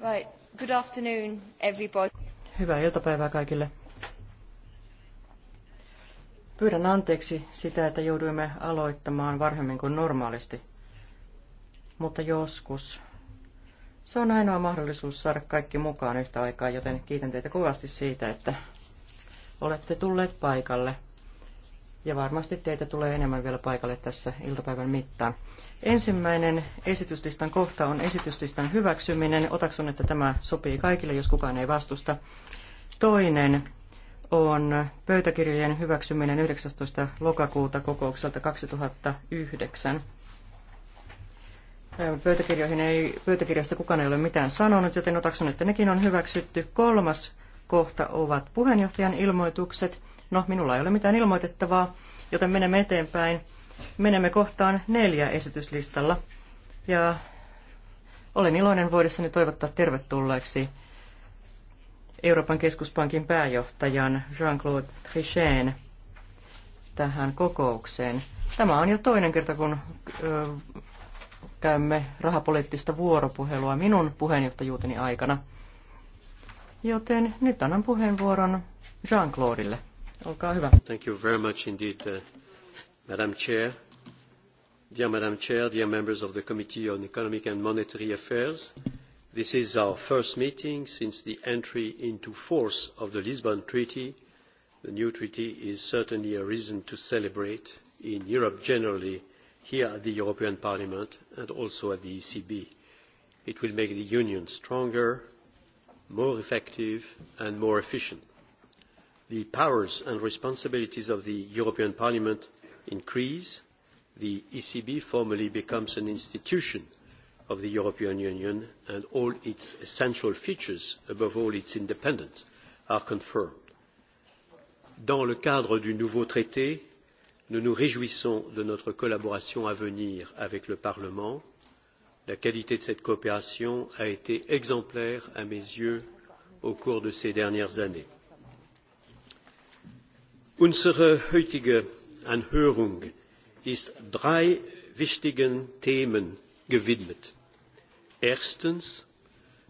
Right. Good afternoon, everybody. Hyvää iltapäivää kaikille. Pyydän anteeksi sitä, että jouduimme aloittamaan varhemmin kuin normaalisti. Mutta joskus. Se on ainoa mahdollisuus saada kaikki mukaan yhtä aikaa, joten kiitän teitä kovasti siitä, että olette tulleet paikalle ja varmasti teitä tulee enemmän vielä paikalle tässä iltapäivän mittaan. Ensimmäinen esityslistan kohta on esityslistan hyväksyminen. Otaksun, että tämä sopii kaikille, jos kukaan ei vastusta. Toinen on pöytäkirjojen hyväksyminen 19. lokakuuta kokoukselta 2009. Äh, pöytäkirjoihin ei, pöytäkirjasta kukaan ei ole mitään sanonut, joten otaksun, että nekin on hyväksytty. Kolmas kohta ovat puheenjohtajan ilmoitukset. No, minulla ei ole mitään ilmoitettavaa, joten menemme eteenpäin. Menemme kohtaan neljä esityslistalla. Ja olen iloinen voidessani toivottaa tervetulleeksi Euroopan keskuspankin pääjohtajan Jean-Claude Trichet tähän kokoukseen. Tämä on jo toinen kerta, kun ö, käymme rahapoliittista vuoropuhelua minun puheenjohtajuuteni aikana. Joten nyt annan puheenvuoron Jean-Claudille. Olkaa hyvä. Thank you very much indeed, uh, Madam Chair. Dear Madam Chair, dear members of the Committee on Economic and Monetary Affairs, this is our first meeting since the entry into force of the Lisbon Treaty. The new treaty is certainly a reason to celebrate in Europe generally, here at the European Parliament and also at the ECB. It will make the Union stronger, more effective and more efficient the powers and responsibilities of the European Parliament increase, the ECB formally becomes an institution of the European Union and all its essential features, above all its independence, are confirmed. Dans le cadre du nouveau traité, nous nous réjouissons de notre collaboration à venir avec le Parlement. La qualité de cette coopération a été exemplaire à mes yeux au cours de ces dernières années Unsere heutige Anhörung ist drei wichtigen Themen gewidmet. Erstens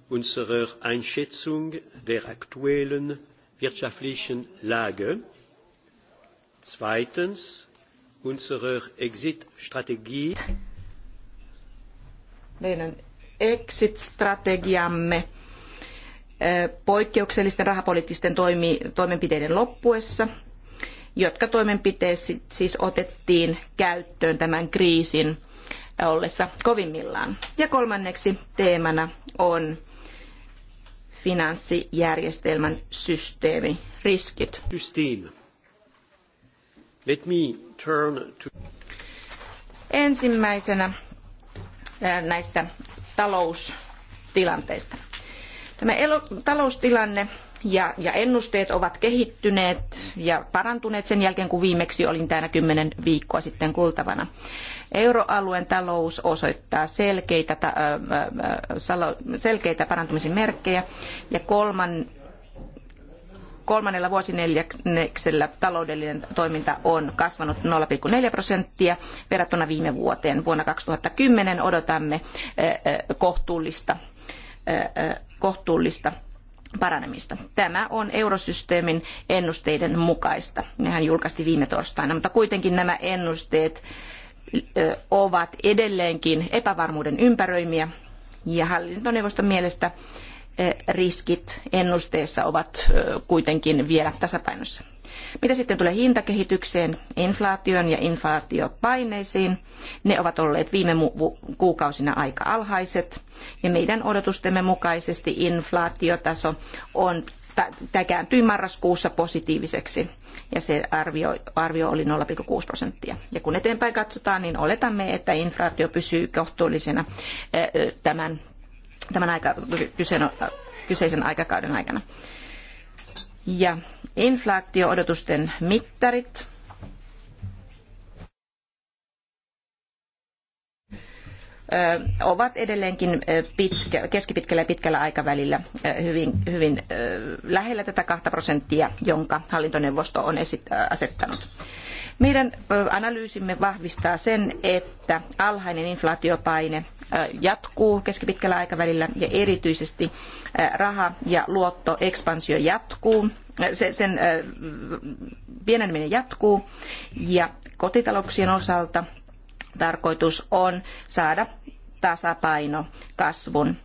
unserer Einschätzung der aktuellen wirtschaftlichen Lage. Zweitens unserer Exit-Strategie. Meidän exit-strategiamme äh, poikkeuksellisten rahapoliittisten toimi, toimenpiteiden loppuessa – jotka toimenpiteet siis otettiin käyttöön tämän kriisin ollessa kovimmillaan. Ja kolmanneksi teemana on finanssijärjestelmän systeemiriskit. System. Let me turn to... Ensimmäisenä näistä taloustilanteista. Tämä taloustilanne ja, ennusteet ovat kehittyneet ja parantuneet sen jälkeen, kun viimeksi olin täällä kymmenen viikkoa sitten kuultavana. Euroalueen talous osoittaa selkeitä, selkeitä parantumisen merkkejä ja kolman, kolmannella vuosineljänneksellä taloudellinen toiminta on kasvanut 0,4 prosenttia verrattuna viime vuoteen. Vuonna 2010 odotamme kohtuullista kohtuullista paranemista. Tämä on eurosysteemin ennusteiden mukaista. Nehän julkaisti viime torstaina, mutta kuitenkin nämä ennusteet ovat edelleenkin epävarmuuden ympäröimiä ja hallintoneuvoston mielestä riskit ennusteessa ovat kuitenkin vielä tasapainossa. Mitä sitten tulee hintakehitykseen, inflaation ja inflaatiopaineisiin, ne ovat olleet viime kuukausina aika alhaiset ja meidän odotustemme mukaisesti inflaatiotaso on tämä kääntyi marraskuussa positiiviseksi ja se arvio, arvio oli 0,6 prosenttia. Ja kun eteenpäin katsotaan, niin oletamme, että inflaatio pysyy kohtuullisena eh, eh, tämän, tämän aika, kyseisen aikakauden aikana ja inflaatio-odotusten mittarit. ovat edelleenkin pitkä, keskipitkällä ja pitkällä aikavälillä hyvin, hyvin lähellä tätä kahta prosenttia, jonka hallintoneuvosto on asettanut. Meidän analyysimme vahvistaa sen, että alhainen inflaatiopaine jatkuu keskipitkällä aikavälillä ja erityisesti raha- ja luottoekspansio jatkuu, sen pieneneminen jatkuu ja kotitalouksien osalta tarkoitus on saada tasapaino kasvun,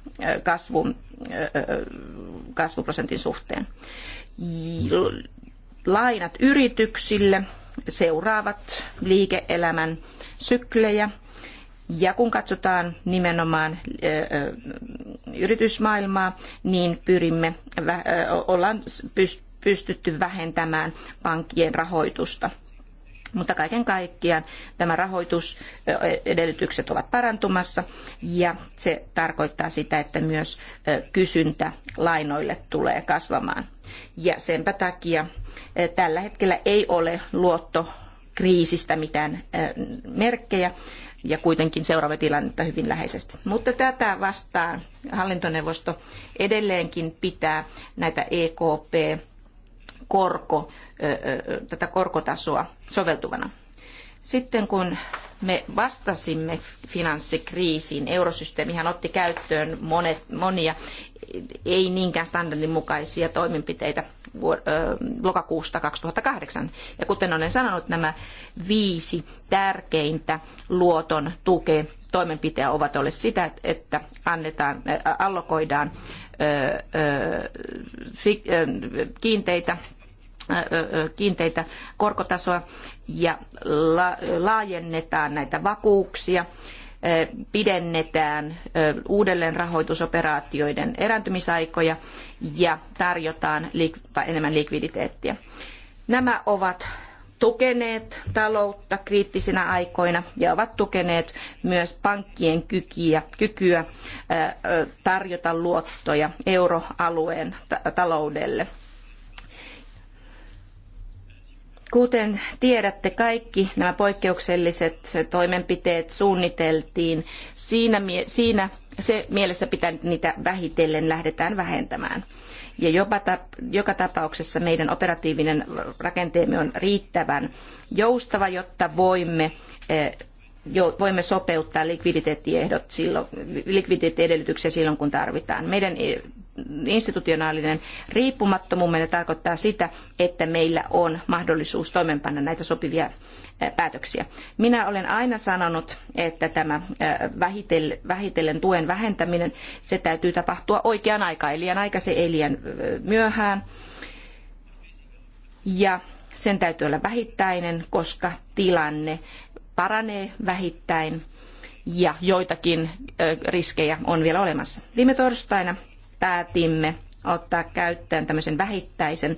kasvun, kasvuprosentin suhteen. Lainat yrityksille seuraavat liike-elämän syklejä. Ja kun katsotaan nimenomaan yritysmaailmaa, niin pyrimme, ollaan pystytty vähentämään pankkien rahoitusta. Mutta kaiken kaikkiaan tämä rahoitusedellytykset ovat parantumassa ja se tarkoittaa sitä, että myös kysyntä lainoille tulee kasvamaan ja senpä takia eh, tällä hetkellä ei ole luottokriisistä mitään eh, merkkejä ja kuitenkin seuraamme tilannetta hyvin läheisesti. Mutta tätä vastaan hallintoneuvosto edelleenkin pitää näitä EKP korko, eh, tätä korkotasoa soveltuvana. Sitten kun me vastasimme finanssikriisiin. Eurosysteemihän otti käyttöön monet, monia, ei niinkään standardin mukaisia toimenpiteitä lokakuusta 2008. Ja kuten olen sanonut, nämä viisi tärkeintä luoton tuke toimenpiteä ovat olleet sitä, että annetaan, allokoidaan kiinteitä kiinteitä korkotasoa ja laajennetaan näitä vakuuksia, pidennetään uudelleenrahoitusoperaatioiden erääntymisaikoja ja tarjotaan enemmän likviditeettiä. Nämä ovat tukeneet taloutta kriittisinä aikoina ja ovat tukeneet myös pankkien kykyä, kykyä tarjota luottoja euroalueen taloudelle – Kuten tiedätte, kaikki nämä poikkeukselliset toimenpiteet suunniteltiin. Siinä, siinä se mielessä pitää nyt niitä vähitellen lähdetään vähentämään. Ja jopa, joka tapauksessa meidän operatiivinen rakenteemme on riittävän joustava, jotta voimme eh, jo, voimme sopeuttaa likviditeettiehdot silloin, likviditeettiedellytyksiä silloin, kun tarvitaan. Meidän eh, institutionaalinen riippumattomuus tarkoittaa sitä, että meillä on mahdollisuus toimeenpanna näitä sopivia päätöksiä. Minä olen aina sanonut, että tämä vähitellen tuen vähentäminen, se täytyy tapahtua oikeaan aikaan, eli liian aikaisin, ei liian myöhään. Ja sen täytyy olla vähittäinen, koska tilanne paranee vähittäin ja joitakin riskejä on vielä olemassa. Viime torstaina päätimme ottaa käyttöön tämmöisen vähittäisen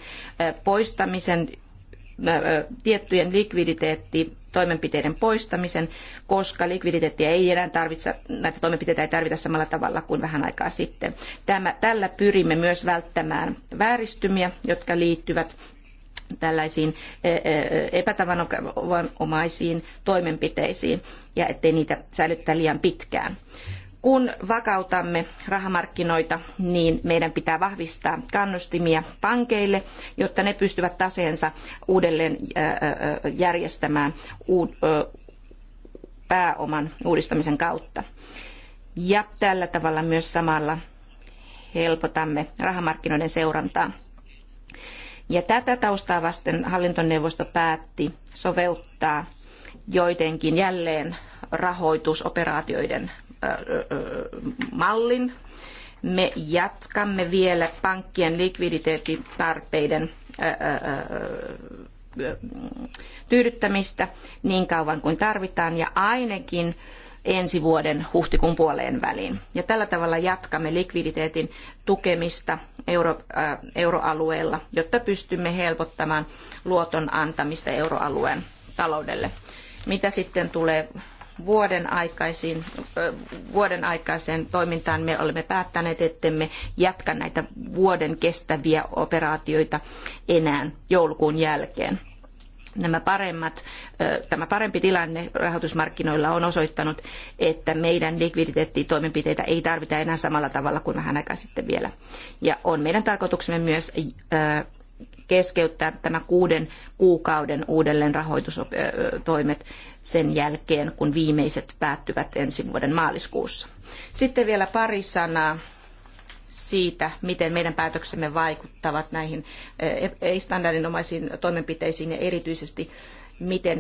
poistamisen, tiettyjen likviditeetti toimenpiteiden poistamisen, koska likviditeettiä ei enää tarvitse, näitä toimenpiteitä ei tarvita samalla tavalla kuin vähän aikaa sitten. Tämä, tällä pyrimme myös välttämään vääristymiä, jotka liittyvät tällaisiin epätavanomaisiin toimenpiteisiin ja ettei niitä säilyttää liian pitkään. Kun vakautamme rahamarkkinoita, niin meidän pitää vahvistaa kannustimia pankeille, jotta ne pystyvät taseensa uudelleen järjestämään pääoman uudistamisen kautta. Ja tällä tavalla myös samalla helpotamme rahamarkkinoiden seurantaa. Ja tätä taustaa vasten hallintoneuvosto päätti soveltaa joidenkin jälleen rahoitusoperaatioiden mallin. Me jatkamme vielä pankkien likviditeettitarpeiden tyydyttämistä niin kauan kuin tarvitaan ja ainakin ensi vuoden huhtikuun puoleen väliin. Ja tällä tavalla jatkamme likviditeetin tukemista euro, äh, euroalueella, jotta pystymme helpottamaan luoton antamista euroalueen taloudelle. Mitä sitten tulee vuoden, aikaisiin, vuoden aikaiseen toimintaan me olemme päättäneet, ettemme jatka näitä vuoden kestäviä operaatioita enää joulukuun jälkeen nämä paremmat, tämä parempi tilanne rahoitusmarkkinoilla on osoittanut, että meidän likviditeettitoimenpiteitä ei tarvita enää samalla tavalla kuin vähän aikaa sitten vielä. Ja on meidän tarkoituksemme myös keskeyttää tämä kuuden kuukauden uudelleen rahoitustoimet sen jälkeen, kun viimeiset päättyvät ensi vuoden maaliskuussa. Sitten vielä pari sanaa siitä, miten meidän päätöksemme vaikuttavat näihin eh, ei-standardinomaisiin toimenpiteisiin ja erityisesti miten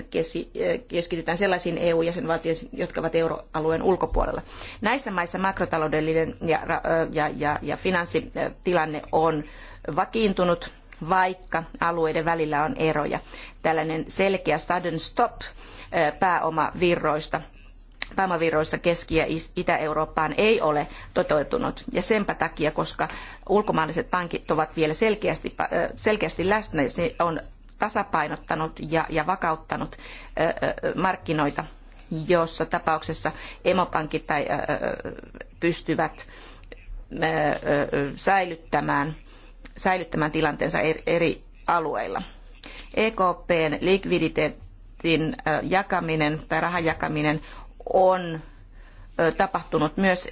eh, keskitytään sellaisiin EU-jäsenvaltioihin, jotka ovat euroalueen ulkopuolella. Näissä maissa makrotaloudellinen ja, eh, ja, ja, ja finanssitilanne on vakiintunut, vaikka alueiden välillä on eroja. Tällainen selkeä sudden stop pääomavirroista pääomavirroissa Keski- ja Itä-Eurooppaan ei ole toteutunut. Ja senpä takia, koska ulkomaalaiset pankit ovat vielä selkeästi, selkeästi läsnä, se on tasapainottanut ja, ja vakauttanut markkinoita, jossa tapauksessa emopankit tai, pystyvät säilyttämään, säilyttämään tilanteensa eri alueilla. EKPn likviditeetti budjetin jakaminen tai rahan jakaminen on tapahtunut myös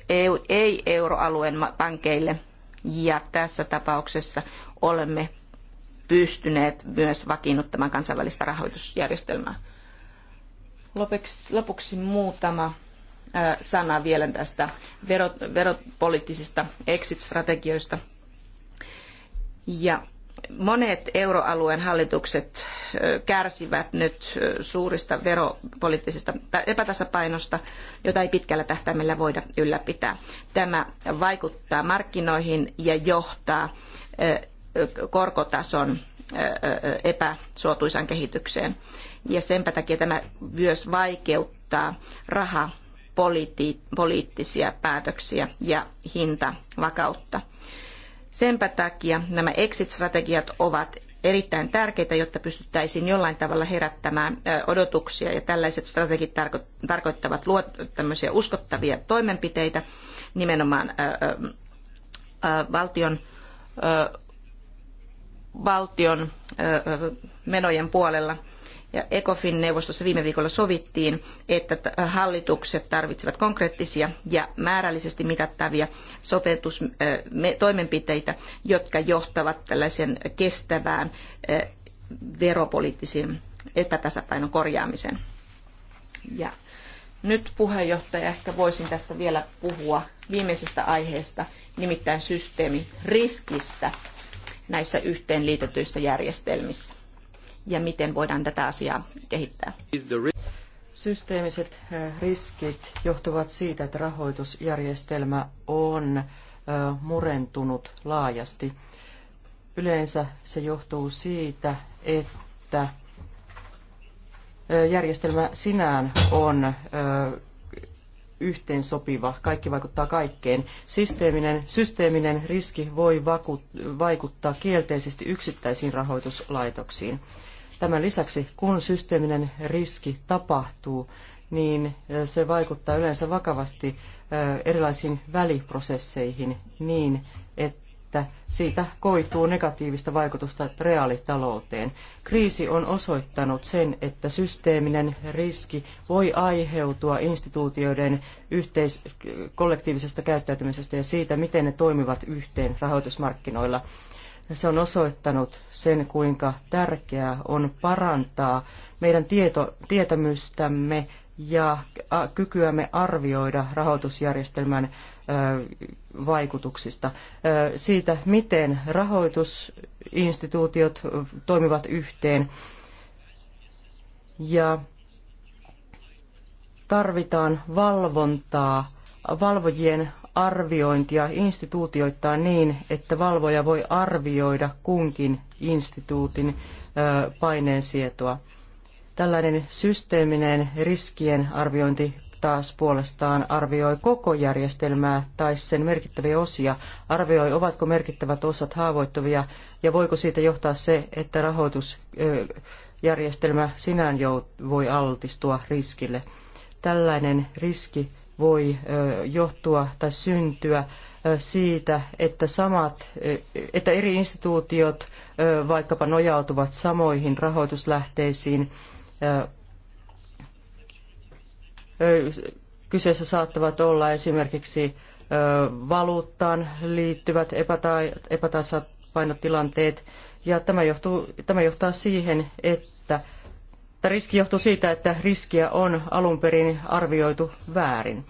ei-euroalueen pankeille ja tässä tapauksessa olemme pystyneet myös vakiinnuttamaan kansainvälistä rahoitusjärjestelmää. Lopuksi, lopuksi muutama sana vielä tästä verot, veropoliittisista exit-strategioista. Ja monet euroalueen hallitukset kärsivät nyt suurista veropoliittisista epätasapainosta, jota ei pitkällä tähtäimellä voida ylläpitää. Tämä vaikuttaa markkinoihin ja johtaa korkotason epäsuotuisaan kehitykseen. Ja senpä takia tämä myös vaikeuttaa rahapoliittisia päätöksiä ja hintavakautta. vakautta Senpä takia nämä exit-strategiat ovat erittäin tärkeitä, jotta pystyttäisiin jollain tavalla herättämään odotuksia. Ja tällaiset strategit tarkoittavat luot, tämmöisiä uskottavia toimenpiteitä nimenomaan valtion, valtion menojen puolella – ja ECOFIN-neuvostossa viime viikolla sovittiin, että hallitukset tarvitsevat konkreettisia ja määrällisesti mitattavia sopeutustoimenpiteitä, jotka johtavat tällaisen kestävään veropoliittisen epätasapainon korjaamiseen. Ja nyt puheenjohtaja, ehkä voisin tässä vielä puhua viimeisestä aiheesta, nimittäin systeemiriskistä näissä yhteenliitetyissä järjestelmissä ja miten voidaan tätä asiaa kehittää. Systeemiset riskit johtuvat siitä, että rahoitusjärjestelmä on murentunut laajasti. Yleensä se johtuu siitä, että järjestelmä sinään on yhteensopiva, kaikki vaikuttaa kaikkeen. Systeeminen, systeeminen riski voi vaikuttaa kielteisesti yksittäisiin rahoituslaitoksiin. Tämän lisäksi, kun systeeminen riski tapahtuu, niin se vaikuttaa yleensä vakavasti erilaisiin väliprosesseihin niin, että siitä koituu negatiivista vaikutusta reaalitalouteen. Kriisi on osoittanut sen, että systeeminen riski voi aiheutua instituutioiden yhteis- kollektiivisesta käyttäytymisestä ja siitä, miten ne toimivat yhteen rahoitusmarkkinoilla. Se on osoittanut sen, kuinka tärkeää on parantaa meidän tieto, tietämystämme ja kykyämme arvioida rahoitusjärjestelmän vaikutuksista, siitä miten rahoitusinstituutiot toimivat yhteen ja tarvitaan valvontaa, valvojien arviointia instituutioittain niin, että valvoja voi arvioida kunkin instituutin paineensietoa. Tällainen systeeminen riskien arviointi taas puolestaan arvioi koko järjestelmää tai sen merkittäviä osia, arvioi ovatko merkittävät osat haavoittuvia ja voiko siitä johtaa se, että rahoitusjärjestelmä sinään voi altistua riskille. Tällainen riski voi johtua tai syntyä siitä, että, samat, että eri instituutiot vaikkapa nojautuvat samoihin rahoituslähteisiin. Kyseessä saattavat olla esimerkiksi valuuttaan liittyvät epätasapainotilanteet, ja tämä, johtuu, tämä johtaa siihen, että riski johtuu siitä, että riskiä on alun perin arvioitu väärin.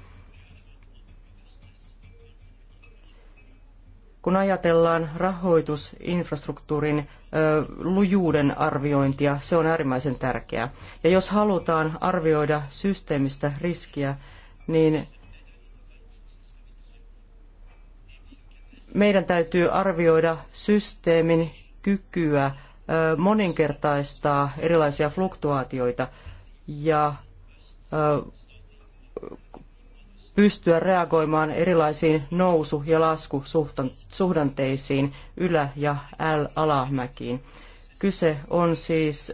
Kun ajatellaan rahoitusinfrastruktuurin ö, lujuuden arviointia, se on äärimmäisen tärkeää. Ja jos halutaan arvioida systeemistä riskiä, niin meidän täytyy arvioida systeemin kykyä moninkertaistaa erilaisia fluktuaatioita ja pystyä reagoimaan erilaisiin nousu- ja laskusuhdanteisiin, ylä- ja alamäkiin. Kyse on siis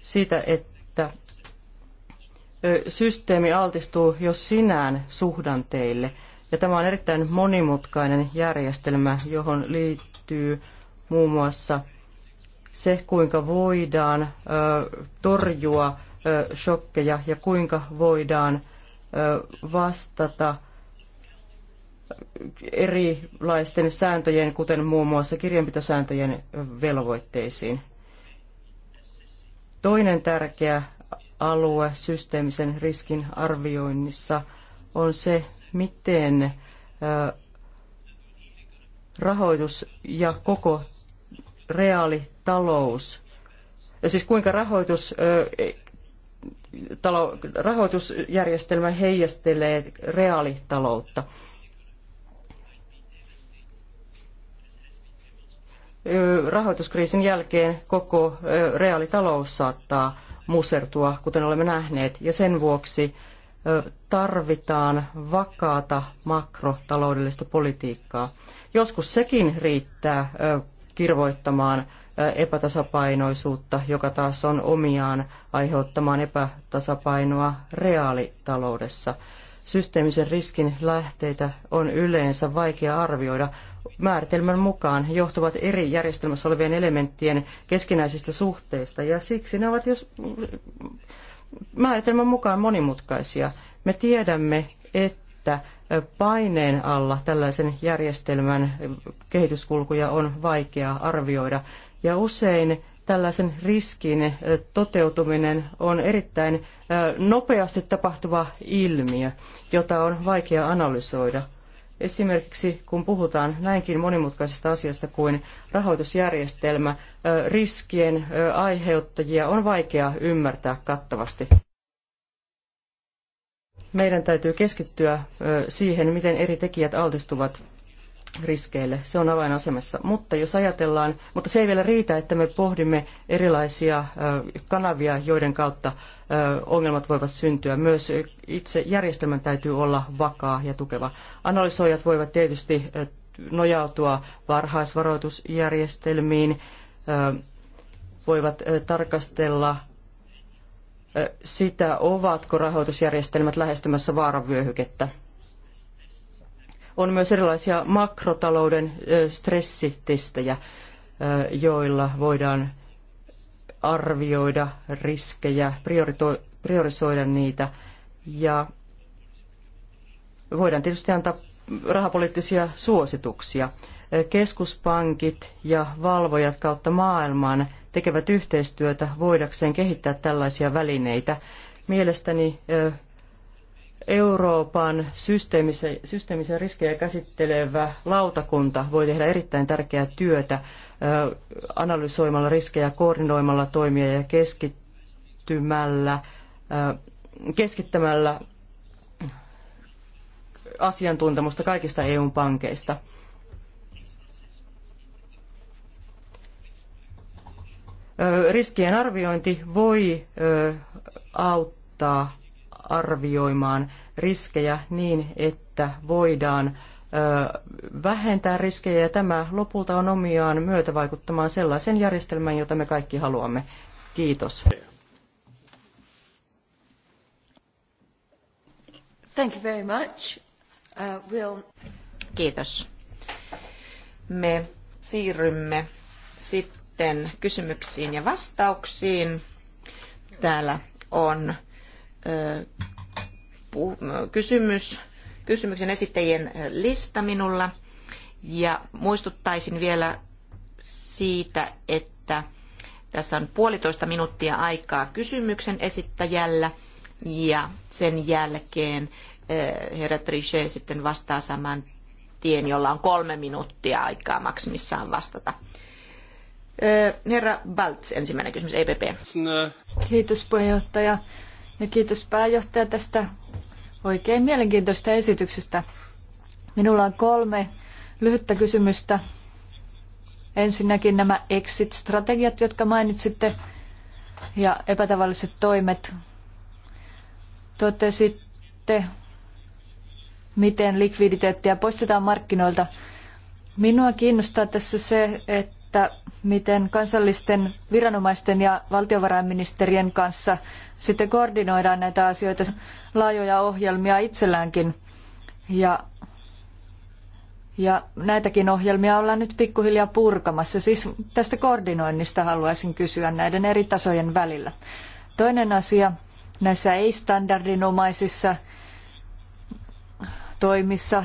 siitä, että systeemi altistuu jo sinään suhdanteille. Ja tämä on erittäin monimutkainen järjestelmä, johon liittyy muun muassa – se, kuinka voidaan torjua shokkeja ja kuinka voidaan vastata erilaisten sääntöjen, kuten muun muassa kirjanpitosääntöjen velvoitteisiin. Toinen tärkeä alue systeemisen riskin arvioinnissa on se, miten rahoitus ja koko reaali talous, siis kuinka rahoitus, e, talo, rahoitusjärjestelmä heijastelee reaalitaloutta. Rahoituskriisin jälkeen koko reaalitalous saattaa musertua, kuten olemme nähneet, ja sen vuoksi tarvitaan vakaata makrotaloudellista politiikkaa. Joskus sekin riittää kirvoittamaan epätasapainoisuutta, joka taas on omiaan aiheuttamaan epätasapainoa reaalitaloudessa. Systeemisen riskin lähteitä on yleensä vaikea arvioida. Määritelmän mukaan johtuvat eri järjestelmässä olevien elementtien keskinäisistä suhteista, ja siksi ne ovat jos määritelmän mukaan monimutkaisia. Me tiedämme, että paineen alla tällaisen järjestelmän kehityskulkuja on vaikea arvioida. Ja usein tällaisen riskin toteutuminen on erittäin nopeasti tapahtuva ilmiö, jota on vaikea analysoida. Esimerkiksi kun puhutaan näinkin monimutkaisesta asiasta kuin rahoitusjärjestelmä, riskien aiheuttajia on vaikea ymmärtää kattavasti. Meidän täytyy keskittyä siihen, miten eri tekijät altistuvat riskeille. Se on avainasemassa. Mutta jos ajatellaan, mutta se ei vielä riitä, että me pohdimme erilaisia kanavia, joiden kautta ongelmat voivat syntyä. Myös itse järjestelmän täytyy olla vakaa ja tukeva. Analysoijat voivat tietysti nojautua varhaisvaroitusjärjestelmiin, voivat tarkastella sitä, ovatko rahoitusjärjestelmät lähestymässä vaaravyöhykettä. On myös erilaisia makrotalouden stressitestejä, joilla voidaan arvioida riskejä, priorisoida niitä ja voidaan tietysti antaa rahapoliittisia suosituksia. Keskuspankit ja valvojat kautta maailman tekevät yhteistyötä voidakseen kehittää tällaisia välineitä. Mielestäni Euroopan systeemisiä, systeemisiä riskejä käsittelevä lautakunta voi tehdä erittäin tärkeää työtä analysoimalla riskejä, koordinoimalla toimia ja keskittymällä, keskittämällä asiantuntemusta kaikista EUn pankeista. Riskien arviointi voi auttaa arvioimaan riskejä niin, että voidaan vähentää riskejä ja tämä lopulta on omiaan myötävaikuttamaan sellaisen järjestelmään, jota me kaikki haluamme. Kiitos. Thank you very much. Uh, we'll... Kiitos. Me siirrymme sitten kysymyksiin ja vastauksiin. Täällä on kysymys, kysymyksen esittäjien lista minulla. Ja muistuttaisin vielä siitä, että tässä on puolitoista minuuttia aikaa kysymyksen esittäjällä ja sen jälkeen herra Trichet sitten vastaa saman tien, jolla on kolme minuuttia aikaa maksimissaan vastata. Herra Baltz, ensimmäinen kysymys, EPP. Kiitos puheenjohtaja. Ja kiitos pääjohtaja tästä oikein mielenkiintoista esityksestä. Minulla on kolme lyhyttä kysymystä. Ensinnäkin nämä exit-strategiat, jotka mainitsitte, ja epätavalliset toimet. Totesitte, miten likviditeettiä poistetaan markkinoilta. Minua kiinnostaa tässä se, että että miten kansallisten viranomaisten ja valtiovarainministerien kanssa sitten koordinoidaan näitä asioita, laajoja ohjelmia itselläänkin. Ja, ja näitäkin ohjelmia ollaan nyt pikkuhiljaa purkamassa. Siis tästä koordinoinnista haluaisin kysyä näiden eri tasojen välillä. Toinen asia näissä ei-standardinomaisissa toimissa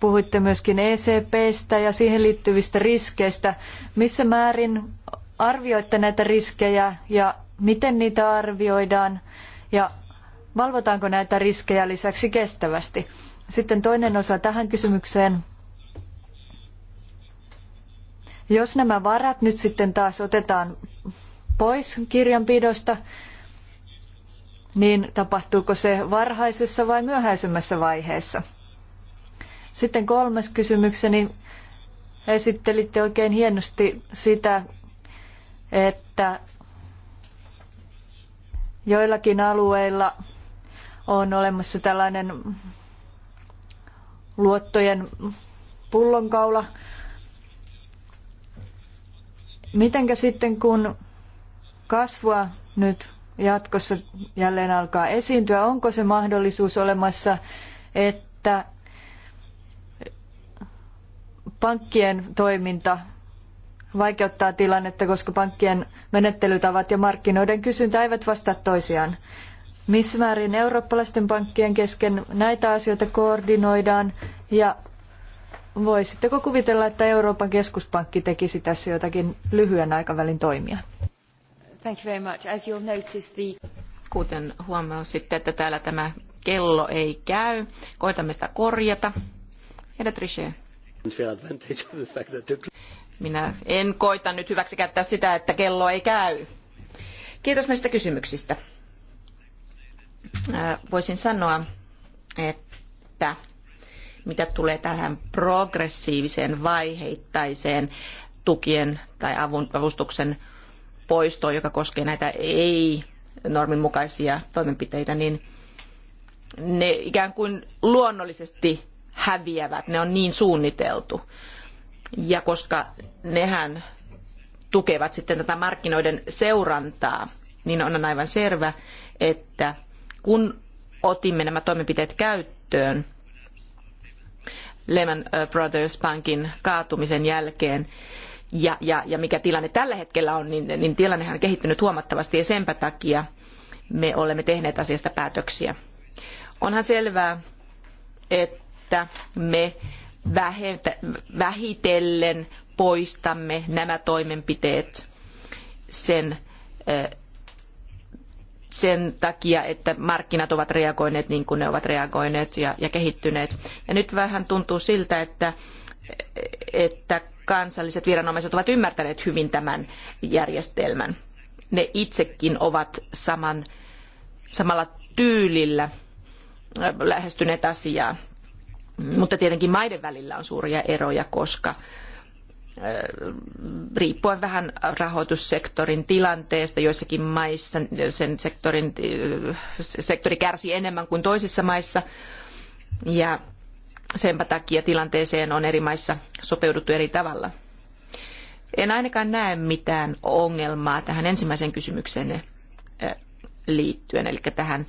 Puhuitte myöskin ECPstä ja siihen liittyvistä riskeistä. Missä määrin arvioitte näitä riskejä ja miten niitä arvioidaan ja valvotaanko näitä riskejä lisäksi kestävästi? Sitten toinen osa tähän kysymykseen. Jos nämä varat nyt sitten taas otetaan pois kirjanpidosta, niin tapahtuuko se varhaisessa vai myöhäisemmässä vaiheessa? Sitten kolmas kysymykseni. Esittelitte oikein hienosti sitä, että joillakin alueilla on olemassa tällainen luottojen pullonkaula. Mitenkä sitten kun kasvua nyt jatkossa jälleen alkaa esiintyä, onko se mahdollisuus olemassa, että pankkien toiminta vaikeuttaa tilannetta, koska pankkien menettelytavat ja markkinoiden kysyntä eivät vastaa toisiaan. Missä määrin eurooppalaisten pankkien kesken näitä asioita koordinoidaan ja voisitteko kuvitella, että Euroopan keskuspankki tekisi tässä jotakin lyhyen aikavälin toimia? Kuten huomasitte, että täällä tämä kello ei käy. Koitamme sitä korjata. Herra minä en koita nyt hyväksikäyttää sitä, että kello ei käy. Kiitos näistä kysymyksistä. Voisin sanoa, että mitä tulee tähän progressiiviseen vaiheittaiseen tukien tai avustuksen poistoon, joka koskee näitä ei-normin mukaisia toimenpiteitä, niin ne ikään kuin luonnollisesti häviävät, ne on niin suunniteltu. Ja koska nehän tukevat sitten tätä markkinoiden seurantaa, niin on aivan selvä, että kun otimme nämä toimenpiteet käyttöön Lehman Brothers Pankin kaatumisen jälkeen, ja, ja, ja mikä tilanne tällä hetkellä on, niin, niin tilannehan on kehittynyt huomattavasti ja senpä takia me olemme tehneet asiasta päätöksiä. Onhan selvää, että että me vähitellen poistamme nämä toimenpiteet sen, sen takia, että markkinat ovat reagoineet niin kuin ne ovat reagoineet ja, ja kehittyneet. Ja nyt vähän tuntuu siltä, että, että kansalliset viranomaiset ovat ymmärtäneet hyvin tämän järjestelmän. Ne itsekin ovat saman, samalla tyylillä lähestyneet asiaa. Mutta tietenkin maiden välillä on suuria eroja, koska riippuen vähän rahoitussektorin tilanteesta. Joissakin maissa sen sektorin, sektori kärsii enemmän kuin toisissa maissa. Ja senpä takia tilanteeseen on eri maissa sopeuduttu eri tavalla. En ainakaan näe mitään ongelmaa tähän ensimmäiseen kysymykseen liittyen, eli tähän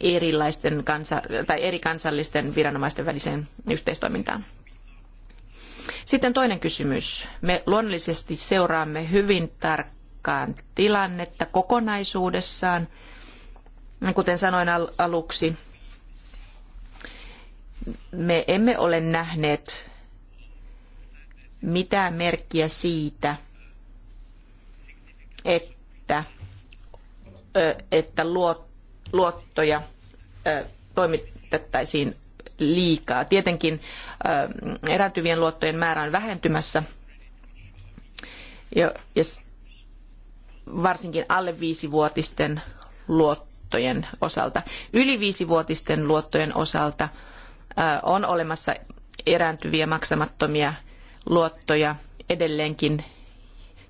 erilaisten kansa- tai eri kansallisten viranomaisten väliseen yhteistoimintaan. Sitten toinen kysymys. Me luonnollisesti seuraamme hyvin tarkkaan tilannetta kokonaisuudessaan. Kuten sanoin aluksi, me emme ole nähneet mitään merkkiä siitä, että, että luot luottoja toimitettaisiin liikaa. Tietenkin erääntyvien luottojen määrä on vähentymässä ja, varsinkin alle viisivuotisten luottojen osalta. Yli viisivuotisten luottojen osalta on olemassa erääntyviä maksamattomia luottoja edelleenkin,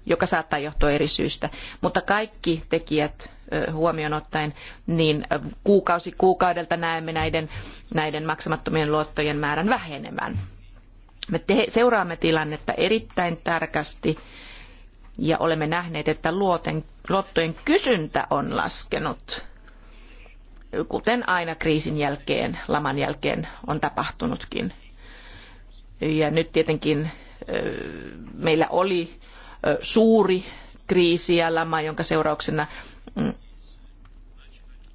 joka saattaa johtua eri syistä. Mutta kaikki tekijät huomioon ottaen, niin kuukausi kuukaudelta näemme näiden, näiden maksamattomien luottojen määrän vähenevän. Me seuraamme tilannetta erittäin tarkasti ja olemme nähneet, että luoten, luottojen kysyntä on laskenut, kuten aina kriisin jälkeen, laman jälkeen on tapahtunutkin. Ja nyt tietenkin meillä oli suuri kriisi ja lama, jonka seurauksena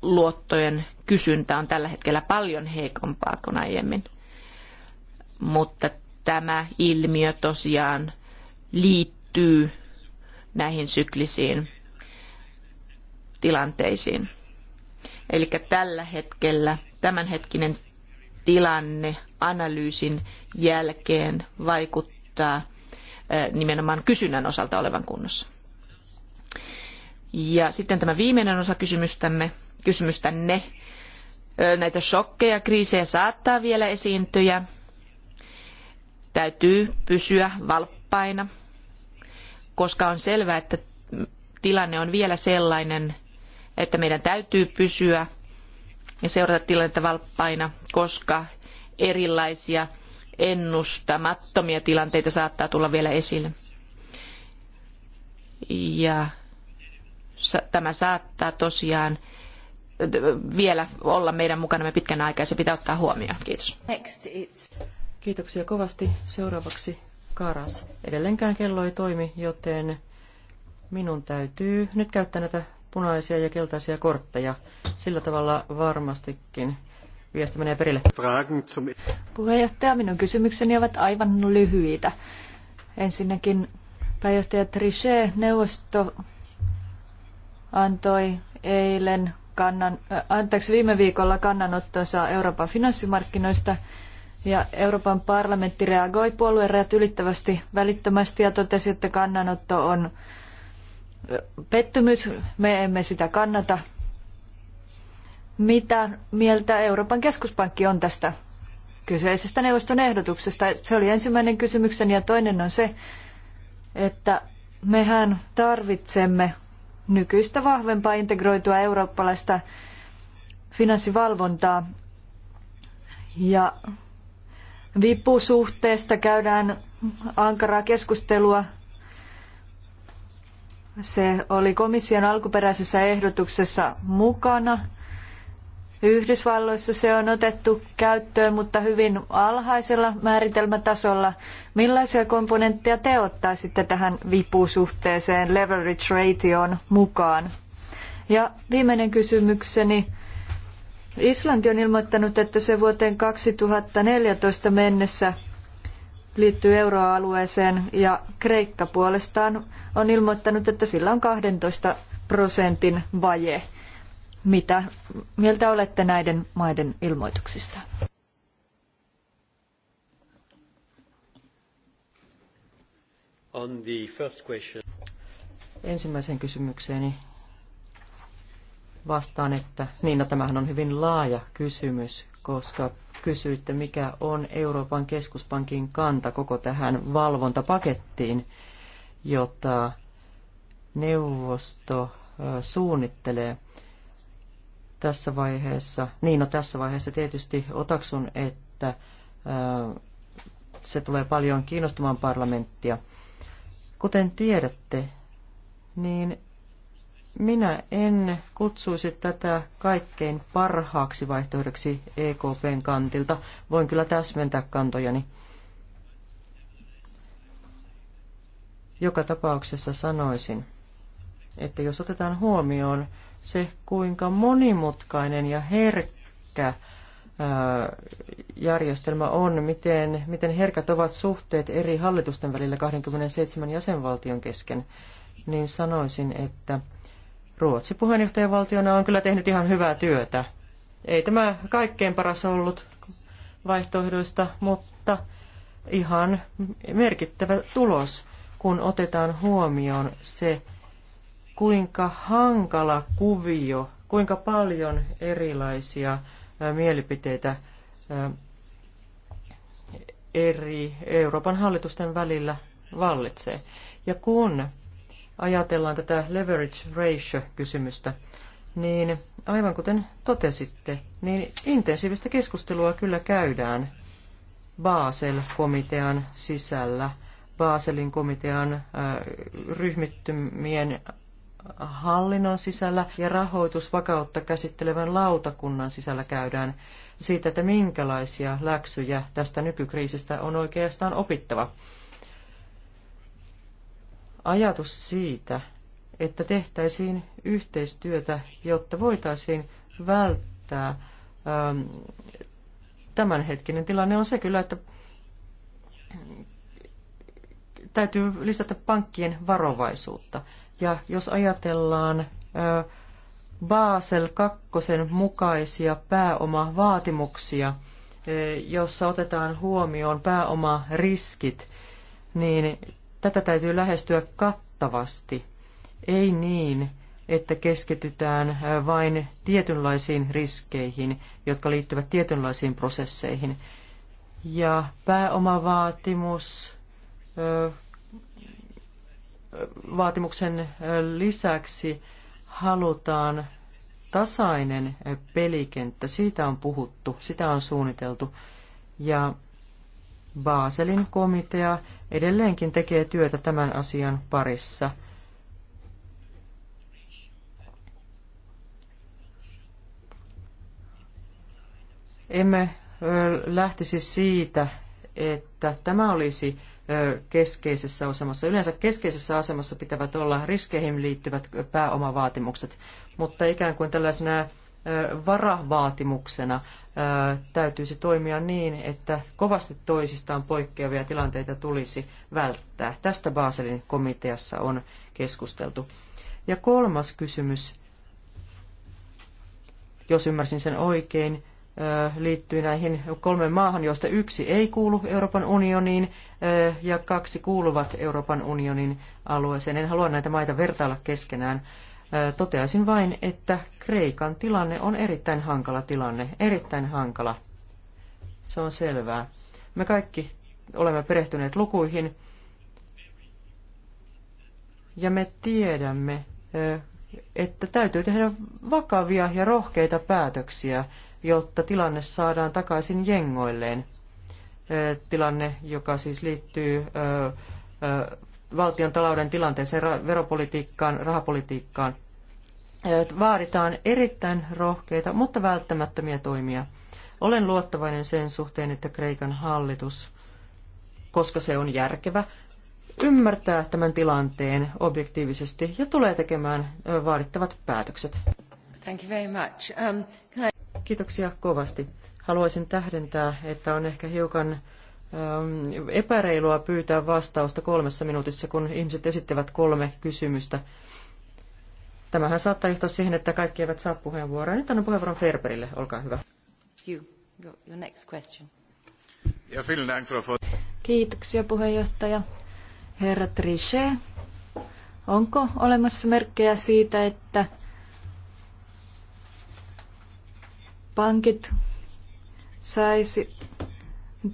luottojen kysyntä on tällä hetkellä paljon heikompaa kuin aiemmin. Mutta tämä ilmiö tosiaan liittyy näihin syklisiin tilanteisiin. Eli tällä hetkellä tämänhetkinen tilanne analyysin jälkeen vaikuttaa eh, nimenomaan kysynnän osalta olevan kunnossa. Ja sitten tämä viimeinen osa kysymystämme, kysymystänne. Näitä shokkeja, kriisejä saattaa vielä esiintyä. Täytyy pysyä valppaina, koska on selvää, että tilanne on vielä sellainen, että meidän täytyy pysyä ja seurata tilannetta valppaina, koska erilaisia ennustamattomia tilanteita saattaa tulla vielä esille. Ja tämä saattaa tosiaan vielä olla meidän mukanamme pitkän aikaa. Se pitää ottaa huomioon. Kiitos. Kiitoksia kovasti. Seuraavaksi Karas. Edelleenkään kello ei toimi, joten minun täytyy nyt käyttää näitä punaisia ja keltaisia kortteja. Sillä tavalla varmastikin viesti menee perille. Puheenjohtaja, minun kysymykseni ovat aivan lyhyitä. Ensinnäkin pääjohtaja Trichet, neuvosto antoi eilen kannan, äh, anteeksi, viime viikolla kannanottonsa Euroopan finanssimarkkinoista ja Euroopan parlamentti reagoi puoluerajat ylittävästi välittömästi ja totesi, että kannanotto on äh, pettymys, me emme sitä kannata. Mitä mieltä Euroopan keskuspankki on tästä kyseisestä neuvoston ehdotuksesta? Se oli ensimmäinen kysymykseni ja toinen on se, että mehän tarvitsemme nykyistä vahvempaa integroitua eurooppalaista finanssivalvontaa. Ja vipusuhteesta käydään ankaraa keskustelua. Se oli komission alkuperäisessä ehdotuksessa mukana – Yhdysvalloissa se on otettu käyttöön, mutta hyvin alhaisella määritelmätasolla. Millaisia komponentteja te ottaisitte tähän vipusuhteeseen leverage ratioon mukaan? Ja viimeinen kysymykseni. Islanti on ilmoittanut, että se vuoteen 2014 mennessä liittyy euroalueeseen ja Kreikka puolestaan on ilmoittanut, että sillä on 12 prosentin vaje. Mitä mieltä olette näiden maiden ilmoituksista? On the first question. Ensimmäiseen kysymykseeni vastaan, että niin, no, tämähän on hyvin laaja kysymys, koska kysyitte, mikä on Euroopan keskuspankin kanta koko tähän valvontapakettiin, jota neuvosto suunnittelee tässä vaiheessa, niin no tässä vaiheessa tietysti otaksun, että se tulee paljon kiinnostumaan parlamenttia. Kuten tiedätte, niin minä en kutsuisi tätä kaikkein parhaaksi vaihtoehdoksi EKPn kantilta. Voin kyllä täsmentää kantojani. Joka tapauksessa sanoisin, että jos otetaan huomioon se, kuinka monimutkainen ja herkkä järjestelmä on, miten, miten herkät ovat suhteet eri hallitusten välillä 27 jäsenvaltion kesken, niin sanoisin, että Ruotsi puheenjohtajavaltiona on kyllä tehnyt ihan hyvää työtä. Ei tämä kaikkein paras ollut vaihtoehdoista, mutta ihan merkittävä tulos, kun otetaan huomioon se, kuinka hankala kuvio, kuinka paljon erilaisia mielipiteitä eri Euroopan hallitusten välillä vallitsee. Ja kun ajatellaan tätä leverage ratio-kysymystä, niin aivan kuten totesitte, niin intensiivistä keskustelua kyllä käydään Basel-komitean sisällä, Baselin komitean ryhmittymien hallinnon sisällä ja rahoitusvakautta käsittelevän lautakunnan sisällä käydään siitä, että minkälaisia läksyjä tästä nykykriisistä on oikeastaan opittava. Ajatus siitä, että tehtäisiin yhteistyötä, jotta voitaisiin välttää ähm, tämänhetkinen tilanne, on se kyllä, että täytyy lisätä pankkien varovaisuutta. Ja jos ajatellaan Basel kakkosen mukaisia pääomavaatimuksia, jossa otetaan huomioon pääomariskit, niin tätä täytyy lähestyä kattavasti. Ei niin, että keskitytään vain tietynlaisiin riskeihin, jotka liittyvät tietynlaisiin prosesseihin. Ja pääomavaatimus vaatimuksen lisäksi halutaan tasainen pelikenttä. Siitä on puhuttu, sitä on suunniteltu. Ja Baselin komitea edelleenkin tekee työtä tämän asian parissa. Emme lähtisi siitä, että tämä olisi keskeisessä asemassa. Yleensä keskeisessä asemassa pitävät olla riskeihin liittyvät pääomavaatimukset, mutta ikään kuin tällaisena varavaatimuksena täytyisi toimia niin, että kovasti toisistaan poikkeavia tilanteita tulisi välttää. Tästä Baselin komiteassa on keskusteltu. Ja kolmas kysymys, jos ymmärsin sen oikein, liittyy näihin kolmeen maahan, joista yksi ei kuulu Euroopan unioniin ja kaksi kuuluvat Euroopan unionin alueeseen. En halua näitä maita vertailla keskenään. Toteaisin vain, että Kreikan tilanne on erittäin hankala tilanne, erittäin hankala. Se on selvää. Me kaikki olemme perehtyneet lukuihin ja me tiedämme, että täytyy tehdä vakavia ja rohkeita päätöksiä jotta tilanne saadaan takaisin jengoilleen. Tilanne, joka siis liittyy valtion talouden tilanteeseen, veropolitiikkaan, rahapolitiikkaan. Vaaditaan erittäin rohkeita, mutta välttämättömiä toimia. Olen luottavainen sen suhteen, että Kreikan hallitus, koska se on järkevä, ymmärtää tämän tilanteen objektiivisesti ja tulee tekemään vaadittavat päätökset. Thank you very much. Um, can I... Kiitoksia kovasti. Haluaisin tähdentää, että on ehkä hiukan ähm, epäreilua pyytää vastausta kolmessa minuutissa, kun ihmiset esittävät kolme kysymystä. Tämähän saattaa johtaa siihen, että kaikki eivät saa puheenvuoroa. Nyt annan puheenvuoron Ferberille, olkaa hyvä. Kiitoksia puheenjohtaja. Herra Trichet, onko olemassa merkkejä siitä, että pankit saisi,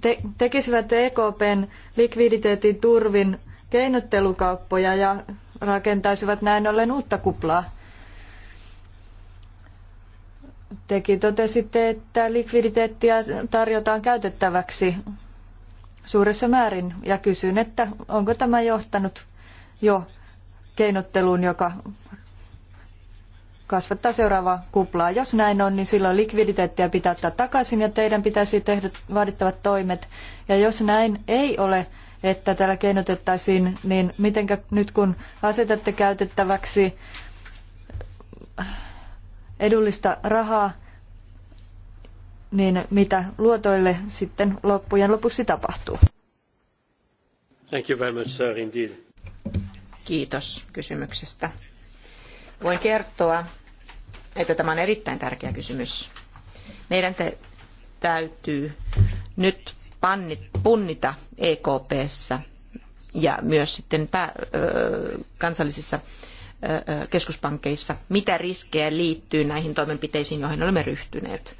te, tekisivät EKPn likviditeetin turvin keinottelukauppoja ja rakentaisivat näin ollen uutta kuplaa. Tekin totesitte, että likviditeettiä tarjotaan käytettäväksi suuressa määrin ja kysyn, että onko tämä johtanut jo keinotteluun, joka kasvattaa seuraavaa kuplaa. Jos näin on, niin silloin likviditeettiä pitää ottaa takaisin ja teidän pitäisi tehdä vaadittavat toimet. Ja jos näin ei ole, että täällä keinotettaisiin, niin mitenkä nyt kun asetatte käytettäväksi edullista rahaa, niin mitä luotoille sitten loppujen lopuksi tapahtuu? Thank you very much, sir, indeed. Kiitos kysymyksestä. Voin kertoa, että tämä on erittäin tärkeä kysymys. Meidän te, täytyy nyt pannit, punnita EKPssä ja myös sitten pää, ö, kansallisissa ö, keskuspankkeissa, mitä riskejä liittyy näihin toimenpiteisiin, joihin olemme ryhtyneet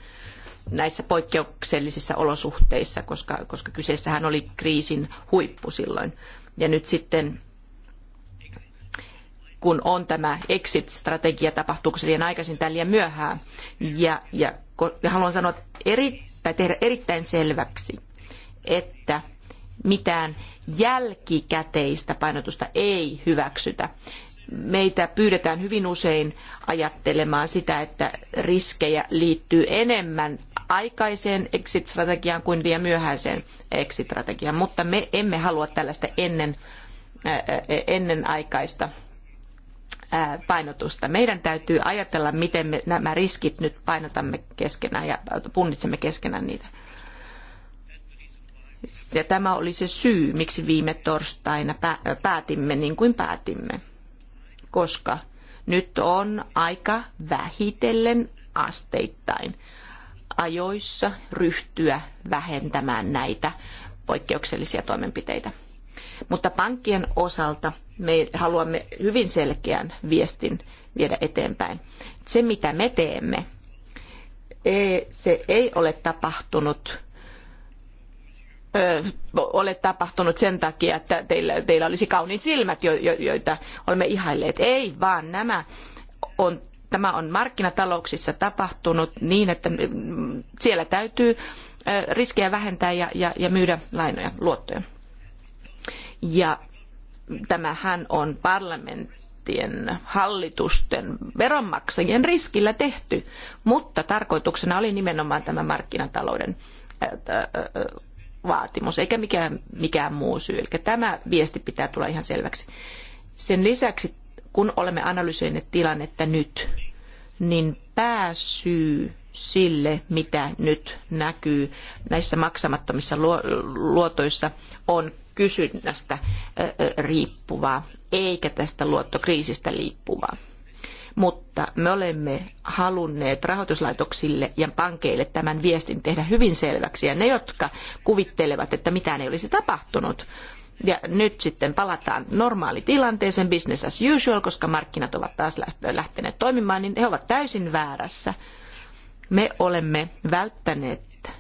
näissä poikkeuksellisissa olosuhteissa, koska, koska kyseessähän oli kriisin huippu silloin. Ja nyt sitten kun on tämä exit-strategia, tapahtuuko se liian aikaisin tai liian myöhään. Ja, ja, ja haluan sanoa eri, tai tehdä erittäin selväksi, että mitään jälkikäteistä painotusta ei hyväksytä. Meitä pyydetään hyvin usein ajattelemaan sitä, että riskejä liittyy enemmän aikaiseen exit-strategiaan kuin liian myöhäiseen exit-strategiaan, mutta me emme halua tällaista ennen, ennenaikaista painotusta. Meidän täytyy ajatella, miten me nämä riskit nyt painotamme keskenään ja punnitsemme keskenään niitä. Ja tämä oli se syy, miksi viime torstaina päätimme niin kuin päätimme. Koska nyt on aika vähitellen asteittain ajoissa ryhtyä vähentämään näitä poikkeuksellisia toimenpiteitä. Mutta pankkien osalta me haluamme hyvin selkeän viestin viedä eteenpäin. Se, mitä me teemme, e, se ei ole tapahtunut ö, ole tapahtunut sen takia, että teillä, teillä olisi kauniit silmät, jo, jo, joita olemme ihailleet. Ei, vaan nämä on, tämä on markkinatalouksissa tapahtunut niin, että siellä täytyy riskejä vähentää ja, ja, ja myydä lainoja, luottoja. Ja tämähän on parlamenttien, hallitusten, veronmaksajien riskillä tehty, mutta tarkoituksena oli nimenomaan tämä markkinatalouden vaatimus, eikä mikään, mikään muu syy. Eli tämä viesti pitää tulla ihan selväksi. Sen lisäksi, kun olemme analysoineet tilannetta nyt, niin pääsyy sille, mitä nyt näkyy näissä maksamattomissa luotoissa, on kysynnästä riippuvaa, eikä tästä luottokriisistä riippuvaa. Mutta me olemme halunneet rahoituslaitoksille ja pankeille tämän viestin tehdä hyvin selväksi. Ja ne, jotka kuvittelevat, että mitään ei olisi tapahtunut, ja nyt sitten palataan normaalitilanteeseen, business as usual, koska markkinat ovat taas lähteneet toimimaan, niin he ovat täysin väärässä. Me olemme välttäneet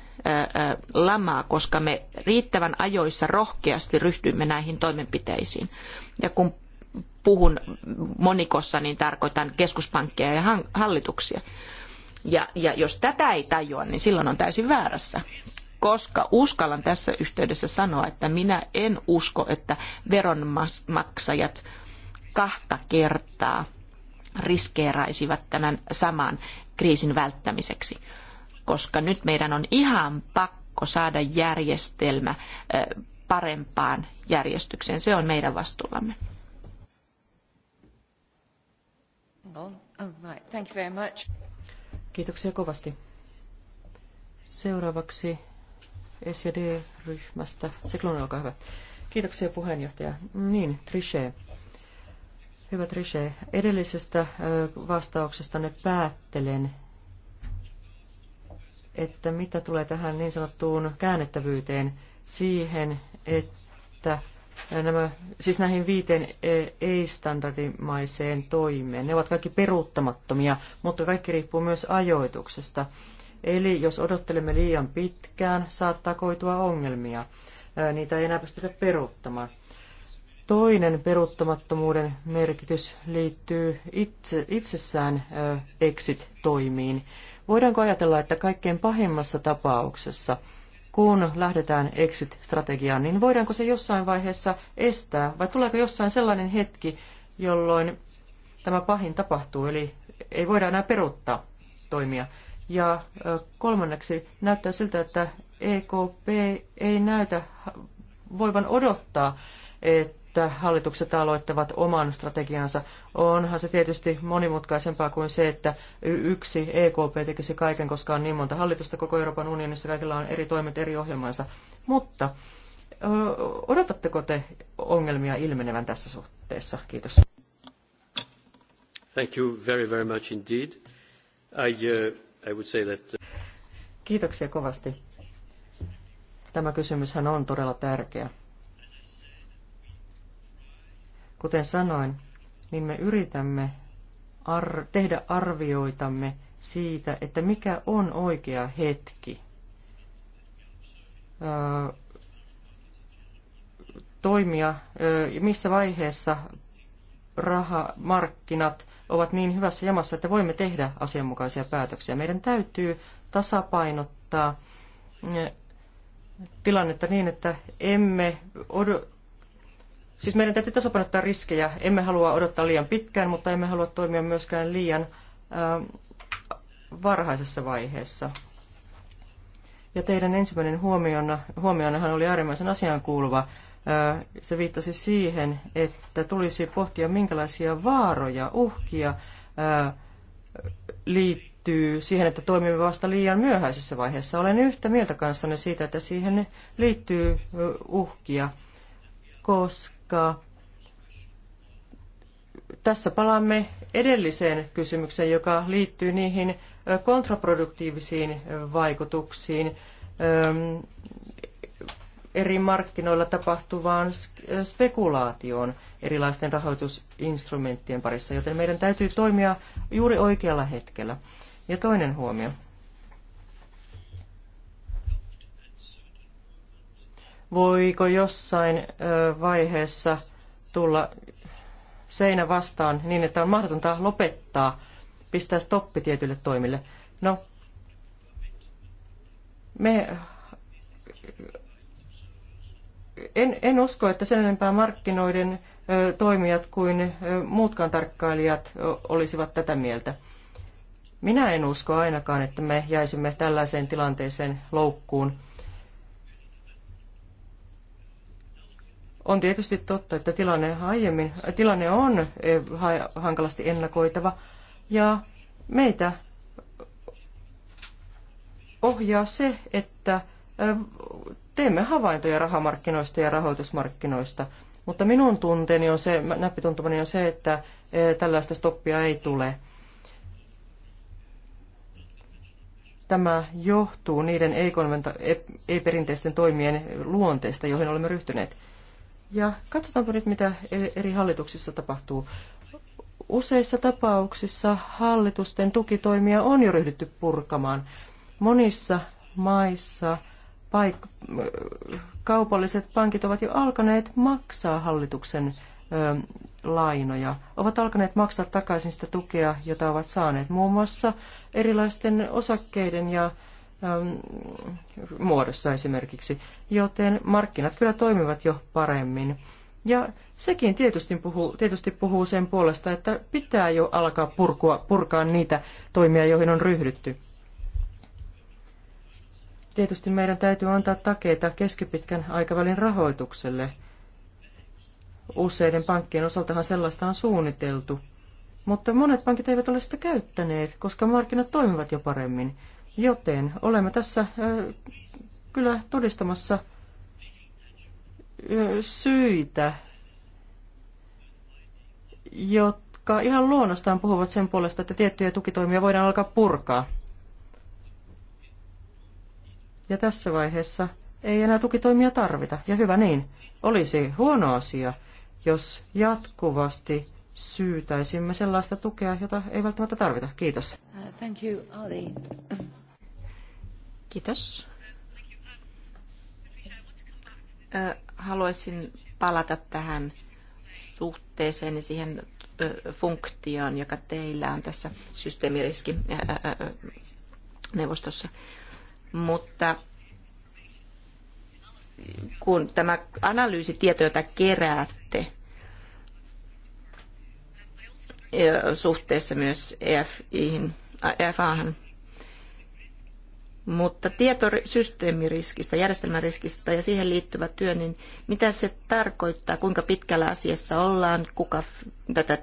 lamaa, koska me riittävän ajoissa rohkeasti ryhtyimme näihin toimenpiteisiin. Ja kun puhun monikossa, niin tarkoitan keskuspankkeja ja hallituksia. Ja, ja jos tätä ei tajua, niin silloin on täysin väärässä. Koska uskallan tässä yhteydessä sanoa, että minä en usko, että veronmaksajat kahta kertaa – riskeeraisivat tämän saman kriisin välttämiseksi. Koska nyt meidän on ihan pakko saada järjestelmä parempaan järjestykseen. Se on meidän vastuullamme. Kiitoksia kovasti. Seuraavaksi SD-ryhmästä. Seklon, olkaa hyvä. Kiitoksia puheenjohtaja. Niin, Trichet. Hyvä Trishe, edellisestä vastauksestanne päättelen, että mitä tulee tähän niin sanottuun käännettävyyteen, siihen, että nämä, siis näihin viiteen ei-standardimaiseen toimeen. Ne ovat kaikki peruuttamattomia, mutta kaikki riippuu myös ajoituksesta. Eli jos odottelemme liian pitkään, saattaa koitua ongelmia. Niitä ei enää pystytä peruuttamaan. Toinen peruuttamattomuuden merkitys liittyy itse, itsessään exit-toimiin. Voidaanko ajatella, että kaikkein pahimmassa tapauksessa, kun lähdetään exit-strategiaan, niin voidaanko se jossain vaiheessa estää, vai tuleeko jossain sellainen hetki, jolloin tämä pahin tapahtuu, eli ei voida enää peruuttaa toimia. Ja kolmanneksi näyttää siltä, että EKP ei näytä voivan odottaa, että että hallitukset aloittavat oman strategiansa. Onhan se tietysti monimutkaisempaa kuin se, että yksi EKP tekisi kaiken, koska on niin monta hallitusta koko Euroopan unionissa, kaikilla on eri toimet, eri ohjelmansa. Mutta odotatteko te ongelmia ilmenevän tässä suhteessa? Kiitos. Thank you very, very much indeed. I, uh, I would say that... Uh, Kiitoksia kovasti. Tämä kysymyshän on todella tärkeä. Kuten sanoin, niin me yritämme ar- tehdä arvioitamme siitä, että mikä on oikea hetki Öö, toimia, öö, missä vaiheessa rahamarkkinat ovat niin hyvässä jamassa, että voimme tehdä asianmukaisia päätöksiä. Meidän täytyy tasapainottaa tilannetta niin, että emme Siis meidän täytyy tasapainottaa riskejä. Emme halua odottaa liian pitkään, mutta emme halua toimia myöskään liian ähm, varhaisessa vaiheessa. Ja teidän ensimmäinen huomiona, huomionahan oli äärimmäisen asiaan kuuluva. Äh, se viittasi siihen, että tulisi pohtia, minkälaisia vaaroja, uhkia äh, liittyy siihen, että toimimme vasta liian myöhäisessä vaiheessa. Olen yhtä mieltä kanssanne siitä, että siihen liittyy uhkia, koska tässä palaamme edelliseen kysymykseen, joka liittyy niihin kontraproduktiivisiin vaikutuksiin eri markkinoilla tapahtuvaan spekulaatioon erilaisten rahoitusinstrumenttien parissa, joten meidän täytyy toimia juuri oikealla hetkellä. Ja toinen huomio. voiko jossain vaiheessa tulla seinä vastaan niin, että on mahdotonta lopettaa, pistää stoppi tietyille toimille. No, me en, en usko, että sen enempää markkinoiden ö, toimijat kuin ö, muutkaan tarkkailijat ö, olisivat tätä mieltä. Minä en usko ainakaan, että me jäisimme tällaiseen tilanteeseen loukkuun. On tietysti totta, että tilanne, aiemmin, tilanne on e, hankalasti ennakoitava ja meitä ohjaa se, että e, teemme havaintoja rahamarkkinoista ja rahoitusmarkkinoista. Mutta minun tunteeni on se, näppituntumani on se, että e, tällaista stoppia ei tule. Tämä johtuu niiden ei-perinteisten toimien luonteesta, joihin olemme ryhtyneet. Ja katsotaanpa nyt, mitä e- eri hallituksissa tapahtuu. Useissa tapauksissa hallitusten tukitoimia on jo ryhdytty purkamaan. Monissa maissa paik- kaupalliset pankit ovat jo alkaneet maksaa hallituksen ö, lainoja, ovat alkaneet maksaa takaisin sitä tukea, jota ovat saaneet muun muassa erilaisten osakkeiden ja Ähm, muodossa esimerkiksi, joten markkinat kyllä toimivat jo paremmin. Ja sekin tietysti puhuu, tietysti puhuu sen puolesta, että pitää jo alkaa purkua, purkaa niitä toimia, joihin on ryhdytty. Tietysti meidän täytyy antaa takeita keskipitkän aikavälin rahoitukselle. Useiden pankkien osaltahan sellaista on suunniteltu, mutta monet pankit eivät ole sitä käyttäneet, koska markkinat toimivat jo paremmin. Joten olemme tässä kyllä todistamassa syitä, jotka ihan luonnostaan puhuvat sen puolesta, että tiettyjä tukitoimia voidaan alkaa purkaa. Ja tässä vaiheessa ei enää tukitoimia tarvita. Ja hyvä niin, olisi huono asia, jos jatkuvasti syytäisimme sellaista tukea, jota ei välttämättä tarvita. Kiitos. Uh, thank you, Ali. Kiitos. Haluaisin palata tähän suhteeseen ja siihen funktioon, joka teillä on tässä systeemiriski neuvostossa. Mutta kun tämä analyysitieto, jota keräätte suhteessa myös EFIhin, EFAhan, mutta tieto systeemiriskistä, järjestelmäriskistä ja siihen liittyvä työ, niin mitä se tarkoittaa, kuinka pitkällä asiassa ollaan, kuka tätä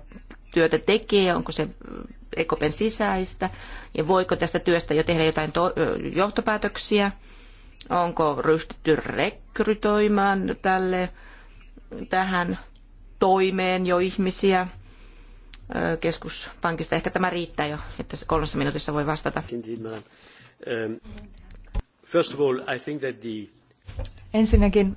työtä tekee, onko se äh, ekopen sisäistä ja voiko tästä työstä jo tehdä jotain johtopäätöksiä, onko ryhtytty rekrytoimaan tälle, tähän toimeen jo ihmisiä keskuspankista. Ehkä tämä riittää jo, että kolmessa minuutissa voi vastata. Um, Ensinnäkin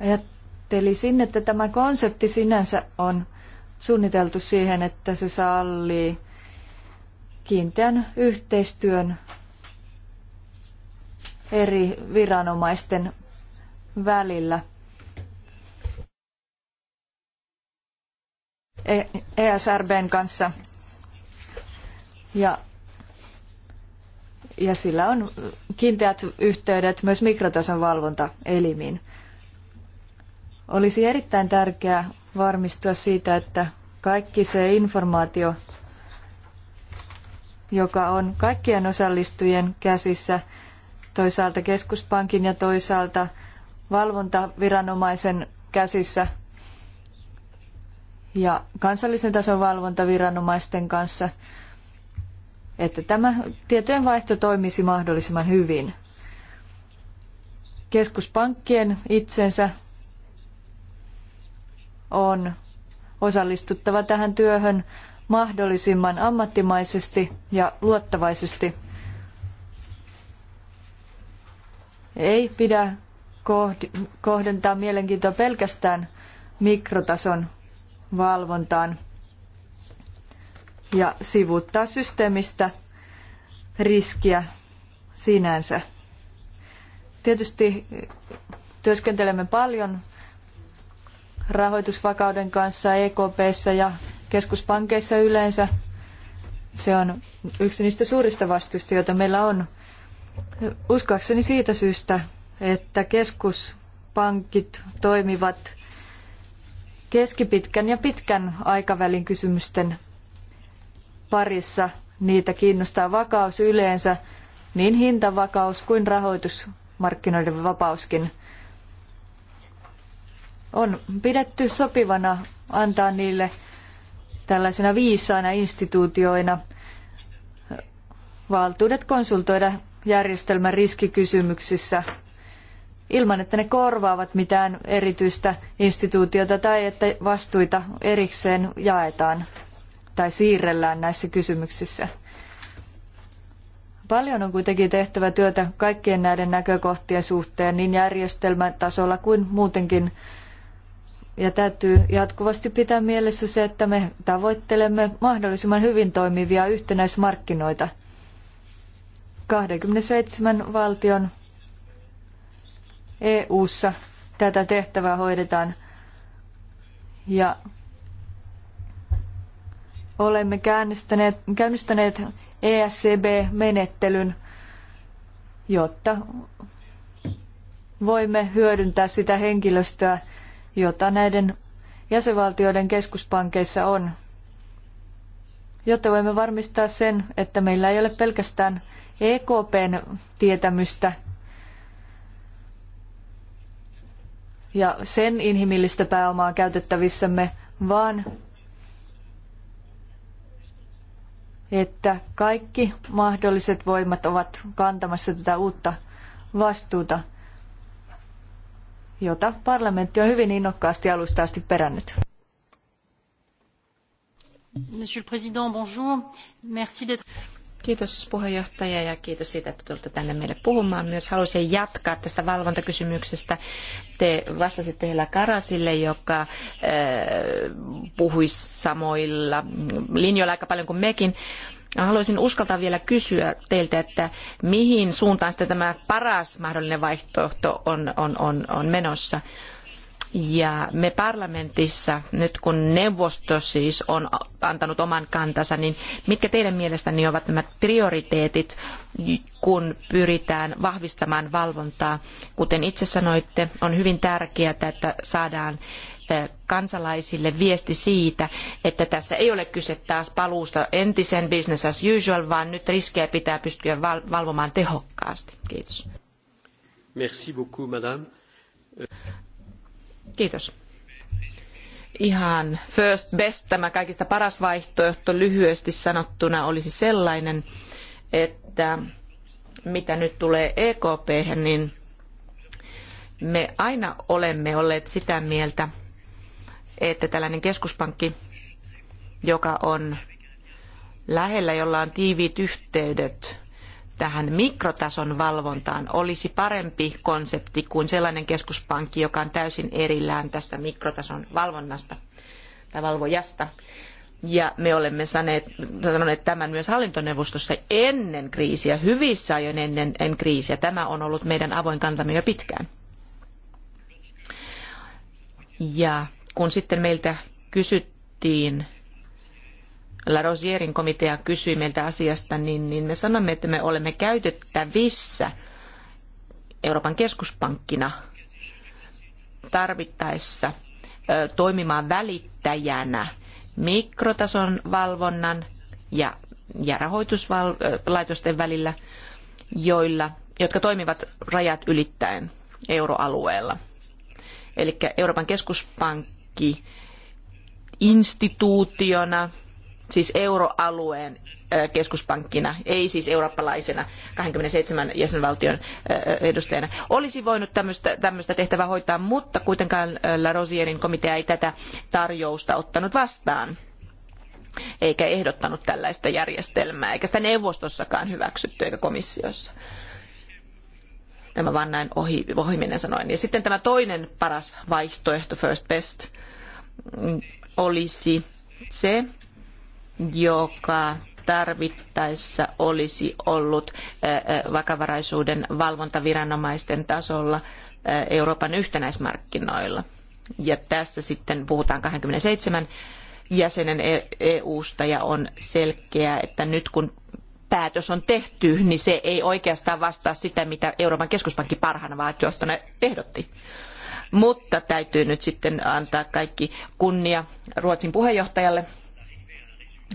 ajattelisin, että tämä konsepti sinänsä on suunniteltu siihen, että se sallii kiinteän yhteistyön eri viranomaisten välillä. ESRBn e kanssa. Ja ja sillä on kiinteät yhteydet myös mikrotason valvontaelimiin. Olisi erittäin tärkeää varmistua siitä, että kaikki se informaatio, joka on kaikkien osallistujien käsissä, toisaalta keskuspankin ja toisaalta valvontaviranomaisen käsissä ja kansallisen tason valvontaviranomaisten kanssa, että tämä tietojenvaihto toimisi mahdollisimman hyvin. Keskuspankkien itsensä on osallistuttava tähän työhön mahdollisimman ammattimaisesti ja luottavaisesti. Ei pidä kohdentaa mielenkiintoa pelkästään mikrotason valvontaan ja sivuuttaa systeemistä riskiä sinänsä. Tietysti työskentelemme paljon rahoitusvakauden kanssa EKPssä ja keskuspankeissa yleensä. Se on yksi niistä suurista vastuista, joita meillä on. Uskoakseni siitä syystä, että keskuspankit toimivat keskipitkän ja pitkän aikavälin kysymysten parissa. Niitä kiinnostaa vakaus yleensä, niin hintavakaus kuin rahoitusmarkkinoiden vapauskin. On pidetty sopivana antaa niille tällaisina viisaina instituutioina valtuudet konsultoida järjestelmän riskikysymyksissä ilman, että ne korvaavat mitään erityistä instituutiota tai että vastuita erikseen jaetaan tai siirrellään näissä kysymyksissä. Paljon on kuitenkin tehtävä työtä kaikkien näiden näkökohtien suhteen niin järjestelmätasolla kuin muutenkin. Ja täytyy jatkuvasti pitää mielessä se, että me tavoittelemme mahdollisimman hyvin toimivia yhtenäismarkkinoita. 27 valtion EU-ssa tätä tehtävää hoidetaan ja olemme käynnistäneet, käynnistäneet ESCB-menettelyn, jotta voimme hyödyntää sitä henkilöstöä, jota näiden jäsenvaltioiden keskuspankeissa on, jotta voimme varmistaa sen, että meillä ei ole pelkästään EKPn tietämystä ja sen inhimillistä pääomaa käytettävissämme, vaan että kaikki mahdolliset voimat ovat kantamassa tätä uutta vastuuta, jota parlamentti on hyvin innokkaasti alusta asti perännyt. Monsieur le Président, bonjour. Merci d'être... Kiitos puheenjohtaja ja kiitos siitä, että tulitte tänne meille puhumaan. Myös haluaisin jatkaa tästä valvontakysymyksestä. Te vastasitte Hela Karasille, joka äh, puhui samoilla linjoilla aika paljon kuin mekin. Haluaisin uskaltaa vielä kysyä teiltä, että mihin suuntaan sitten tämä paras mahdollinen vaihtoehto on, on, on, on menossa. Ja me parlamentissa, nyt kun neuvosto siis on antanut oman kantansa, niin mitkä teidän mielestänne ovat nämä prioriteetit, kun pyritään vahvistamaan valvontaa? Kuten itse sanoitte, on hyvin tärkeää, että saadaan kansalaisille viesti siitä, että tässä ei ole kyse taas paluusta entisen business as usual, vaan nyt riskejä pitää pystyä valvomaan tehokkaasti. Kiitos. Merci beaucoup, madame. Kiitos. Ihan first best, tämä kaikista paras vaihtoehto lyhyesti sanottuna olisi sellainen, että mitä nyt tulee EKP, niin me aina olemme olleet sitä mieltä, että tällainen keskuspankki, joka on lähellä, jolla on tiiviit yhteydet tähän mikrotason valvontaan olisi parempi konsepti kuin sellainen keskuspankki, joka on täysin erillään tästä mikrotason valvonnasta tai valvojasta. Ja me olemme saneet, sanoneet tämän myös hallintoneuvostossa ennen kriisiä, hyvissä ajoin ennen en kriisiä. Tämä on ollut meidän avoin kantamme jo pitkään. Ja kun sitten meiltä kysyttiin La Rosierin komitea kysyi meiltä asiasta, niin, niin me sanomme, että me olemme käytettävissä Euroopan keskuspankkina tarvittaessa toimimaan välittäjänä mikrotason valvonnan ja, ja rahoituslaitosten välillä, joilla, jotka toimivat rajat ylittäen euroalueella. Eli Euroopan keskuspankki instituutiona siis euroalueen keskuspankkina, ei siis eurooppalaisena 27 jäsenvaltion edustajana. Olisi voinut tämmöistä, tehtävää hoitaa, mutta kuitenkaan La Rosierin komitea ei tätä tarjousta ottanut vastaan eikä ehdottanut tällaista järjestelmää, eikä sitä neuvostossakaan hyväksytty eikä komissiossa. Tämä vaan näin ohi, ohiminen sanoen. Ja sitten tämä toinen paras vaihtoehto, first best, mm, olisi se, joka tarvittaessa olisi ollut vakavaraisuuden valvontaviranomaisten tasolla Euroopan yhtenäismarkkinoilla. Ja tässä sitten puhutaan 27 jäsenen EU-sta e ja on selkeää, että nyt kun päätös on tehty, niin se ei oikeastaan vastaa sitä, mitä Euroopan keskuspankki parhaana vaihtoehtona ehdotti. Mutta täytyy nyt sitten antaa kaikki kunnia Ruotsin puheenjohtajalle –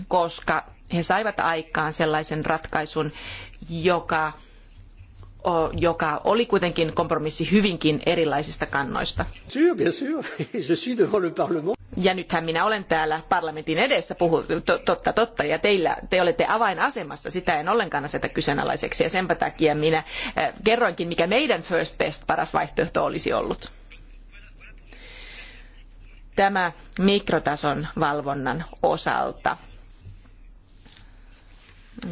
koska he saivat aikaan sellaisen ratkaisun, joka, joka oli kuitenkin kompromissi hyvinkin erilaisista kannoista. Ja nythän minä olen täällä parlamentin edessä, puhu, totta, totta, ja teillä, te olette avainasemassa, sitä en ollenkaan aseta kyseenalaiseksi, ja senpä takia minä eh, kerroinkin, mikä meidän first best paras vaihtoehto olisi ollut tämä mikrotason valvonnan osalta.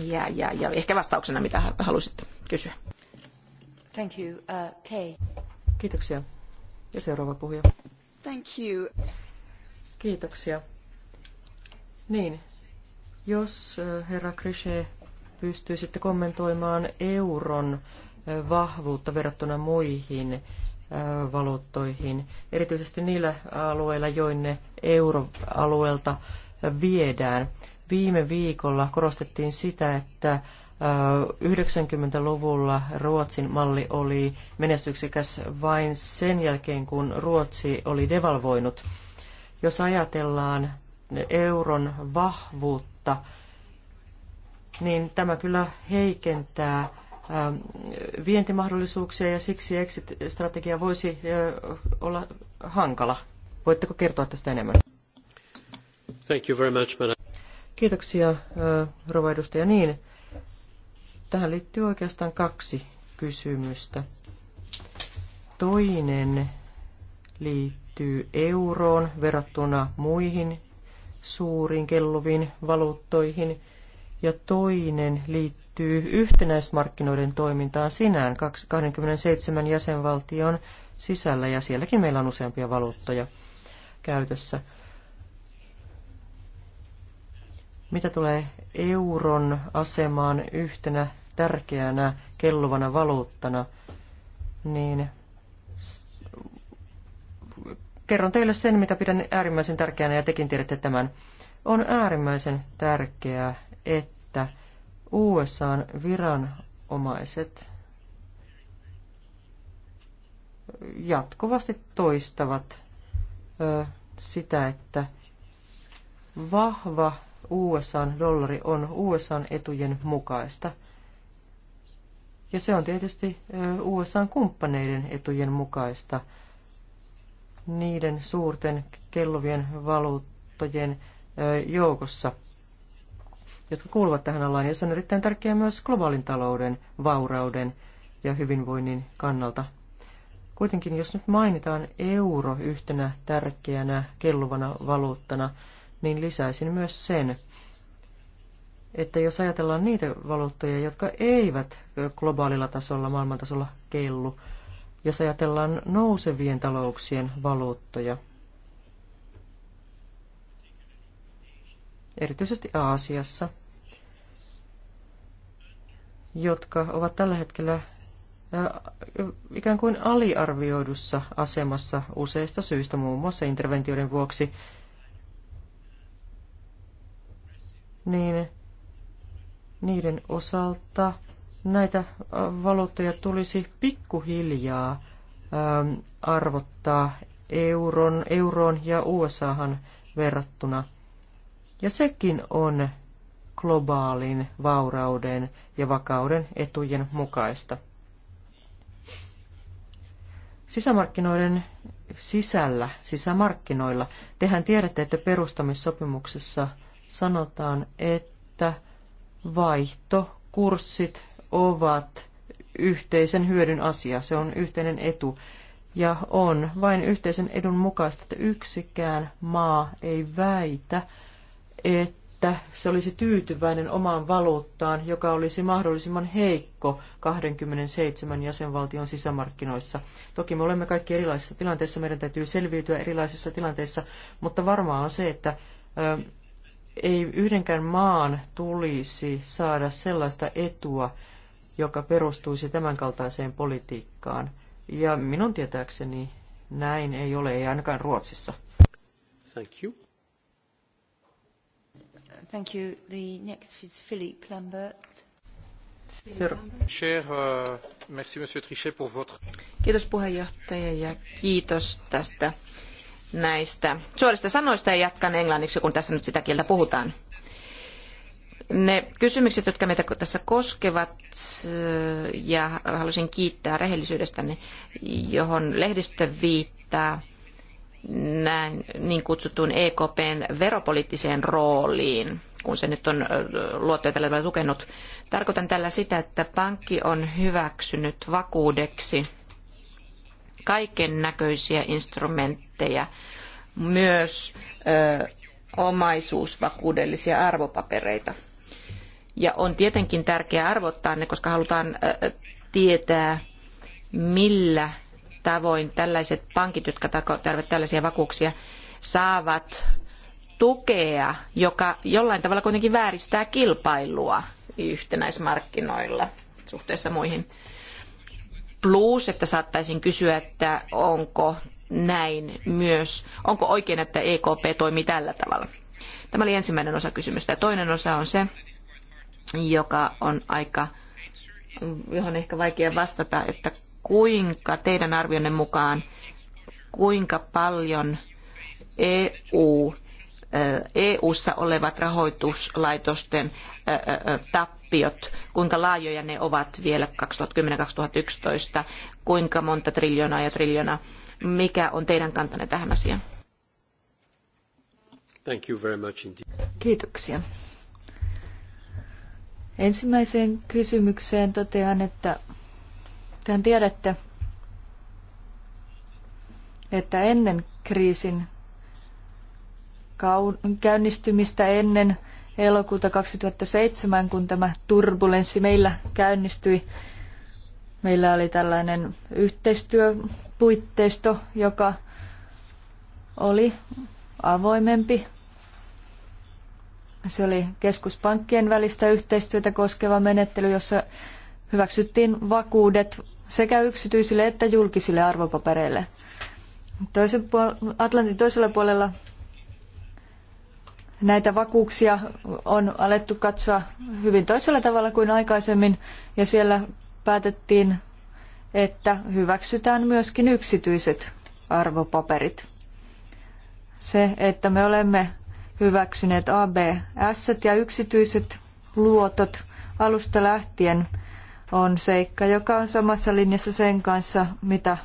Ja, ja, ja ehkä vastauksena, mitä halusitte kysyä. Thank you. Uh, Kay. Kiitoksia. Ja seuraava puhuja. Thank you. Kiitoksia. Niin, jos herra Krishe pystyisitte kommentoimaan euron vahvuutta verrattuna muihin valuuttoihin, erityisesti niillä alueilla, joille euroalueelta viedään. Viime viikolla korostettiin sitä, että 90-luvulla Ruotsin malli oli menestyksekäs vain sen jälkeen, kun Ruotsi oli devalvoinut. Jos ajatellaan euron vahvuutta, niin tämä kyllä heikentää vientimahdollisuuksia ja siksi exit-strategia voisi olla hankala. Voitteko kertoa tästä enemmän? Thank you very much, Kiitoksia, rouva edustaja. Niin, tähän liittyy oikeastaan kaksi kysymystä. Toinen liittyy euroon verrattuna muihin suuriin kelluviin valuuttoihin, ja toinen liittyy yhtenäismarkkinoiden toimintaan sinään 27 jäsenvaltion sisällä, ja sielläkin meillä on useampia valuuttoja käytössä. Mitä tulee euron asemaan yhtenä tärkeänä kelluvana valuuttana, niin kerron teille sen, mitä pidän äärimmäisen tärkeänä, ja tekin tiedätte tämän. On äärimmäisen tärkeää, että USAn viranomaiset jatkuvasti toistavat sitä, että vahva USAn dollari on USAn etujen mukaista. Ja se on tietysti USAn kumppaneiden etujen mukaista. Niiden suurten kelluvien valuuttojen joukossa, jotka kuuluvat tähän alaan. Ja se on erittäin tärkeää myös globaalin talouden, vaurauden ja hyvinvoinnin kannalta. Kuitenkin jos nyt mainitaan euro yhtenä tärkeänä kelluvana valuuttana, niin lisäisin myös sen, että jos ajatellaan niitä valuuttoja, jotka eivät globaalilla tasolla, maailmantasolla kellu, jos ajatellaan nousevien talouksien valuuttoja, erityisesti Aasiassa, jotka ovat tällä hetkellä äh, ikään kuin aliarvioidussa asemassa useista syistä, muun muassa interventioiden vuoksi, niin niiden osalta näitä valuuttoja tulisi pikkuhiljaa arvottaa euron, euroon ja USAhan verrattuna. Ja sekin on globaalin vaurauden ja vakauden etujen mukaista. Sisämarkkinoiden sisällä, sisämarkkinoilla, tehän tiedätte, että perustamissopimuksessa – sanotaan, että vaihtokurssit ovat yhteisen hyödyn asia. Se on yhteinen etu. Ja on vain yhteisen edun mukaista, että yksikään maa ei väitä, että se olisi tyytyväinen omaan valuuttaan, joka olisi mahdollisimman heikko 27 jäsenvaltion sisämarkkinoissa. Toki me olemme kaikki erilaisissa tilanteissa, meidän täytyy selviytyä erilaisissa tilanteissa, mutta varmaa on se, että ei yhdenkään maan tulisi saada sellaista etua, joka perustuisi tämänkaltaiseen politiikkaan. Ja minun tietääkseni näin ei ole, ei ainakaan Ruotsissa. Thank you. Thank you. The next is Philippe Lambert. Uh, kiitos puheenjohtaja ja kiitos tästä näistä suorista sanoista ja jatkan englanniksi, kun tässä nyt sitä kieltä puhutaan. Ne kysymykset, jotka meitä tässä koskevat, ja halusin kiittää rehellisyydestänne, johon lehdistö viittaa, näin niin kutsuttuun EKPn veropoliittiseen rooliin, kun se nyt on luottoja tällä tukenut. Tarkoitan tällä sitä, että pankki on hyväksynyt vakuudeksi kaiken näköisiä instrumentteja, myös ö, omaisuusvakuudellisia arvopapereita. Ja on tietenkin tärkeää arvottaa ne, koska halutaan ö, tietää, millä tavoin tällaiset pankit, jotka tarvitsevat tällaisia vakuuksia, saavat tukea, joka jollain tavalla kuitenkin vääristää kilpailua yhtenäismarkkinoilla suhteessa muihin plus, että saattaisin kysyä, että onko näin myös, onko oikein, että EKP toimii tällä tavalla. Tämä oli ensimmäinen osa kysymystä. Ja toinen osa on se, joka on aika, johon ehkä vaikea vastata, että kuinka teidän arvionne mukaan, kuinka paljon EU, EU-ssa olevat rahoituslaitosten tappiot, kuinka laajoja ne ovat vielä 2010-2011, kuinka monta triljoonaa ja triljoonaa. Mikä on teidän kantanne tähän asiaan? Thank you very much Kiitoksia. Ensimmäiseen kysymykseen totean, että tämän tiedätte, että ennen kriisin käynnistymistä, ennen elokuuta 2007, kun tämä turbulenssi meillä käynnistyi. Meillä oli tällainen yhteistyöpuitteisto, joka oli avoimempi. Se oli keskuspankkien välistä yhteistyötä koskeva menettely, jossa hyväksyttiin vakuudet sekä yksityisille että julkisille arvopapereille. Toisen puol- Atlantin toisella puolella näitä vakuuksia on alettu katsoa hyvin toisella tavalla kuin aikaisemmin ja siellä päätettiin, että hyväksytään myöskin yksityiset arvopaperit. Se, että me olemme hyväksyneet ABS ja yksityiset luotot alusta lähtien on seikka, joka on samassa linjassa sen kanssa, mitä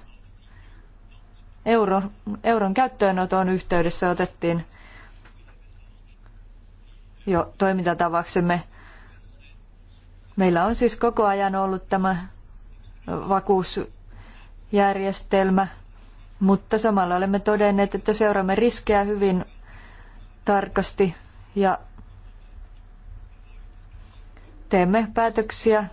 euro, euron käyttöönoton yhteydessä otettiin – jo toimintatavaksemme. Meillä on siis koko ajan ollut tämä vakuusjärjestelmä, mutta samalla olemme todenneet, että seuraamme riskejä hyvin tarkasti ja teemme päätöksiä,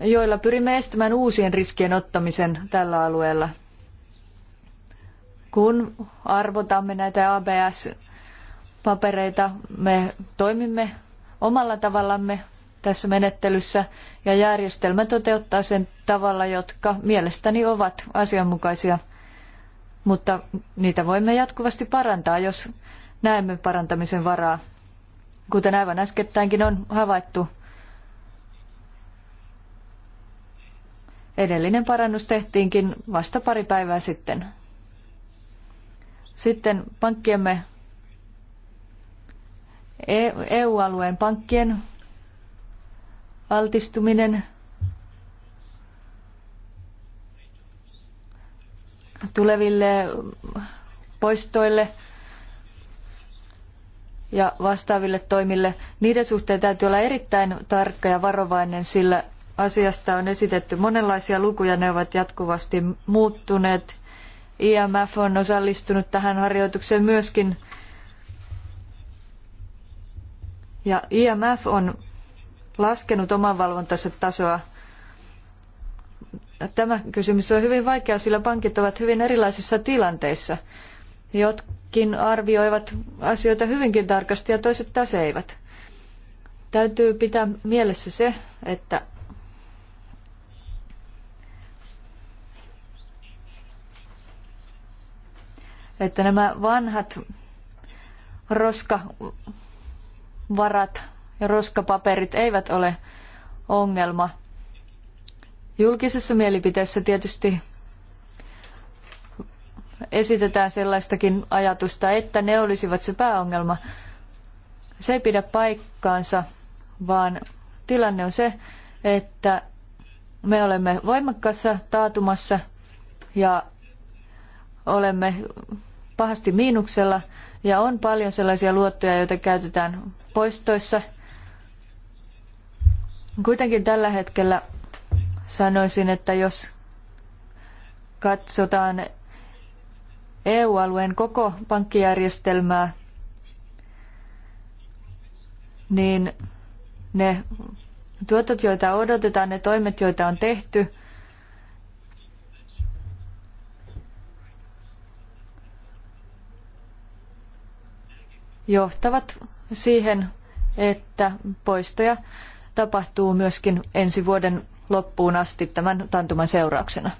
joilla pyrimme estämään uusien riskien ottamisen tällä alueella. Kun arvotamme näitä ABS papereita. Me toimimme omalla tavallamme tässä menettelyssä ja järjestelmä toteuttaa sen tavalla, jotka mielestäni ovat asianmukaisia, mutta niitä voimme jatkuvasti parantaa, jos näemme parantamisen varaa. Kuten aivan äskettäinkin on havaittu, edellinen parannus tehtiinkin vasta pari päivää sitten. Sitten pankkiemme E- EU-alueen pankkien altistuminen tuleville poistoille ja vastaaville toimille. Niiden suhteen täytyy olla erittäin tarkka ja varovainen, sillä asiasta on esitetty monenlaisia lukuja, ne ovat jatkuvasti muuttuneet. IMF on osallistunut tähän harjoitukseen myöskin ja IMF on laskenut omavalvontansa tasoa. Tämä kysymys on hyvin vaikea, sillä pankit ovat hyvin erilaisissa tilanteissa. Jotkin arvioivat asioita hyvinkin tarkasti ja toiset taas eivät. Täytyy pitää mielessä se, että että nämä vanhat roska varat ja roskapaperit eivät ole ongelma. Julkisessa mielipiteessä tietysti esitetään sellaistakin ajatusta, että ne olisivat se pääongelma. Se ei pidä paikkaansa, vaan tilanne on se, että me olemme voimakkaassa taatumassa ja olemme pahasti miinuksella ja on paljon sellaisia luottoja, joita käytetään poistoissa. Kuitenkin tällä hetkellä sanoisin, että jos katsotaan EU-alueen koko pankkijärjestelmää, niin ne tuotot, joita odotetaan, ne toimet, joita on tehty, johtavat siihen, että poistoja tapahtuu myöskin ensi vuoden loppuun asti tämän tantuman seurauksena.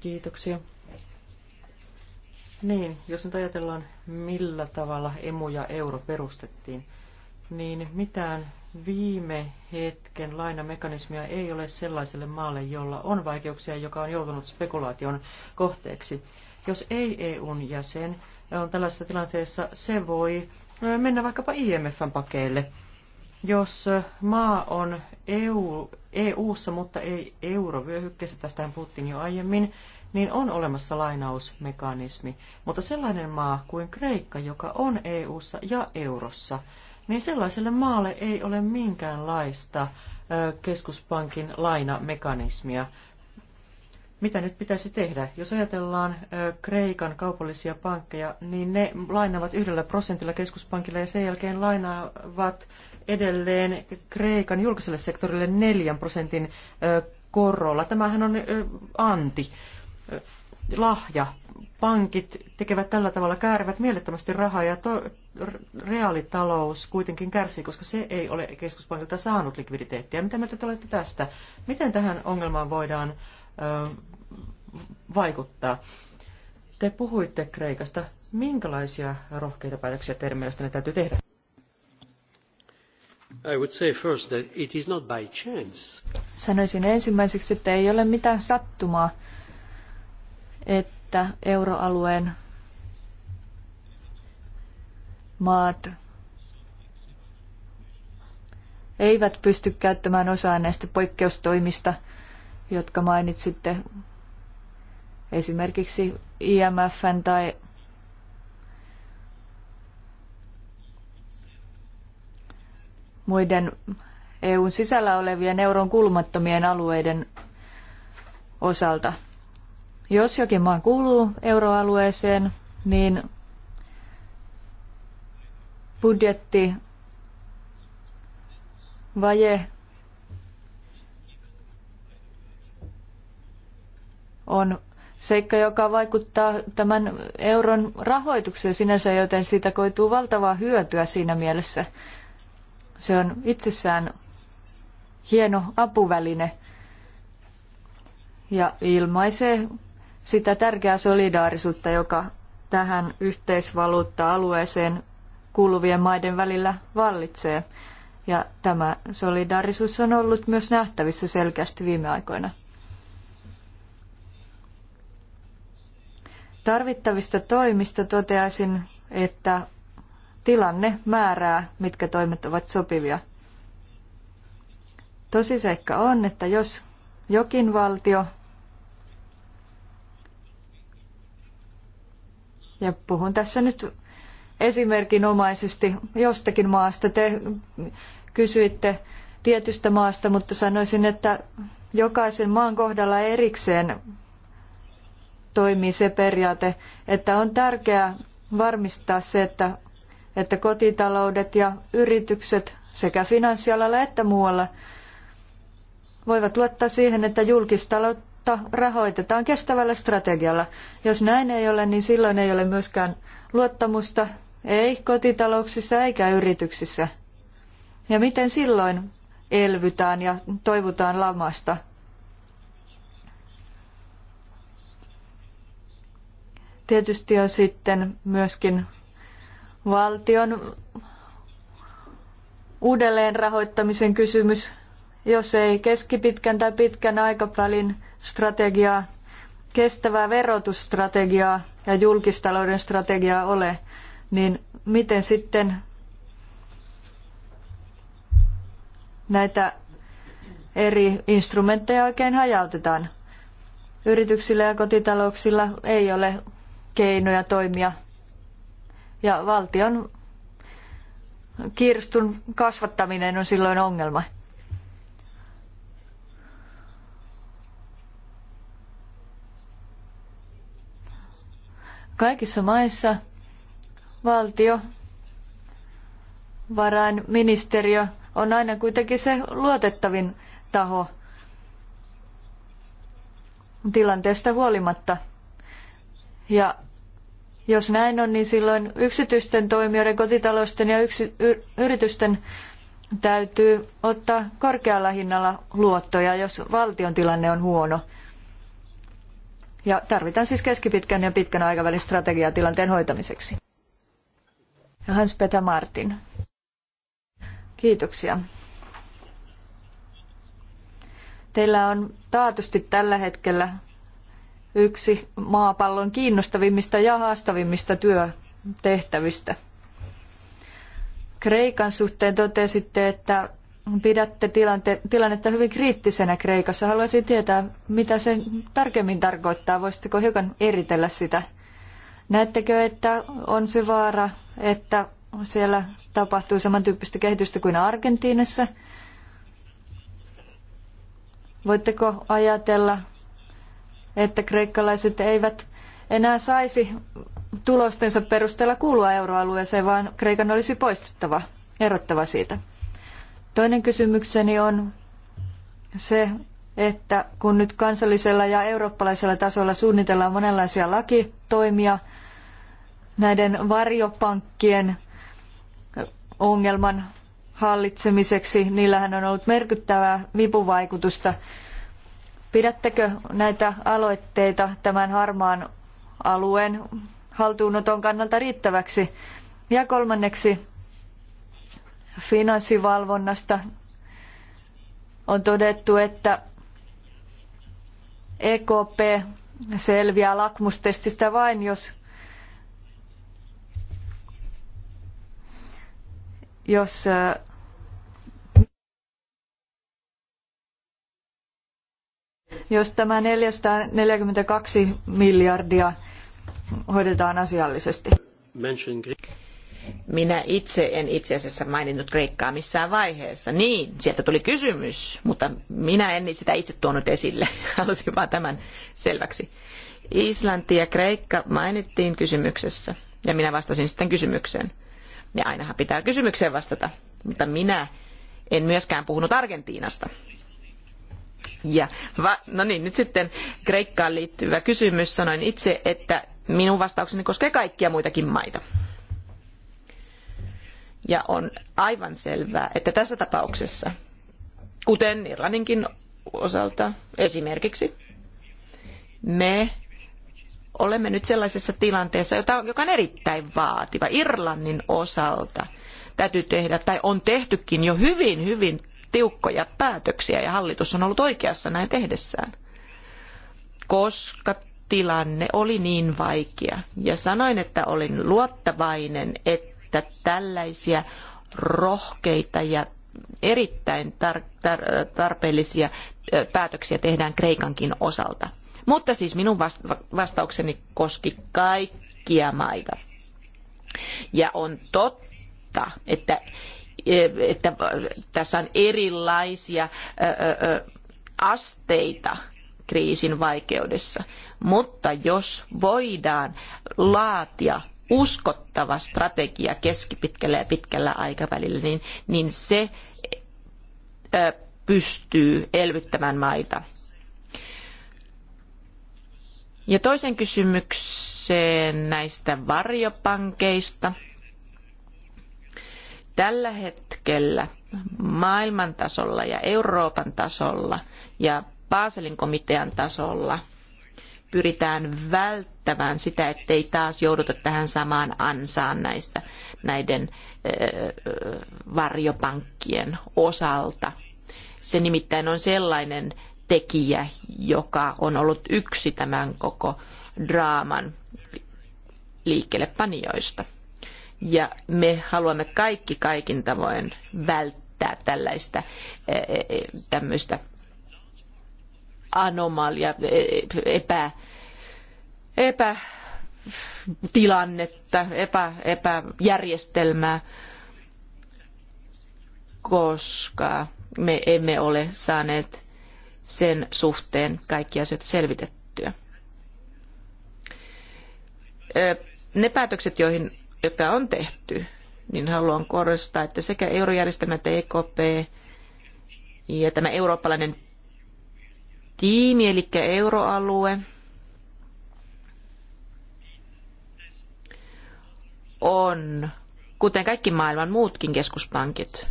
Kiitoksia. Niin, jos nyt ajatellaan, millä tavalla emu ja euro perustettiin, niin mitään viime hetken lainamekanismia ei ole sellaiselle maalle, jolla on vaikeuksia, joka on joutunut spekulaation kohteeksi. Jos ei EUn jäsen on tällaisessa tilanteessa, se voi mennä vaikkapa IMFn pakeille. Jos maa on EU, EU-ssa, mutta ei eurovyöhykkeessä, tästähän puhuttiin jo aiemmin, niin on olemassa lainausmekanismi. Mutta sellainen maa kuin Kreikka, joka on EU:ssa ja eurossa, niin sellaiselle maalle ei ole minkäänlaista keskuspankin lainamekanismia. Mitä nyt pitäisi tehdä? Jos ajatellaan Kreikan kaupallisia pankkeja, niin ne lainavat yhdellä prosentilla keskuspankilla ja sen jälkeen lainaavat edelleen Kreikan julkiselle sektorille neljän prosentin korolla. Tämähän on anti, lahja pankit tekevät tällä tavalla, käärivät mielettömästi rahaa ja to, reaalitalous kuitenkin kärsii, koska se ei ole keskuspankilta saanut likviditeettiä. Mitä mieltä te olette tästä? Miten tähän ongelmaan voidaan ö, vaikuttaa? Te puhuitte Kreikasta. Minkälaisia rohkeita päätöksiä teidän ne täytyy tehdä? I would say first that it is not by chance. Sanoisin ensimmäiseksi, että ei ole mitään sattumaa, että että euroalueen maat eivät pysty käyttämään osaa näistä poikkeustoimista, jotka mainitsitte esimerkiksi IMFn tai muiden EUn sisällä olevien euron kulmattomien alueiden osalta. Jos jokin maa kuuluu euroalueeseen, niin budjetti vaje on seikka, joka vaikuttaa tämän euron rahoitukseen sinänsä, joten siitä koituu valtavaa hyötyä siinä mielessä. Se on itsessään hieno apuväline ja ilmaisee sitä tärkeää solidaarisuutta, joka tähän yhteisvaluutta-alueeseen kuuluvien maiden välillä vallitsee. Ja tämä solidaarisuus on ollut myös nähtävissä selkeästi viime aikoina. Tarvittavista toimista toteaisin, että tilanne määrää, mitkä toimet ovat sopivia. Tosiseikka on, että jos jokin valtio Ja puhun tässä nyt esimerkinomaisesti jostakin maasta. Te kysyitte tietystä maasta, mutta sanoisin, että jokaisen maan kohdalla erikseen toimii se periaate, että on tärkeää varmistaa se, että, että kotitaloudet ja yritykset sekä finanssialalla että muualla voivat luottaa siihen, että julkistalous taloutta rahoitetaan kestävällä strategialla. Jos näin ei ole, niin silloin ei ole myöskään luottamusta, ei kotitalouksissa eikä yrityksissä. Ja miten silloin elvytään ja toivutaan lamasta? Tietysti on sitten myöskin valtion uudelleenrahoittamisen kysymys jos ei keskipitkän tai pitkän aikavälin strategiaa, kestävää verotusstrategiaa ja julkistalouden strategiaa ole, niin miten sitten näitä eri instrumentteja oikein hajautetaan? Yrityksillä ja kotitalouksilla ei ole keinoja toimia. Ja valtion kirstun kasvattaminen on silloin ongelma. Kaikissa maissa valtio, varainministeriö on aina kuitenkin se luotettavin taho tilanteesta huolimatta. Ja jos näin on, niin silloin yksityisten toimijoiden, kotitalousten ja yksi, y, yritysten täytyy ottaa korkealla hinnalla luottoja, jos valtion tilanne on huono. Ja tarvitaan siis keskipitkän ja pitkän aikavälin strategiaa tilanteen hoitamiseksi. Hans-Peter Martin. Kiitoksia. Teillä on taatusti tällä hetkellä yksi maapallon kiinnostavimmista ja haastavimmista työtehtävistä. Kreikan suhteen totesitte, että pidätte tilante, tilannetta hyvin kriittisenä Kreikassa. Haluaisin tietää, mitä se tarkemmin tarkoittaa. Voisitteko hiukan eritellä sitä? Näettekö, että on se vaara, että siellä tapahtuu samantyyppistä kehitystä kuin Argentiinassa? Voitteko ajatella, että kreikkalaiset eivät enää saisi tulostensa perusteella kuulua euroalueeseen, vaan Kreikan olisi poistuttava, erottava siitä? Toinen kysymykseni on se, että kun nyt kansallisella ja eurooppalaisella tasolla suunnitellaan monenlaisia lakitoimia näiden varjopankkien ongelman hallitsemiseksi, niillähän on ollut merkittävää vipuvaikutusta. Pidättekö näitä aloitteita tämän harmaan alueen haltuunoton kannalta riittäväksi? Ja kolmanneksi, finanssivalvonnasta on todettu, että EKP selviää lakmustestistä vain, jos, jos jos tämä 442 miljardia hoidetaan asiallisesti. Minä itse en itse asiassa maininnut Kreikkaa missään vaiheessa. Niin, sieltä tuli kysymys, mutta minä en niin sitä itse tuonut esille. Halusin vaan tämän selväksi. Islanti ja Kreikka mainittiin kysymyksessä ja minä vastasin sitten kysymykseen. Ja ainahan pitää kysymykseen vastata, mutta minä en myöskään puhunut Argentiinasta. Ja, va, no niin, nyt sitten Kreikkaan liittyvä kysymys. Sanoin itse, että minun vastaukseni koskee kaikkia muitakin maita. Ja on aivan selvää, että tässä tapauksessa, kuten Irlanninkin osalta esimerkiksi, me olemme nyt sellaisessa tilanteessa, joka on erittäin vaativa. Irlannin osalta täytyy tehdä, tai on tehtykin jo hyvin, hyvin tiukkoja päätöksiä, ja hallitus on ollut oikeassa näin tehdessään. Koska tilanne oli niin vaikea, ja sanoin, että olin luottavainen, että että tällaisia rohkeita ja erittäin tarpeellisia päätöksiä tehdään Kreikankin osalta. Mutta siis minun vastaukseni koski kaikkia maita. Ja on totta, että, että tässä on erilaisia asteita kriisin vaikeudessa. Mutta jos voidaan laatia uskottava strategia keskipitkällä ja pitkällä aikavälillä, niin, niin se pystyy elvyttämään maita. Ja toisen kysymykseen näistä varjopankeista. Tällä hetkellä maailman tasolla ja Euroopan tasolla ja Baselin komitean tasolla – pyritään välttämään sitä, ettei taas jouduta tähän samaan ansaan näistä, näiden varjopankkien osalta. Se nimittäin on sellainen tekijä, joka on ollut yksi tämän koko draaman liikkeellepanijoista. Ja me haluamme kaikki kaikin tavoin välttää tällaista tämmöistä anomalia, e, e, epä, epätilannetta, epä, epäjärjestelmää, koska me emme ole saaneet sen suhteen kaikkia asioita selvitettyä. E, ne päätökset, joihin, jotka on tehty, niin haluan korostaa, että sekä eurojärjestelmä että EKP ja tämä eurooppalainen tiimi, eli euroalue, on, kuten kaikki maailman muutkin keskuspankit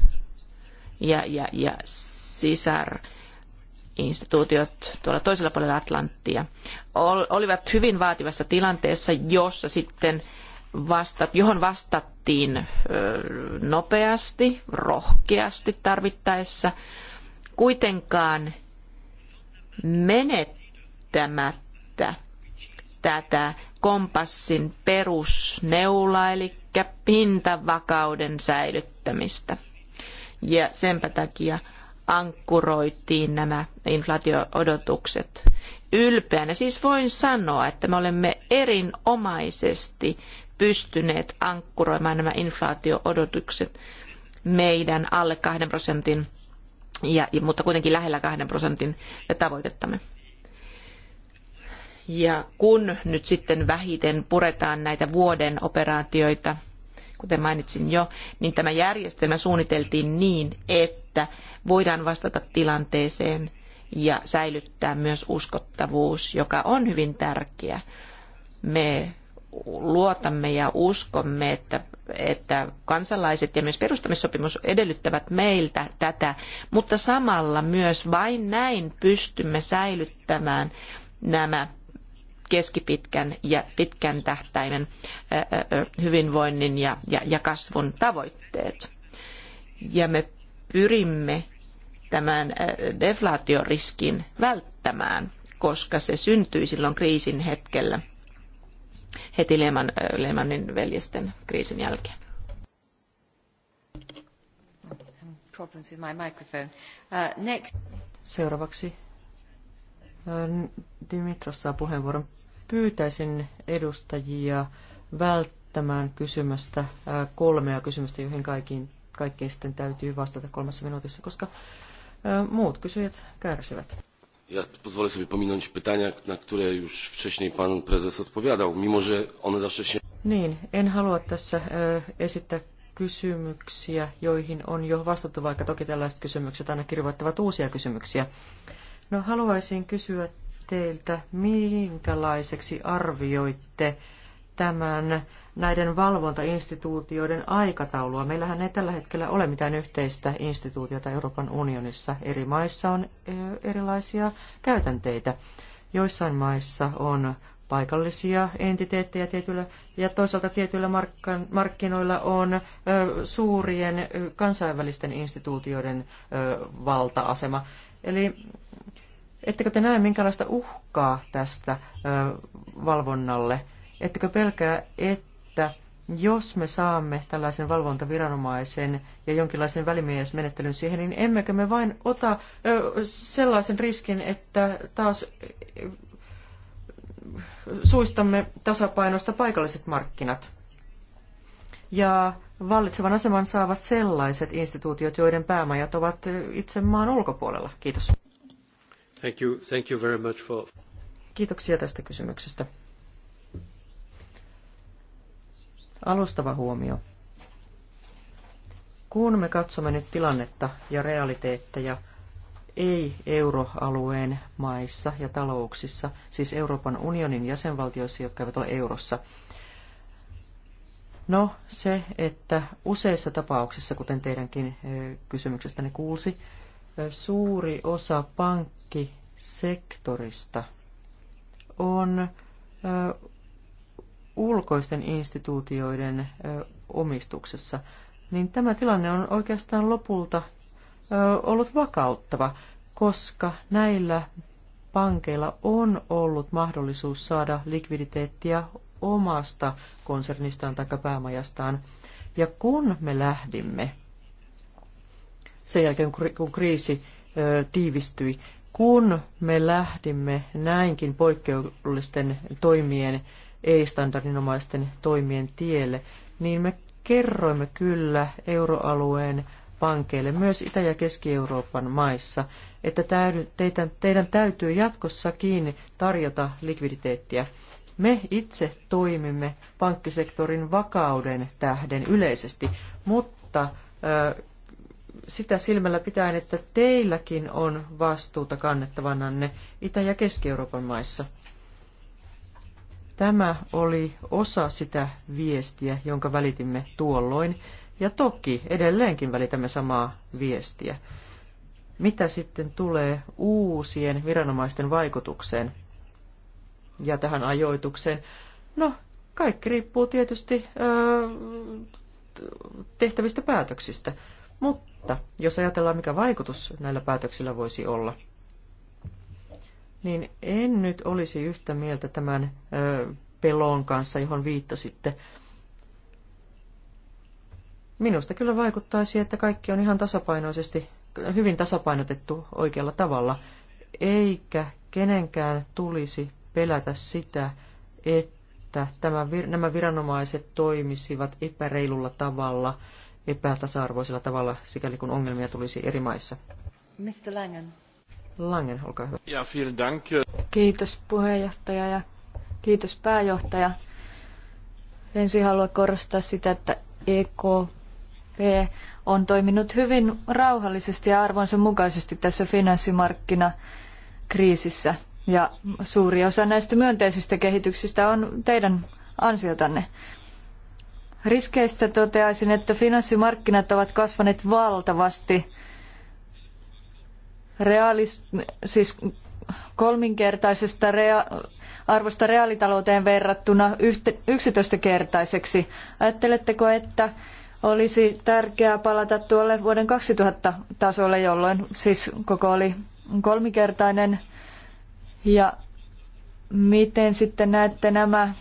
ja, ja, ja sisarinstituutiot tuolla toisella puolella Atlanttia, olivat hyvin vaativassa tilanteessa, jossa sitten vasta, johon vastattiin nopeasti, rohkeasti tarvittaessa. Kuitenkaan menettämättä tätä kompassin perusneulaa, eli pintavakauden säilyttämistä. Ja senpä takia ankkuroitiin nämä inflaatioodotukset ylpeänä. Siis voin sanoa, että me olemme erinomaisesti pystyneet ankkuroimaan nämä inflaatio-odotukset meidän alle kahden prosentin ja, mutta kuitenkin lähellä kahden prosentin tavoitettamme. Ja kun nyt sitten vähiten puretaan näitä vuoden operaatioita, kuten mainitsin jo, niin tämä järjestelmä suunniteltiin niin, että voidaan vastata tilanteeseen ja säilyttää myös uskottavuus, joka on hyvin tärkeä. Me luotamme ja uskomme, että, että kansalaiset ja myös perustamissopimus edellyttävät meiltä tätä, mutta samalla myös vain näin pystymme säilyttämään nämä keskipitkän ja pitkän tähtäimen hyvinvoinnin ja, ja, ja kasvun tavoitteet. Ja me pyrimme tämän deflaatioriskin välttämään, koska se syntyi silloin kriisin hetkellä – heti Lehman, äh, Lehmanin veljesten kriisin jälkeen. Problems with my microphone. Uh, next. Seuraavaksi äh, Dimitros saa puheenvuoron. Pyytäisin edustajia välttämään kysymästä äh, kolmea kysymystä, joihin kaikkiin, kaikkiin sitten täytyy vastata kolmessa minuutissa, koska muut kysyjät kärsivät. Ja pozwolę sobie pominąć pytania, na które już wcześniej pan prezes odpowiadał, mimo że one zawsze się... Niin, en halua tässä ö, e, esittää kysymyksiä, joihin on jo vastattu, vaikka toki tällaiset kysymykset aina kirjoittavat uusia kysymyksiä. No haluaisin kysyä teiltä, minkälaiseksi arvioitte tämän näiden valvontainstituutioiden aikataulua. Meillähän ei tällä hetkellä ole mitään yhteistä instituutiota Euroopan unionissa. Eri maissa on erilaisia käytänteitä. Joissain maissa on paikallisia entiteettejä tietyillä, ja toisaalta tietyillä markkinoilla on suurien kansainvälisten instituutioiden valta-asema. Eli ettekö te näe minkälaista uhkaa tästä valvonnalle? Ettekö pelkää, että että jos me saamme tällaisen valvontaviranomaisen ja jonkinlaisen välimiesmenettelyn siihen, niin emmekö me vain ota sellaisen riskin, että taas suistamme tasapainosta paikalliset markkinat. Ja vallitsevan aseman saavat sellaiset instituutiot, joiden päämajat ovat itse maan ulkopuolella. Kiitos. Thank you. Thank you very much for... Kiitoksia tästä kysymyksestä. Alustava huomio. Kun me katsomme nyt tilannetta ja realiteetteja ei-euroalueen maissa ja talouksissa, siis Euroopan unionin jäsenvaltioissa, jotka eivät ole eurossa, No se, että useissa tapauksissa, kuten teidänkin kysymyksestäni kuulsi, suuri osa pankkisektorista on ulkoisten instituutioiden omistuksessa, niin tämä tilanne on oikeastaan lopulta ollut vakauttava, koska näillä pankeilla on ollut mahdollisuus saada likviditeettiä omasta konsernistaan tai päämajastaan. Ja kun me lähdimme, sen jälkeen kun kriisi tiivistyi, kun me lähdimme näinkin poikkeuksellisten toimien ei-standardinomaisten toimien tielle, niin me kerroimme kyllä euroalueen pankeille myös Itä- ja Keski-Euroopan maissa, että teidän, teidän täytyy jatkossakin tarjota likviditeettiä. Me itse toimimme pankkisektorin vakauden tähden yleisesti, mutta sitä silmällä pitäen, että teilläkin on vastuuta kannettavananne Itä- ja Keski-Euroopan maissa. Tämä oli osa sitä viestiä, jonka välitimme tuolloin, ja toki edelleenkin välitämme samaa viestiä. Mitä sitten tulee uusien viranomaisten vaikutukseen ja tähän ajoitukseen? No, kaikki riippuu tietysti öö, tehtävistä päätöksistä. Mutta jos ajatellaan, mikä vaikutus näillä päätöksillä voisi olla – niin en nyt olisi yhtä mieltä tämän ö, pelon kanssa, johon viittasitte. Minusta kyllä vaikuttaisi, että kaikki on ihan tasapainoisesti, hyvin tasapainotettu oikealla tavalla, eikä kenenkään tulisi pelätä sitä, että tämä, nämä viranomaiset toimisivat epäreilulla tavalla, epätasa-arvoisella tavalla, sikäli kun ongelmia tulisi eri maissa. Mr. Langen. Langen, olkaa hyvä. Ja, vielen dank. Kiitos puheenjohtaja ja kiitos pääjohtaja. Ensin haluan korostaa sitä, että EKP on toiminut hyvin rauhallisesti ja arvonsa mukaisesti tässä finanssimarkkinakriisissä. Ja suuri osa näistä myönteisistä kehityksistä on teidän ansiotanne. Riskeistä toteaisin, että finanssimarkkinat ovat kasvaneet valtavasti realis, siis kolminkertaisesta rea- arvosta reaalitalouteen verrattuna yhte- 11-kertaiseksi. Ajatteletteko, että olisi tärkeää palata tuolle vuoden 2000 tasolle, jolloin siis koko oli kolminkertainen Ja miten sitten näette nämä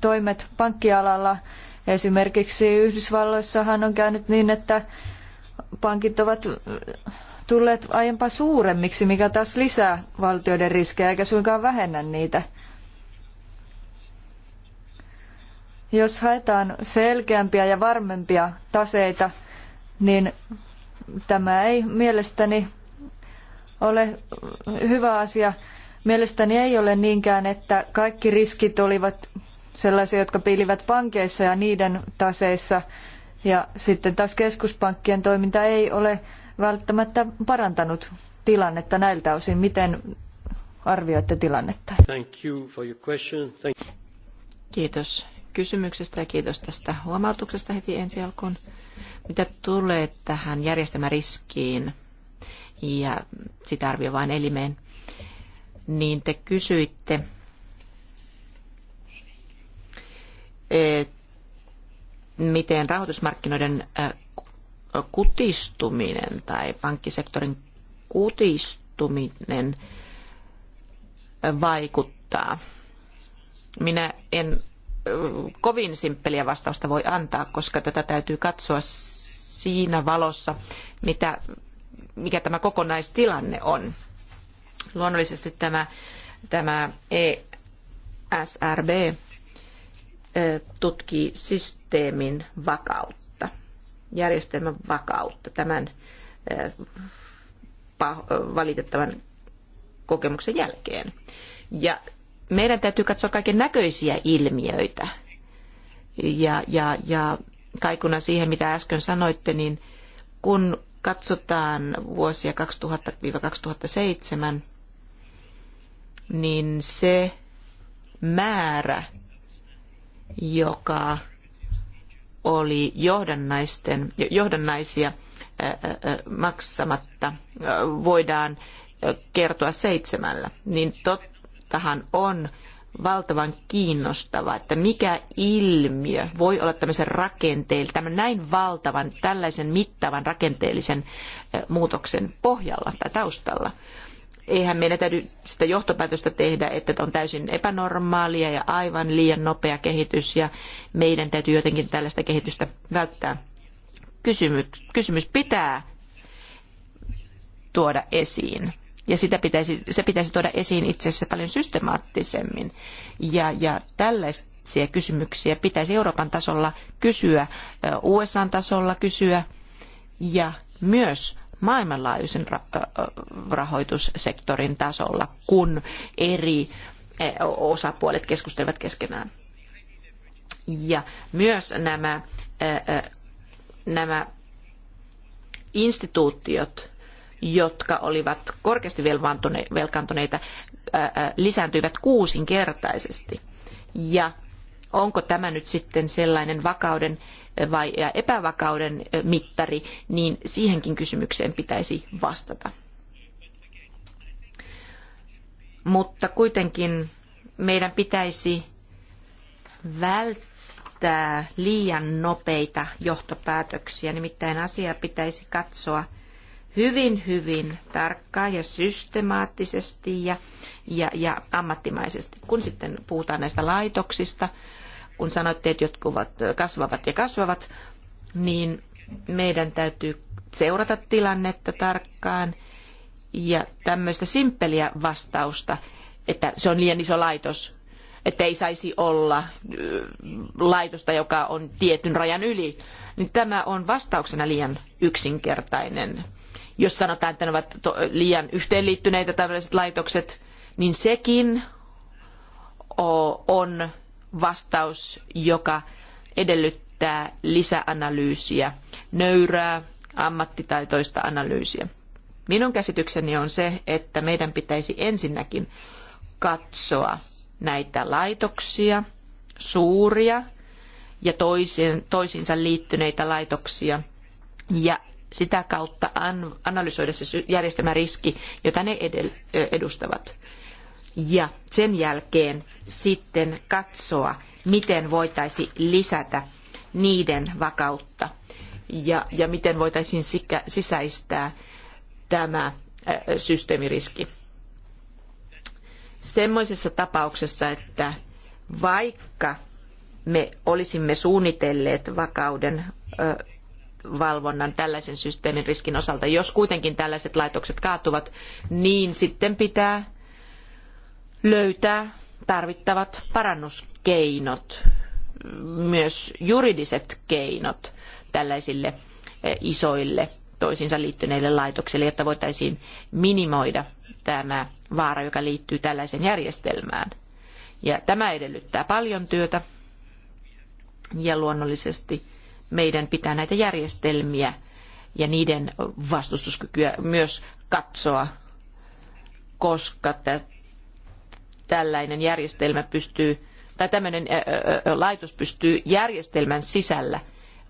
toimet pankkialalla? Esimerkiksi Yhdysvalloissahan on käynyt niin, että pankit ovat tulleet aiempaa suuremmiksi, mikä taas lisää valtioiden riskejä eikä suinkaan vähennä niitä. Jos haetaan selkeämpiä ja varmempia taseita, niin tämä ei mielestäni ole hyvä asia. Mielestäni ei ole niinkään, että kaikki riskit olivat sellaisia, jotka piilivät pankeissa ja niiden taseissa, ja sitten taas keskuspankkien toiminta ei ole välttämättä parantanut tilannetta näiltä osin. Miten arvioitte tilannetta? Kiitos kysymyksestä ja kiitos tästä huomautuksesta heti ensi alkuun. Mitä tulee tähän järjestelmäriskiin ja sitä arvioivaan elimeen, niin te kysyitte, eh, miten rahoitusmarkkinoiden eh, kutistuminen tai pankkisektorin kutistuminen vaikuttaa? Minä en kovin simppeliä vastausta voi antaa, koska tätä täytyy katsoa siinä valossa, mitä, mikä tämä kokonaistilanne on. Luonnollisesti tämä, tämä ESRB tutkii systeemin vakautta järjestelmän vakautta tämän valitettavan kokemuksen jälkeen. Ja meidän täytyy katsoa kaiken näköisiä ilmiöitä. Ja, ja, ja kaikuna siihen, mitä äsken sanoitte, niin kun katsotaan vuosia 2000-2007, niin se määrä, joka oli johdannaisten, johdannaisia maksamatta voidaan kertoa seitsemällä, niin tottahan on valtavan kiinnostava, että mikä ilmiö voi olla tämmöisen rakenteellisen, tämän näin valtavan, tällaisen mittavan rakenteellisen muutoksen pohjalla tai taustalla eihän meidän täydy sitä johtopäätöstä tehdä, että on täysin epänormaalia ja aivan liian nopea kehitys ja meidän täytyy jotenkin tällaista kehitystä välttää. Kysymys, kysymys pitää tuoda esiin. Ja sitä pitäisi, se pitäisi tuoda esiin itse asiassa paljon systemaattisemmin. Ja, ja tällaisia kysymyksiä pitäisi Euroopan tasolla kysyä, USAn tasolla kysyä ja myös maailmanlaajuisen rahoitussektorin tasolla, kun eri osapuolet keskustelevat keskenään. Ja myös nämä, nämä instituutiot, jotka olivat korkeasti velkaantuneita, lisääntyivät kuusinkertaisesti. Ja onko tämä nyt sitten sellainen vakauden vai epävakauden eh, mittari, niin siihenkin kysymykseen pitäisi vastata. Mutta kuitenkin meidän pitäisi välttää liian nopeita johtopäätöksiä. Nimittäin asiaa pitäisi katsoa hyvin, hyvin tarkkaan ja systemaattisesti ja, ja, ja ammattimaisesti. Kun sitten puhutaan näistä laitoksista, kun sanoitte, että jotkut kasvavat ja kasvavat, niin meidän täytyy seurata tilannetta tarkkaan. Ja tämmöistä simppeliä vastausta, että se on liian iso laitos, että ei saisi olla laitosta, joka on tietyn rajan yli, niin tämä on vastauksena liian yksinkertainen. Jos sanotaan, että ne ovat liian yhteenliittyneitä tällaiset laitokset, niin sekin on vastaus, joka edellyttää lisäanalyysiä, nöyrää, ammattitaitoista analyysiä. Minun käsitykseni on se, että meidän pitäisi ensinnäkin katsoa näitä laitoksia, suuria ja toisin, toisiinsa liittyneitä laitoksia ja sitä kautta analysoida se järjestelmäriski, jota ne edustavat ja sen jälkeen sitten katsoa, miten voitaisiin lisätä niiden vakautta ja, ja miten voitaisiin sisäistää tämä äh, systeemiriski. Semmoisessa tapauksessa, että vaikka me olisimme suunnitelleet vakauden valvonnan tällaisen systeemin riskin osalta. Jos kuitenkin tällaiset laitokset kaatuvat, niin sitten pitää löytää tarvittavat parannuskeinot, myös juridiset keinot tällaisille e, isoille toisiinsa liittyneille laitoksille, jotta voitaisiin minimoida tämä vaara, joka liittyy tällaiseen järjestelmään. Ja tämä edellyttää paljon työtä ja luonnollisesti meidän pitää näitä järjestelmiä ja niiden vastustuskykyä myös katsoa, koska tällainen järjestelmä pystyy, tai tämmöinen laitos pystyy järjestelmän sisällä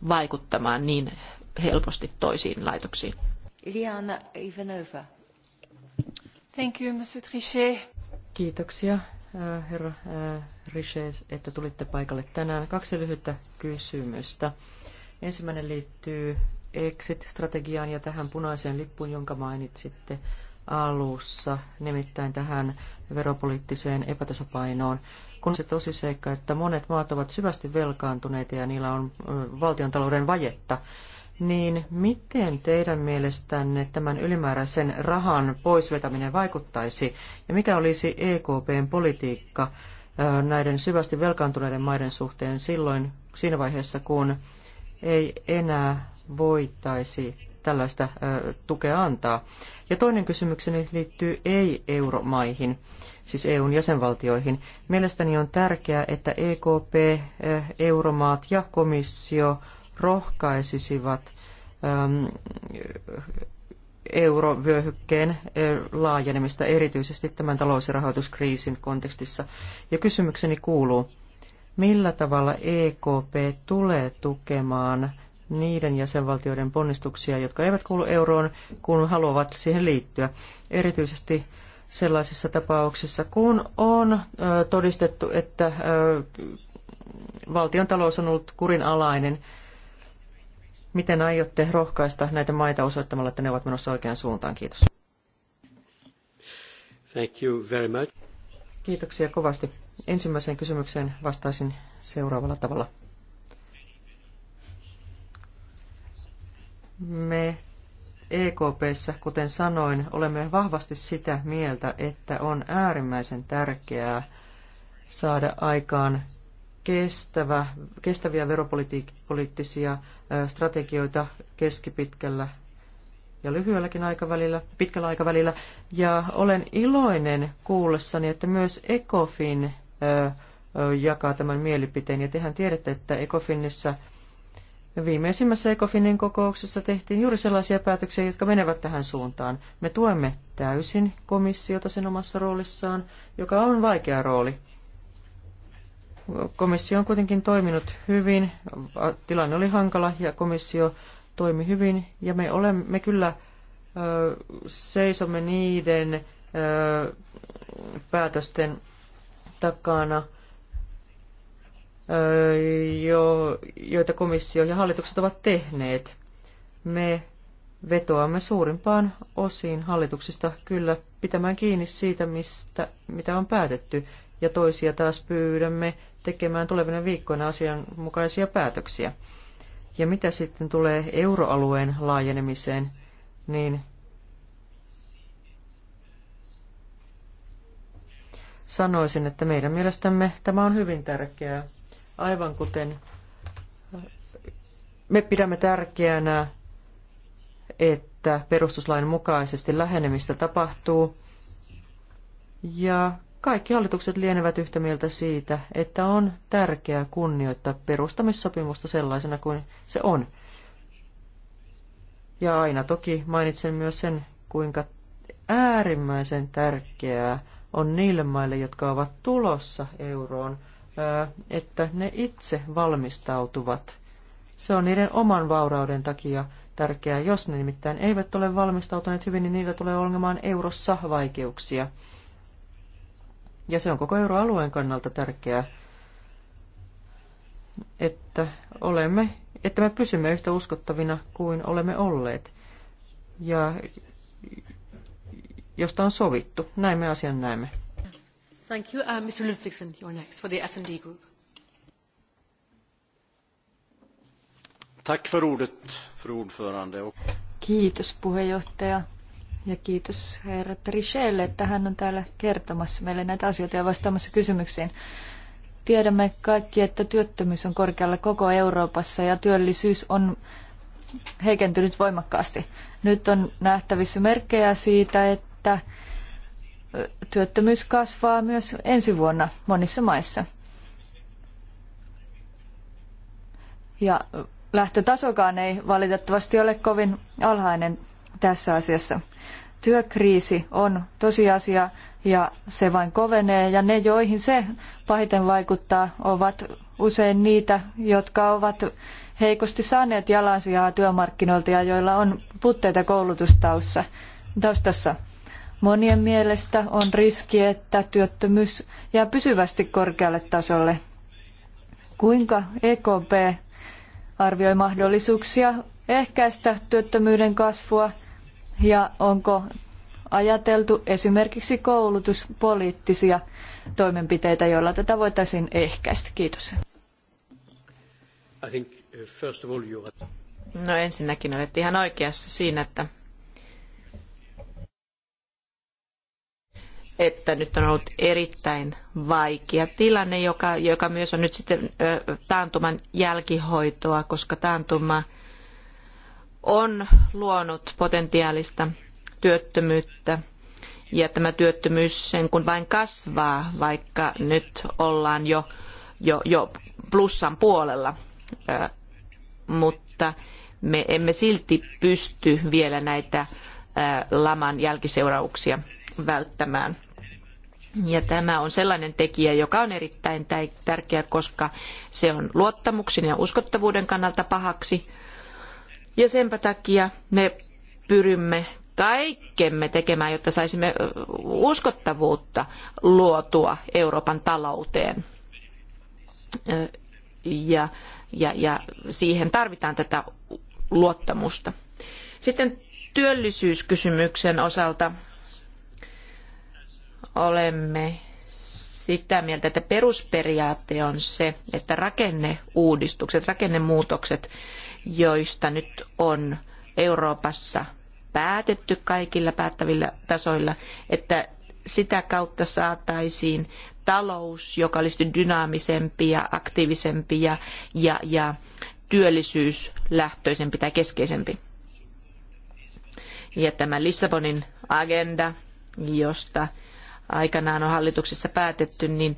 vaikuttamaan niin helposti toisiin laitoksiin. Liana Ivanova. Thank you, Monsieur Trichet. Kiitoksia, herra Richet, että tulitte paikalle tänään. Kaksi lyhyttä kysymystä. Ensimmäinen liittyy exit-strategiaan ja tähän punaiseen lippuun, jonka mainitsitte alussa, nimittäin tähän veropoliittiseen epätasapainoon. Kun se tosi seikka, että monet maat ovat syvästi velkaantuneita ja niillä on valtiontalouden vajetta, niin miten teidän mielestänne tämän ylimääräisen rahan poisvetäminen vaikuttaisi ja mikä olisi EKPn politiikka näiden syvästi velkaantuneiden maiden suhteen silloin siinä vaiheessa, kun ei enää voitaisi tällaista tukea antaa. Ja toinen kysymykseni liittyy ei-euromaihin, siis EUn jäsenvaltioihin. Mielestäni on tärkeää, että EKP, euromaat ja komissio rohkaisisivat eurovyöhykkeen laajenemista erityisesti tämän talous- ja rahoituskriisin kontekstissa. Ja kysymykseni kuuluu, millä tavalla EKP tulee tukemaan niiden jäsenvaltioiden ponnistuksia, jotka eivät kuulu euroon, kun haluavat siihen liittyä. Erityisesti sellaisissa tapauksissa, kun on todistettu, että valtion talous on ollut kurinalainen. Miten aiotte rohkaista näitä maita osoittamalla, että ne ovat menossa oikeaan suuntaan? Kiitos. Thank you very much. Kiitoksia kovasti. Ensimmäiseen kysymykseen vastaisin seuraavalla tavalla. Me EKPssä, kuten sanoin, olemme vahvasti sitä mieltä, että on äärimmäisen tärkeää saada aikaan kestävä, kestäviä veropoliittisia strategioita keskipitkällä ja lyhyelläkin aikavälillä, pitkällä aikavälillä. Ja olen iloinen kuullessani, että myös ECOFIN jakaa tämän mielipiteen. Ja tehän tiedätte, että ECOFINissa – Viimeisimmässä Ecofinin kokouksessa tehtiin juuri sellaisia päätöksiä, jotka menevät tähän suuntaan. Me tuemme täysin komissiota sen omassa roolissaan, joka on vaikea rooli. Komissio on kuitenkin toiminut hyvin, tilanne oli hankala ja komissio toimi hyvin ja me, olemme, me kyllä ö, seisomme niiden ö, päätösten takana – jo, joita komissio ja hallitukset ovat tehneet. Me vetoamme suurimpaan osiin hallituksista kyllä pitämään kiinni siitä, mistä, mitä on päätetty, ja toisia taas pyydämme tekemään tulevina viikkoina asianmukaisia päätöksiä. Ja mitä sitten tulee euroalueen laajenemiseen, niin sanoisin, että meidän mielestämme tämä on hyvin tärkeää Aivan kuten me pidämme tärkeänä, että perustuslain mukaisesti lähenemistä tapahtuu. Ja kaikki hallitukset lienevät yhtä mieltä siitä, että on tärkeää kunnioittaa perustamissopimusta sellaisena kuin se on. Ja aina toki mainitsen myös sen, kuinka äärimmäisen tärkeää on niille maille, jotka ovat tulossa euroon – että ne itse valmistautuvat. Se on niiden oman vaurauden takia tärkeää. Jos ne nimittäin eivät ole valmistautuneet hyvin, niin niillä tulee olemaan eurossa vaikeuksia. Ja se on koko euroalueen kannalta tärkeää, että, olemme, että me pysymme yhtä uskottavina kuin olemme olleet. Ja josta on sovittu. Näin me asian näemme. Thank you. Uh, Mr. Ludvigsen, you're next for the S&D Group. Tack för ordet, fru ordförande. Kiitos puheenjohtaja ja kiitos herra Trichelle, että hän on täällä kertomassa meille näitä asioita ja vastaamassa kysymyksiin. Tiedämme kaikki, että työttömyys on korkealla koko Euroopassa ja työllisyys on heikentynyt voimakkaasti. Nyt on nähtävissä merkkejä siitä, että työttömyys kasvaa myös ensi vuonna monissa maissa. Ja lähtötasokaan ei valitettavasti ole kovin alhainen tässä asiassa. Työkriisi on tosiasia ja se vain kovenee ja ne, joihin se pahiten vaikuttaa, ovat usein niitä, jotka ovat heikosti saaneet jalansijaa työmarkkinoilta ja joilla on puutteita koulutustaustassa. Monien mielestä on riski, että työttömyys jää pysyvästi korkealle tasolle. Kuinka EKP arvioi mahdollisuuksia ehkäistä työttömyyden kasvua ja onko ajateltu esimerkiksi koulutuspoliittisia toimenpiteitä, joilla tätä voitaisiin ehkäistä? Kiitos. Uh, no ensinnäkin olette ihan oikeassa siinä, että että nyt on ollut erittäin vaikea tilanne, joka, joka myös on nyt sitten taantuman jälkihoitoa, koska taantuma on luonut potentiaalista työttömyyttä. Ja tämä työttömyys sen kun vain kasvaa, vaikka nyt ollaan jo, jo, jo plussan puolella. Mutta me emme silti pysty vielä näitä laman jälkiseurauksia välttämään. Ja tämä on sellainen tekijä, joka on erittäin tärkeä, koska se on luottamuksen ja uskottavuuden kannalta pahaksi. Ja senpä takia me pyrimme kaikkemme tekemään, jotta saisimme uskottavuutta luotua Euroopan talouteen. Ja, ja, ja siihen tarvitaan tätä luottamusta. Sitten työllisyyskysymyksen osalta olemme sitä mieltä, että perusperiaate on se, että rakenneuudistukset, rakennemuutokset, joista nyt on Euroopassa päätetty kaikilla päättävillä tasoilla, että sitä kautta saataisiin talous, joka olisi dynaamisempi ja aktiivisempi ja, ja, ja työllisyyslähtöisempi tai keskeisempi. Ja tämä Lissabonin agenda, josta aikanaan on hallituksessa päätetty, niin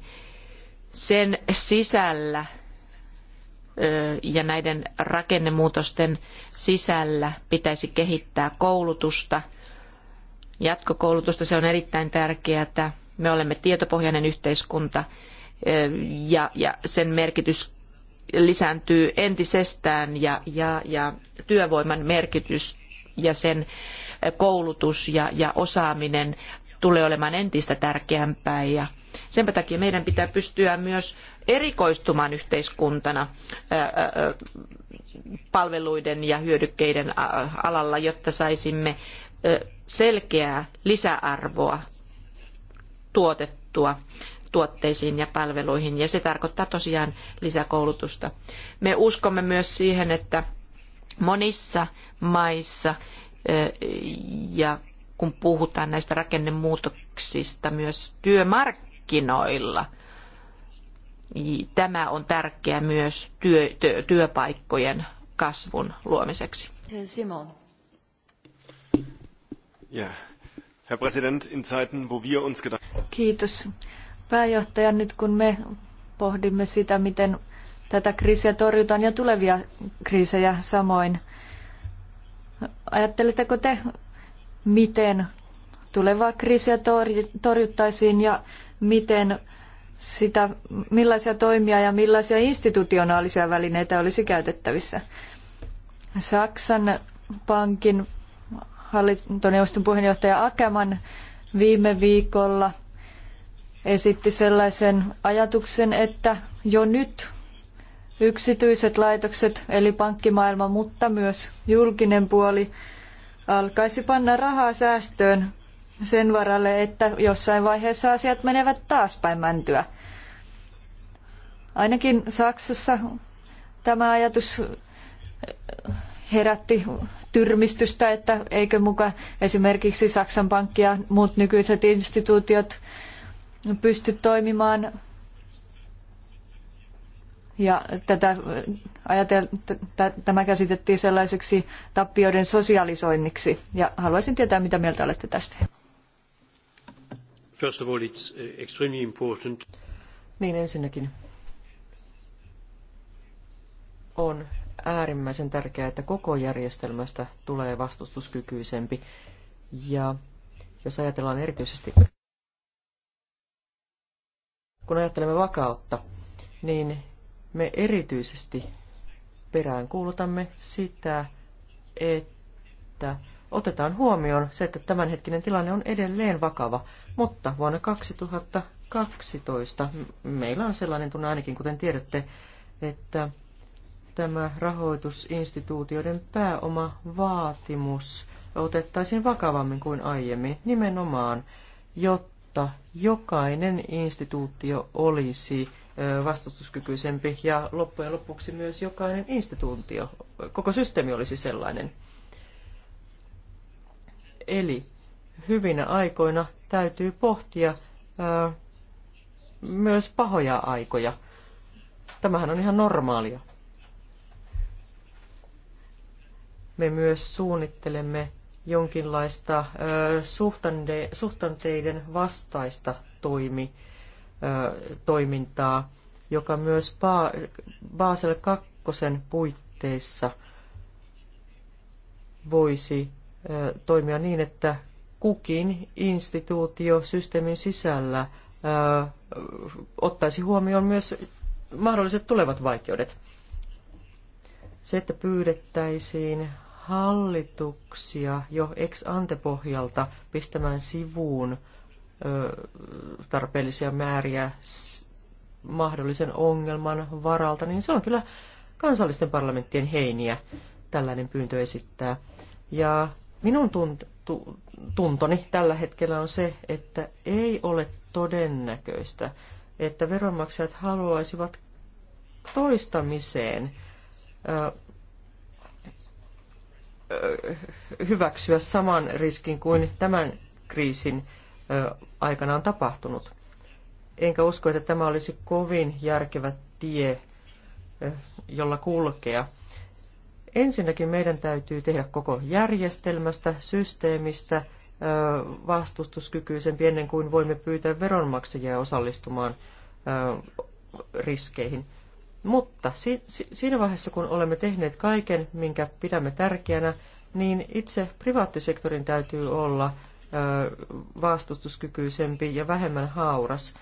sen sisällä ja näiden rakennemuutosten sisällä pitäisi kehittää koulutusta, jatkokoulutusta. Se on erittäin tärkeää. Me olemme tietopohjainen yhteiskunta ja, sen merkitys lisääntyy entisestään ja, ja, ja työvoiman merkitys ja sen koulutus ja, ja osaaminen tulee olemaan entistä tärkeämpää ja sen takia meidän pitää pystyä myös erikoistumaan yhteiskuntana palveluiden ja hyödykkeiden alalla, jotta saisimme selkeää lisäarvoa tuotettua tuotteisiin ja palveluihin, ja se tarkoittaa tosiaan lisäkoulutusta. Me uskomme myös siihen, että monissa maissa ja kun puhutaan näistä rakennemuutoksista myös työmarkkinoilla. Tämä on tärkeää myös työ, työ, työpaikkojen kasvun luomiseksi. Simon. Ja. Herr Präsident, in Zeiten, wo wir uns Kiitos. Pääjohtaja, nyt kun me pohdimme sitä, miten tätä kriisiä torjutaan ja tulevia kriisejä samoin, ajatteletteko te miten tulevaa kriisiä torjuttaisiin ja miten sitä, millaisia toimia ja millaisia institutionaalisia välineitä olisi käytettävissä. Saksan pankin hallintoneuvoston puheenjohtaja Akeman viime viikolla esitti sellaisen ajatuksen, että jo nyt yksityiset laitokset eli pankkimaailma, mutta myös julkinen puoli – alkaisi panna rahaa säästöön sen varalle, että jossain vaiheessa asiat menevät taas päin mäntyä. Ainakin Saksassa tämä ajatus eh, herätti tyrmistystä, että eikö muka esimerkiksi Saksan pankki ja muut nykyiset instituutiot pysty toimimaan ja tätä ajatel, tämä käsitettiin sellaiseksi tappioiden sosialisoinniksi. Ja haluaisin tietää, mitä mieltä olette tästä. First of all, it's uh, extremely important. Niin ensinnäkin on äärimmäisen tärkeää, että koko järjestelmästä tulee vastustuskykyisempi. Ja jos ajatellaan erityisesti, kun ajattelemme vakautta, niin me erityisesti peräänkuulutamme sitä, että otetaan huomioon se, että tämänhetkinen tilanne on edelleen vakava, mutta vuonna 2012 meillä on sellainen tunne ainakin, kuten tiedätte, että tämä rahoitusinstituutioiden pääomavaatimus otettaisiin vakavammin kuin aiemmin, nimenomaan, jotta jokainen instituutio olisi vastustuskykyisempi ja loppujen lopuksi myös jokainen instituutio, koko systeemi olisi sellainen. Eli hyvinä aikoina täytyy pohtia ää, myös pahoja aikoja. Tämähän on ihan normaalia. Me myös suunnittelemme jonkinlaista ää, suhtande, suhtanteiden vastaista toimia toimintaa, joka myös Basel 2 puitteissa voisi toimia niin, että kukin instituutio systeemin sisällä ottaisi huomioon myös mahdolliset tulevat vaikeudet. Se, että pyydettäisiin hallituksia jo ex antepohjalta pistämään sivuun tarpeellisia määriä mahdollisen ongelman varalta, niin se on kyllä kansallisten parlamenttien heiniä tällainen pyyntö esittää. Ja minun tuntoni tällä hetkellä on se, että ei ole todennäköistä, että veronmaksajat haluaisivat toistamiseen hyväksyä saman riskin kuin tämän kriisin aikana on tapahtunut. Enkä usko, että tämä olisi kovin järkevä tie, jolla kulkea. Ensinnäkin meidän täytyy tehdä koko järjestelmästä, systeemistä vastustuskykyisempi ennen kuin voimme pyytää veronmaksajia osallistumaan riskeihin. Mutta siinä vaiheessa, kun olemme tehneet kaiken, minkä pidämme tärkeänä, niin itse privaattisektorin täytyy olla vastustuskykyisempi ja vähemmän hauras.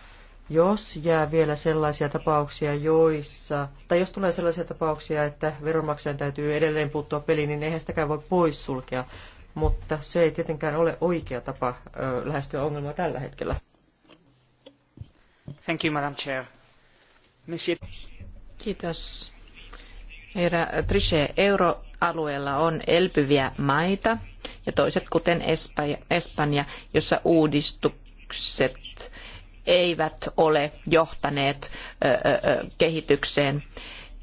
Jos jää vielä sellaisia tapauksia, joissa, tai jos tulee sellaisia tapauksia, että veronmaksajan täytyy edelleen puuttua peliin, niin eihän sitäkään voi poissulkea. Mutta se ei tietenkään ole oikea tapa ö, lähestyä ongelmaa tällä hetkellä. Thank you, Madam Chair. Monsieur... Kiitos. Herra Trichet, euro alueella on elpyviä maita ja toiset, kuten Espanja, jossa uudistukset eivät ole johtaneet kehitykseen.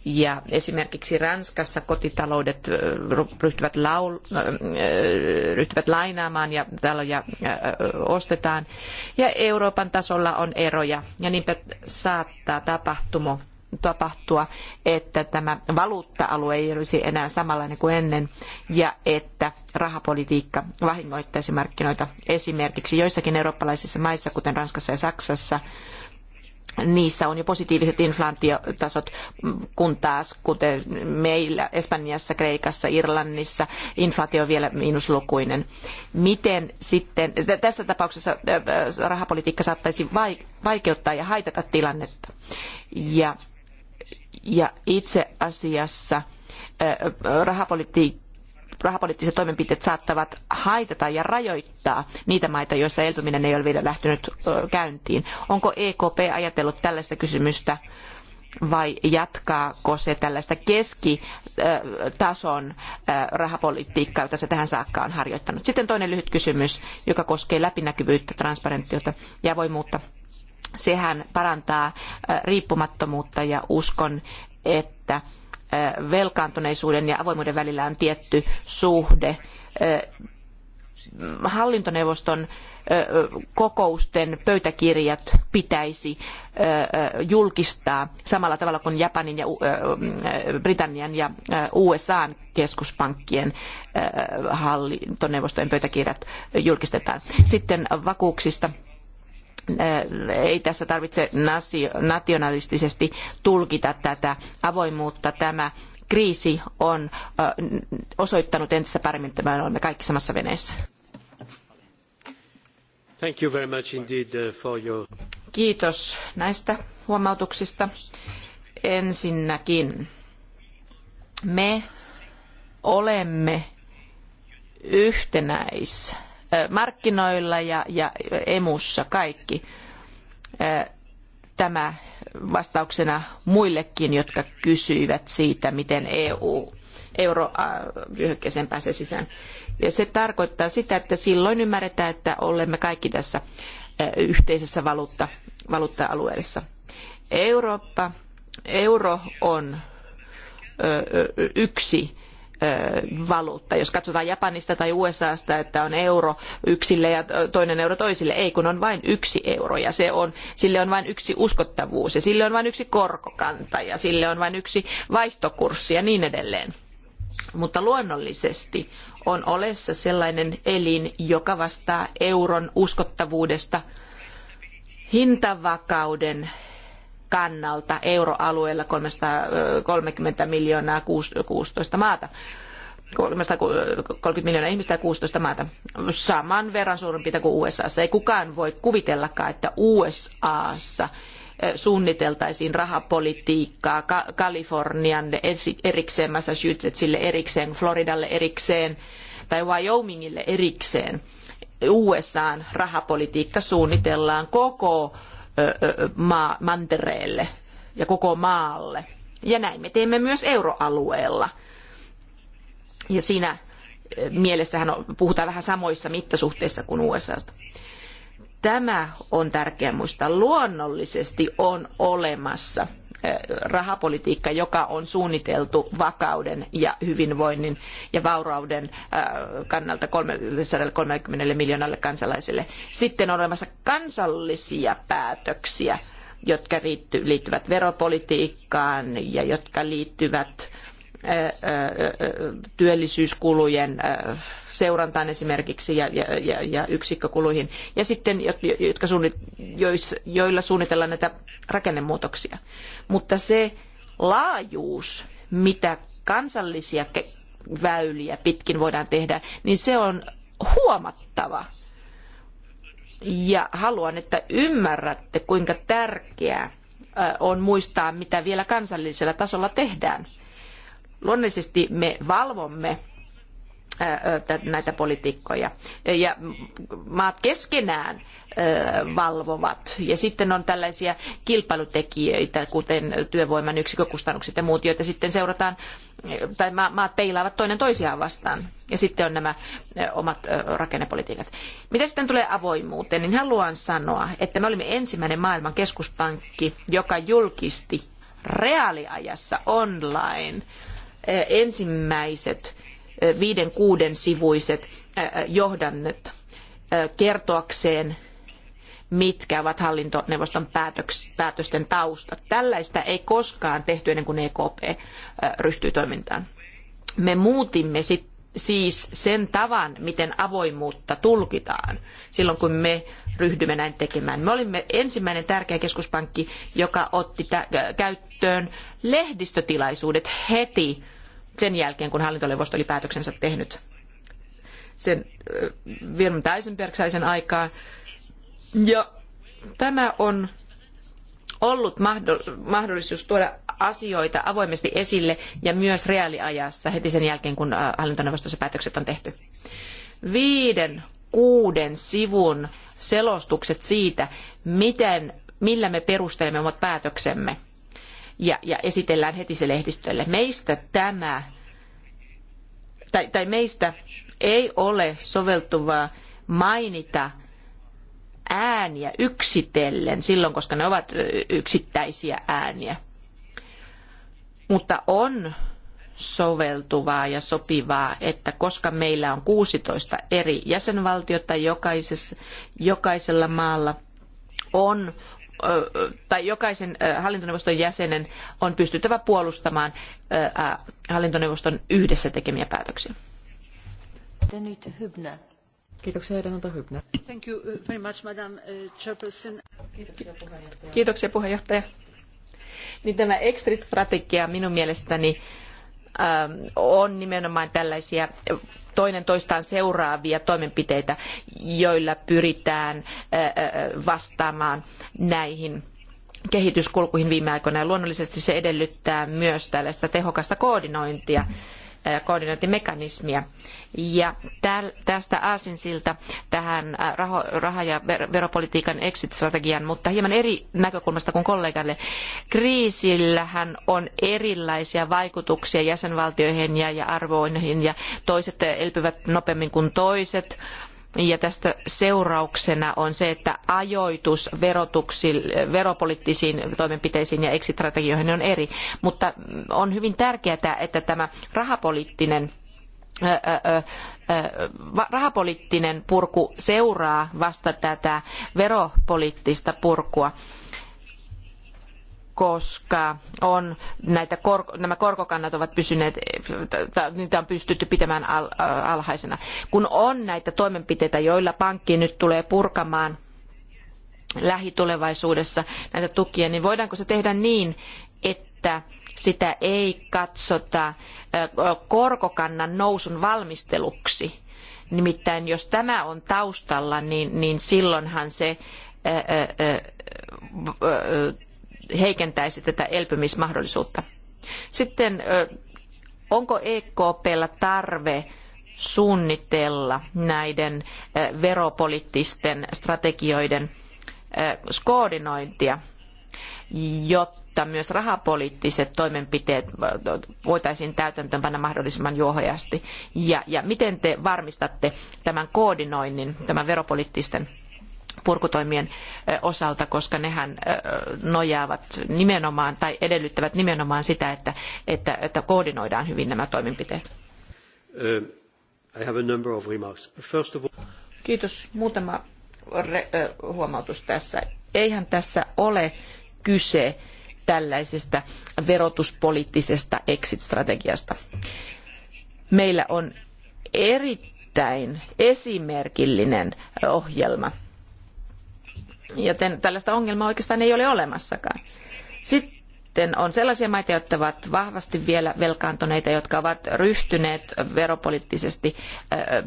Ja esimerkiksi Ranskassa kotitaloudet ryhtyvät, laul, ryhtyvät lainaamaan ja taloja ostetaan. Ja Euroopan tasolla on eroja ja niinpä saattaa tapahtuma tapahtua, että tämä valuutta-alue ei olisi enää samanlainen kuin ennen ja että rahapolitiikka vahingoittaisi markkinoita. Esimerkiksi joissakin eurooppalaisissa maissa, kuten Ranskassa ja Saksassa, niissä on jo positiiviset inflaatiotasot, kun taas kuten meillä Espanjassa, Kreikassa, Irlannissa inflaatio on vielä miinuslukuinen. Miten sitten, tässä tapauksessa rahapolitiikka saattaisi vaikeuttaa ja haitata tilannetta. Ja ja itse asiassa rahapoliittiset toimenpiteet saattavat haitata ja rajoittaa niitä maita, joissa elpyminen ei ole vielä lähtenyt käyntiin. Onko EKP ajatellut tällaista kysymystä vai jatkaako se tällaista keskitason rahapolitiikkaa, jota se tähän saakka on harjoittanut? Sitten toinen lyhyt kysymys, joka koskee läpinäkyvyyttä, transparenttiota ja avoimuutta. Sehän parantaa riippumattomuutta ja uskon, että velkaantuneisuuden ja avoimuuden välillä on tietty suhde. Hallintoneuvoston kokousten pöytäkirjat pitäisi julkistaa samalla tavalla kuin Japanin ja Britannian ja USAn keskuspankkien hallintoneuvostojen pöytäkirjat julkistetaan. Sitten vakuuksista Äh, ei tässä tarvitse nationalistisesti tulkita tätä avoimuutta. Tämä kriisi on äh, osoittanut entistä paremmin, että me olemme kaikki samassa veneessä. Uh, Kiitos näistä huomautuksista. Ensinnäkin me olemme yhtenäis markkinoilla ja, ja emussa kaikki. Tämä vastauksena muillekin, jotka kysyivät siitä, miten EU eurovyöhykkeeseen pääsee sisään. Ja se tarkoittaa sitä, että silloin ymmärretään, että olemme kaikki tässä yhteisessä valuutta, valuutta-alueessa. Eurooppa, euro on yksi valuutta. Jos katsotaan Japanista tai USAsta, että on euro yksille ja toinen euro toisille, ei kun on vain yksi euro ja se on, sille on vain yksi uskottavuus ja sille on vain yksi korkokanta ja sille on vain yksi vaihtokurssi ja niin edelleen. Mutta luonnollisesti on olessa sellainen elin, joka vastaa euron uskottavuudesta, hintavakauden kannalta euroalueella 330 miljoonaa 16 maata. 330 miljoonaa ihmistä ja 16 maata. Saman verran suurin piirtein kuin USAssa. Ei kukaan voi kuvitellakaan, että USAssa eh, suunniteltaisiin rahapolitiikkaa Kalifornian erikseen, Massachusettsille erikseen, Floridalle erikseen tai Wyomingille erikseen. USAn rahapolitiikka suunnitellaan koko maa, mantereelle ja koko maalle. Ja näin me teemme myös euroalueella. Ja siinä mielessähän puhutaan vähän samoissa mittasuhteissa kuin USAsta. Tämä on tärkeä muistaa. Luonnollisesti on olemassa Eh, rahapolitiikka, joka on suunniteltu vakauden ja hyvinvoinnin ja vaurauden eh, kannalta 330 miljoonalle kansalaiselle. Sitten on olemassa kansallisia päätöksiä, jotka liittyvät veropolitiikkaan ja jotka liittyvät työllisyyskulujen seurantaan esimerkiksi ja, ja, ja yksikkökuluihin, ja sitten jotka suunnit, joilla suunnitellaan näitä rakennemuutoksia. Mutta se laajuus, mitä kansallisia väyliä pitkin voidaan tehdä, niin se on huomattava. Ja haluan, että ymmärrätte, kuinka tärkeää on muistaa, mitä vielä kansallisella tasolla tehdään – Luonnollisesti me valvomme näitä politiikkoja. Ja maat keskenään valvovat. Ja sitten on tällaisia kilpailutekijöitä, kuten työvoiman yksikkökustannukset ja muut, joita sitten seurataan, tai maat peilaavat toinen toisiaan vastaan. Ja sitten on nämä omat rakennepolitiikat. Mitä sitten tulee avoimuuteen, niin haluan sanoa, että me olimme ensimmäinen maailman keskuspankki, joka julkisti reaaliajassa online ensimmäiset viiden kuuden sivuiset johdannet kertoakseen mitkä ovat hallintoneuvoston päätösten taustat. Tällaista ei koskaan tehty ennen kuin EKP ryhtyi toimintaan. Me muutimme sit, siis sen tavan, miten avoimuutta tulkitaan silloin, kun me ryhdymme näin tekemään. Me olimme ensimmäinen tärkeä keskuspankki, joka otti käyttöön käyttöön lehdistötilaisuudet heti sen jälkeen, kun hallintoneuvosto oli päätöksensä tehnyt. Sen Wilhelm Eisenbergsaisen aikaa. Ja tämä on ollut mahdollisuus tuoda asioita avoimesti esille ja myös reaaliajassa heti sen jälkeen, kun hallintoneuvostossa päätökset on tehty. Viiden, kuuden sivun selostukset siitä, miten, millä me perustelemme omat päätöksemme – ja, ja esitellään heti se lehdistölle. Meistä tämä, tai, tai meistä ei ole soveltuvaa mainita ääniä yksitellen silloin, koska ne ovat yksittäisiä ääniä. Mutta on soveltuvaa ja sopivaa, että koska meillä on 16 eri jäsenvaltiota jokaisessa, jokaisella maalla on tai jokaisen hallintoneuvoston jäsenen on pystyttävä puolustamaan hallintoneuvoston yhdessä tekemiä päätöksiä. Kiitoksia, Renata Hybner. Thank you uh, very much, Madam uh, Chairperson. Kiitoksia puheenjohtaja. Kiitoksia puheenjohtaja. Niin tämä exit-strategia minun mielestäni Ähm, on nimenomaan tällaisia toinen toistaan seuraavia toimenpiteitä, joilla pyritään äh, äh, vastaamaan näihin kehityskulkuihin viime aikoina. Ja luonnollisesti se edellyttää myös tällaista tehokasta koordinointia Äh, koordinointimekanismia. Ja tästä aasinsilta tähän äh, raha- ja veropolitiikan exit-strategian, mutta hieman eri näkökulmasta kuin kollegalle. Kriisillähän on erilaisia vaikutuksia jäsenvaltioihin ja arvoihin ja toiset elpyvät nopeammin kuin toiset ja tästä seurauksena on se, että ajoitus veropoliittisiin toimenpiteisiin ja exit-strategioihin on eri. Mutta on hyvin tärkeää, että tämä rahapoliittinen rahapoliittinen purku seuraa vasta tätä veropoliittista purkua koska on näitä nämä korkokannat ovat pysyneet, niitä on pystytty pitämään alhaisena. Kun on näitä toimenpiteitä, joilla pankki nyt tulee purkamaan lähitulevaisuudessa näitä tukia, niin voidaanko se tehdä niin, että sitä ei katsota korkokannan nousun valmisteluksi. Nimittäin jos tämä on taustalla, niin, niin silloinhan se ää, ää, ää, heikentäisi tätä elpymismahdollisuutta. Sitten onko EKPllä tarve suunnitella näiden veropoliittisten strategioiden koordinointia, jotta myös rahapoliittiset toimenpiteet voitaisiin täytäntöönpanna mahdollisimman juohojasti? Ja, ja miten te varmistatte tämän koordinoinnin, tämän veropoliittisten purkutoimien osalta, koska nehän nojaavat nimenomaan tai edellyttävät nimenomaan sitä, että, että, että koordinoidaan hyvin nämä toimenpiteet. Uh, Kiitos. Muutama huomautus tässä. Eihän tässä ole kyse tällaisesta verotuspoliittisesta exit-strategiasta. Meillä on erittäin esimerkillinen ohjelma – Joten tällaista ongelmaa oikeastaan ei ole olemassakaan. Sitten on sellaisia maita, jotka ovat vahvasti vielä velkaantuneita, jotka ovat ryhtyneet veropoliittisesti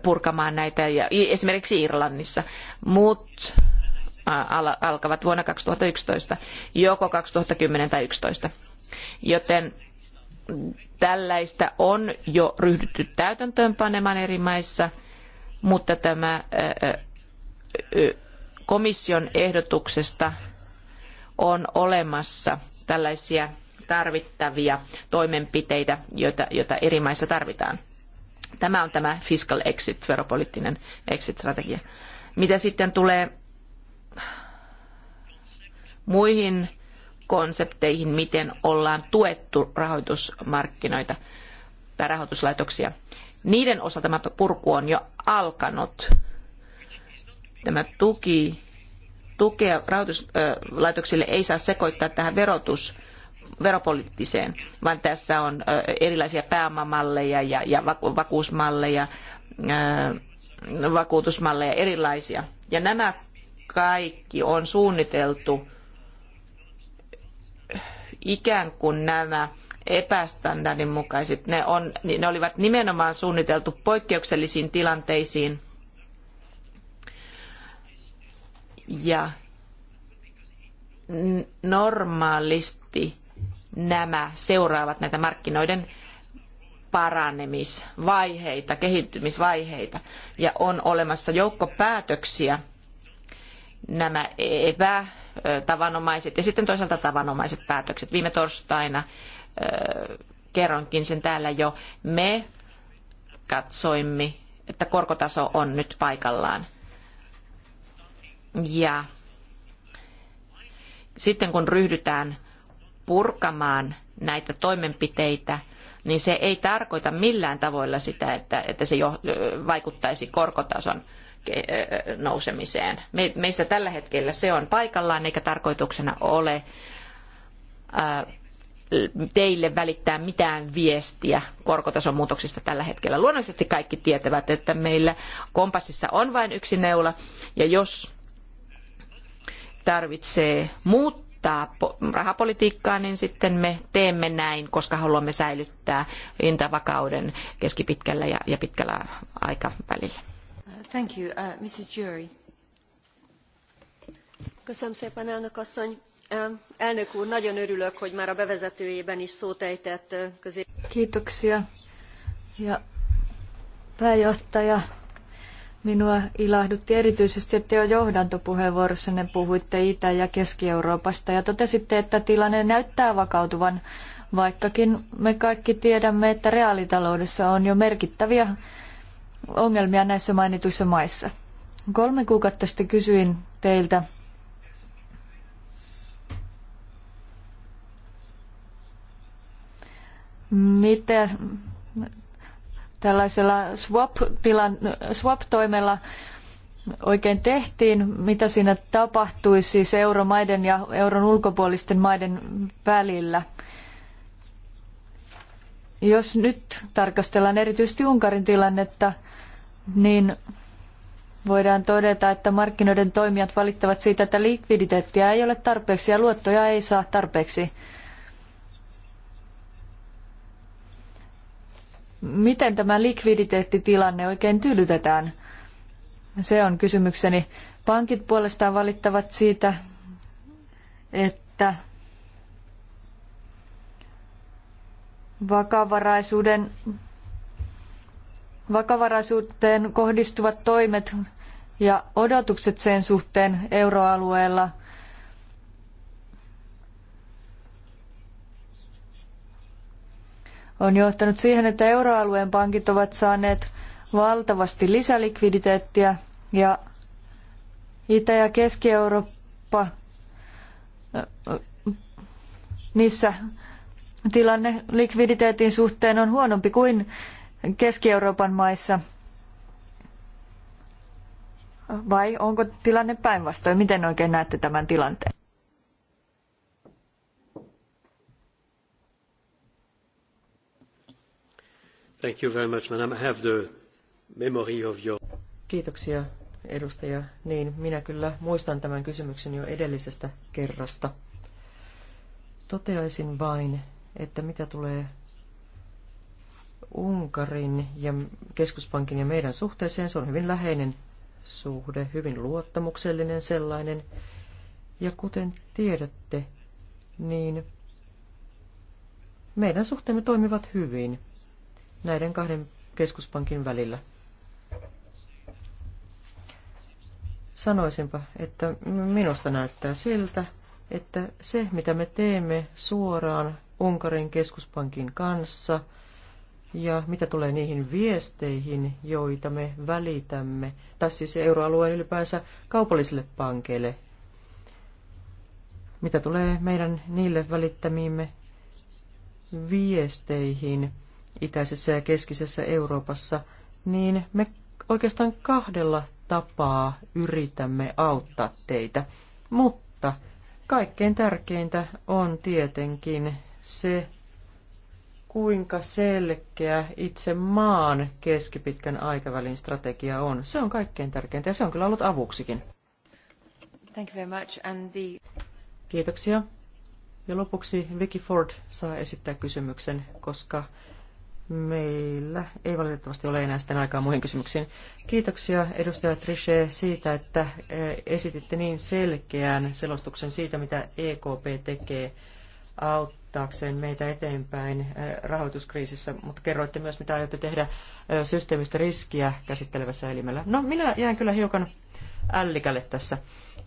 purkamaan näitä, ja esimerkiksi Irlannissa. Muut alkavat vuonna 2011, joko 2010 tai 2011. Joten tällaista on jo ryhdytty täytäntöönpanemaan eri maissa, mutta tämä komission ehdotuksesta on olemassa tällaisia tarvittavia toimenpiteitä, joita, joita eri maissa tarvitaan. Tämä on tämä fiscal exit, veropoliittinen exit-strategia. Mitä sitten tulee muihin konsepteihin, miten ollaan tuettu rahoitusmarkkinoita tai rahoituslaitoksia. Niiden osalta tämä purku on jo alkanut Tämä tuki, tukea rahoituslaitoksille ei saa sekoittaa tähän verotus, veropoliittiseen, vaan tässä on erilaisia pääomamalleja ja, ja vakuusmalleja, vakuutusmalleja erilaisia. Ja nämä kaikki on suunniteltu ikään kuin nämä epästandardin mukaiset. Ne, on, ne olivat nimenomaan suunniteltu poikkeuksellisiin tilanteisiin – Ja normaalisti nämä seuraavat näitä markkinoiden paranemisvaiheita, kehittymisvaiheita. Ja on olemassa joukko päätöksiä, nämä epätavanomaiset ja sitten toisaalta tavanomaiset päätökset. Viime torstaina kerronkin sen täällä jo. Me katsoimme, että korkotaso on nyt paikallaan ja sitten kun ryhdytään purkamaan näitä toimenpiteitä, niin se ei tarkoita millään tavoilla sitä, että, että se jo, vaikuttaisi korkotason nousemiseen. Me, meistä tällä hetkellä se on paikallaan eikä tarkoituksena ole ää, teille välittää mitään viestiä korkotason muutoksista tällä hetkellä. Luonnollisesti kaikki tietävät, että meillä kompassissa on vain yksi neula ja jos tarvitsee muuttaa rahapolitiikkaa, niin sitten me teemme näin, koska haluamme säilyttää hintavakauden keskipitkällä ja pitkällä aikavälillä. Thank you. Uh, Mrs. Jury. Köszönöm szépen, elnök asszony. Um, elnök úr, nagyon örülök, hogy már a bevezetőjében is szót ejtett uh, közé. Kiitoksia. Ja pääjohtaja Minua ilahdutti erityisesti, että jo johdantopuheenvuorossanne puhuitte Itä- ja Keski-Euroopasta ja totesitte, että tilanne näyttää vakautuvan, vaikkakin me kaikki tiedämme, että reaalitaloudessa on jo merkittäviä ongelmia näissä mainituissa maissa. Kolme kuukautta sitten kysyin teiltä, miten tällaisella swap-toimella oikein tehtiin, mitä siinä tapahtui siis euromaiden ja euron ulkopuolisten maiden välillä. Jos nyt tarkastellaan erityisesti Unkarin tilannetta, niin voidaan todeta, että markkinoiden toimijat valittavat siitä, että likviditeettiä ei ole tarpeeksi ja luottoja ei saa tarpeeksi. Miten tämä likviditeettitilanne oikein tyydytetään? Se on kysymykseni. Pankit puolestaan valittavat siitä, että vakavaraisuuden, vakavaraisuuteen kohdistuvat toimet ja odotukset sen suhteen euroalueella – on johtanut siihen, että euroalueen pankit ovat saaneet valtavasti lisälikviditeettiä ja Itä- ja Keski-Eurooppa, niissä tilanne likviditeetin suhteen on huonompi kuin Keski-Euroopan maissa. Vai onko tilanne päinvastoin? Miten oikein näette tämän tilanteen? Thank you very much, madam. I have the memory of your... Kiitoksia, edustaja. Niin, minä kyllä muistan tämän kysymyksen jo edellisestä kerrasta. Toteaisin vain, että mitä tulee Unkarin ja keskuspankin ja meidän suhteeseen, se on hyvin läheinen suhde, hyvin luottamuksellinen sellainen. Ja kuten tiedätte, niin meidän suhteemme toimivat hyvin näiden kahden keskuspankin välillä. Sanoisinpa, että minusta näyttää siltä, että se, mitä me teemme suoraan Unkarin keskuspankin kanssa ja mitä tulee niihin viesteihin, joita me välitämme, tai siis euroalueen ylipäänsä kaupallisille pankeille, mitä tulee meidän niille välittämiimme viesteihin, itäisessä ja keskisessä Euroopassa, niin me oikeastaan kahdella tapaa yritämme auttaa teitä. Mutta kaikkein tärkeintä on tietenkin se, kuinka selkeä itse maan keskipitkän aikavälin strategia on. Se on kaikkein tärkeintä ja se on kyllä ollut avuksikin. Thank you very much. And the... Kiitoksia. Ja lopuksi Vicky Ford saa esittää kysymyksen, koska Meillä ei valitettavasti ole enää sitten aikaa muihin kysymyksiin. Kiitoksia edustaja Trichet siitä, että eh, esititte niin selkeän selostuksen siitä, mitä EKP tekee auttaakseen meitä eteenpäin eh, rahoituskriisissä, mutta kerroitte myös, mitä aiotte tehdä eh, systeemistä riskiä käsittelevässä elimellä. No, minä jään kyllä hiukan ällikälle tässä.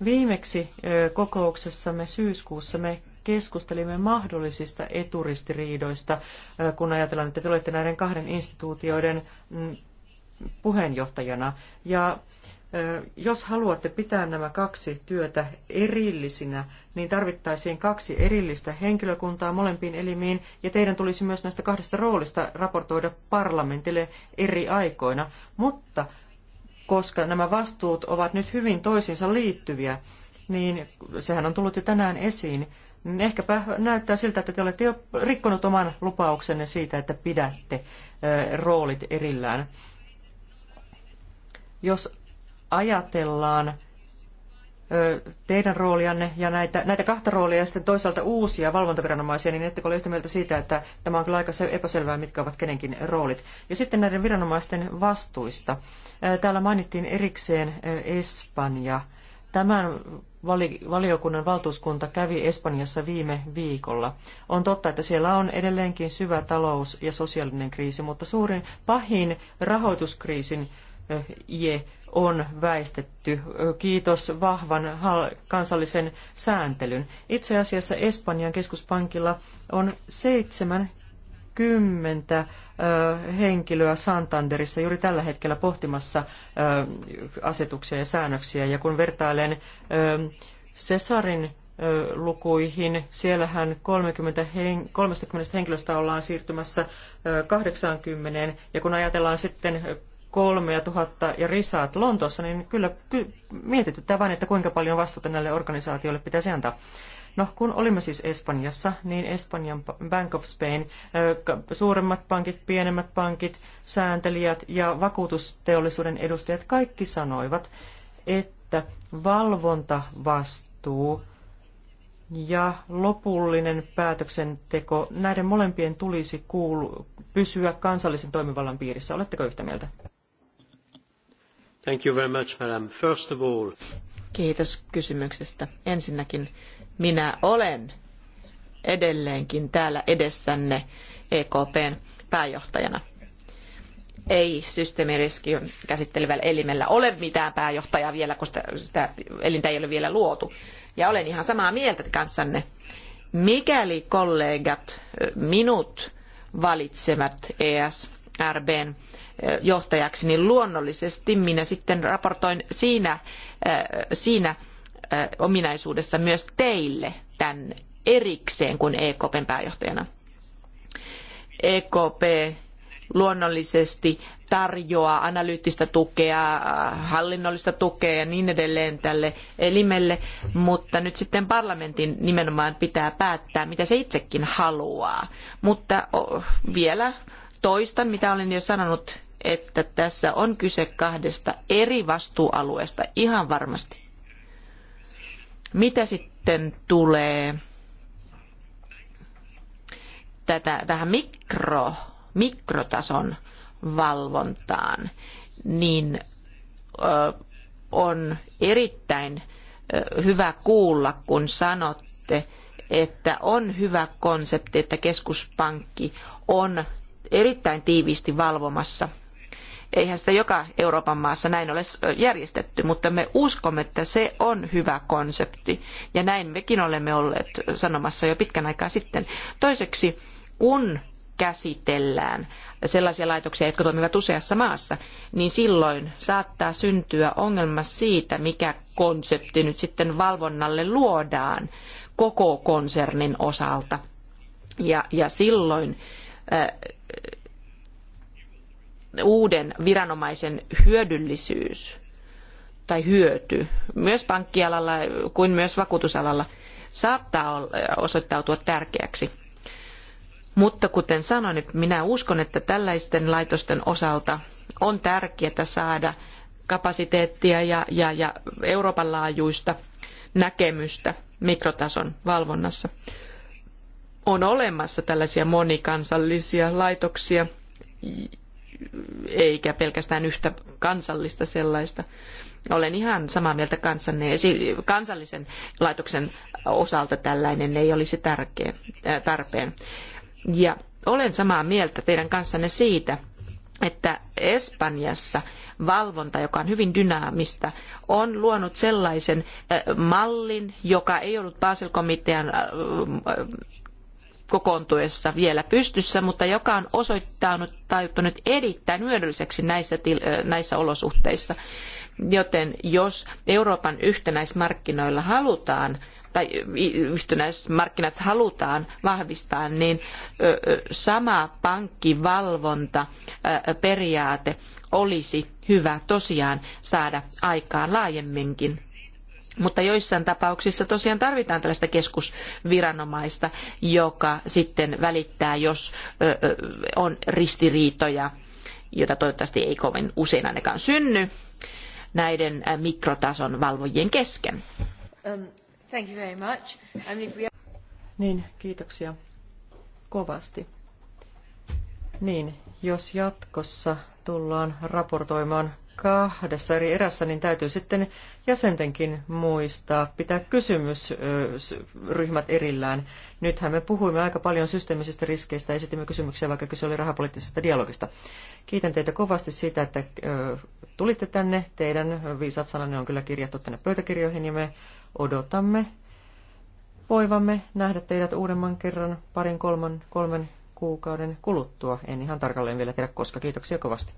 Viimeksi kokouksessamme syyskuussa me keskustelimme mahdollisista eturistiriidoista, kun ajatellaan, että te olette näiden kahden instituutioiden mm, puheenjohtajana. Ja jos haluatte pitää nämä kaksi työtä erillisinä, niin tarvittaisiin kaksi erillistä henkilökuntaa molempiin elimiin, ja teidän tulisi myös näistä kahdesta roolista raportoida parlamentille eri aikoina. Mutta koska nämä vastuut ovat nyt hyvin toisiinsa liittyviä, niin sehän on tullut jo tänään esiin, Ehkäpä näyttää siltä, että te olette jo rikkonut oman lupauksenne siitä, että pidätte roolit erillään. Jos ajatellaan teidän roolianne ja näitä, näitä kahta roolia ja sitten toisaalta uusia valvontaviranomaisia, niin ettekö ole yhtä mieltä siitä, että tämä on kyllä aika epäselvää, mitkä ovat kenenkin roolit. Ja sitten näiden viranomaisten vastuista. Täällä mainittiin erikseen Espanja Tämän valiokunnan valtuuskunta kävi Espanjassa viime viikolla. On totta, että siellä on edelleenkin syvä talous- ja sosiaalinen kriisi, mutta suurin pahin rahoituskriisin eh, je on väistetty, eh, kiitos vahvan kansallisen sääntelyn. Itse asiassa Espanjan keskuspankilla on 70 henkilöä Santanderissa juuri tällä hetkellä pohtimassa asetuksia ja säännöksiä. Ja kun vertailen Cesarin lukuihin, siellähän 30 hen, 30 henkilöstä ollaan siirtymässä 80, ja kun ajatellaan sitten 3000 ja risaat Lontoossa, niin kyllä ky, mietityttää vain, että kuinka paljon vastuuta näille organisaatioille pitäisi antaa. No, kun olimme siis Espanjassa, niin Espanjan Bank of Spain, suuremmat pankit, pienemmät pankit, sääntelijät ja vakuutusteollisuuden edustajat kaikki sanoivat, että valvontavastuu ja lopullinen päätöksenteko, näiden molempien tulisi kuulu, pysyä kansallisen toimivallan piirissä. Oletteko yhtä mieltä? Thank you very much, madam. First of all... Kiitos kysymyksestä. Ensinnäkin minä olen edelleenkin täällä edessänne EKPn pääjohtajana. Ei systeemiriskiä käsittelevällä elimellä ole mitään pääjohtajaa vielä, koska sitä elintä ei ole vielä luotu. Ja olen ihan samaa mieltä kanssanne. Mikäli kollegat minut valitsevat ESRBn johtajaksi, niin luonnollisesti minä sitten raportoin siinä, siinä ominaisuudessa myös teille tämän erikseen kuin EKPn pääjohtajana. EKP luonnollisesti tarjoaa analyyttistä tukea, hallinnollista tukea ja niin edelleen tälle elimelle, mutta nyt sitten parlamentin nimenomaan pitää päättää, mitä se itsekin haluaa. Mutta vielä toistan, mitä olen jo sanonut, että tässä on kyse kahdesta eri vastuualueesta ihan varmasti. Mitä sitten tulee tätä, tähän mikro, mikrotason valvontaan, niin on erittäin hyvä kuulla, kun sanotte, että on hyvä konsepti, että keskuspankki on erittäin tiiviisti valvomassa Eihän sitä joka Euroopan maassa näin ole järjestetty, mutta me uskomme, että se on hyvä konsepti. Ja näin mekin olemme olleet sanomassa jo pitkän aikaa sitten. Toiseksi, kun käsitellään sellaisia laitoksia, jotka toimivat useassa maassa, niin silloin saattaa syntyä ongelma siitä, mikä konsepti nyt sitten valvonnalle luodaan koko konsernin osalta. Ja, ja silloin äh, uuden viranomaisen hyödyllisyys tai hyöty myös pankkialalla kuin myös vakuutusalalla saattaa osoittautua tärkeäksi. Mutta kuten sanoin, minä uskon, että tällaisten laitosten osalta on tärkeää saada kapasiteettia ja, ja, ja Euroopan laajuista näkemystä mikrotason valvonnassa. On olemassa tällaisia monikansallisia laitoksia, eikä pelkästään yhtä kansallista sellaista. Olen ihan samaa mieltä kanssanne. Kansallisen laitoksen osalta tällainen ei olisi äh, tarpeen. Ja olen samaa mieltä teidän kanssanne siitä, että Espanjassa valvonta, joka on hyvin dynaamista, on luonut sellaisen äh, mallin, joka ei ollut Basel-komitean äh, kokoontuessa vielä pystyssä, mutta joka on osoittanut taittunut erittäin hyödylliseksi näissä, näissä olosuhteissa. Joten jos Euroopan yhtenäismarkkinoilla halutaan tai yhtenäismarkkinat halutaan vahvistaa, niin sama pankkivalvontaperiaate olisi hyvä tosiaan saada aikaan laajemminkin mutta joissain tapauksissa tosiaan tarvitaan tällaista keskusviranomaista, joka sitten välittää, jos on ristiriitoja, jota toivottavasti ei kovin usein ainakaan synny, näiden mikrotason valvojien kesken. Um, thank you very much. Niin, kiitoksia kovasti. Niin, jos jatkossa tullaan raportoimaan kahdessa eri erässä, niin täytyy sitten jäsentenkin muistaa pitää kysymysryhmät erillään. Nythän me puhuimme aika paljon systeemisistä riskeistä ja esitimme kysymyksiä, vaikka kyse oli rahapoliittisesta dialogista. Kiitän teitä kovasti siitä, että tulitte tänne. Teidän viisat sananne on kyllä kirjattu tänne pöytäkirjoihin ja me odotamme voivamme nähdä teidät uudemman kerran parin kolman, kolmen kuukauden kuluttua. En ihan tarkalleen vielä tiedä koska. Kiitoksia kovasti.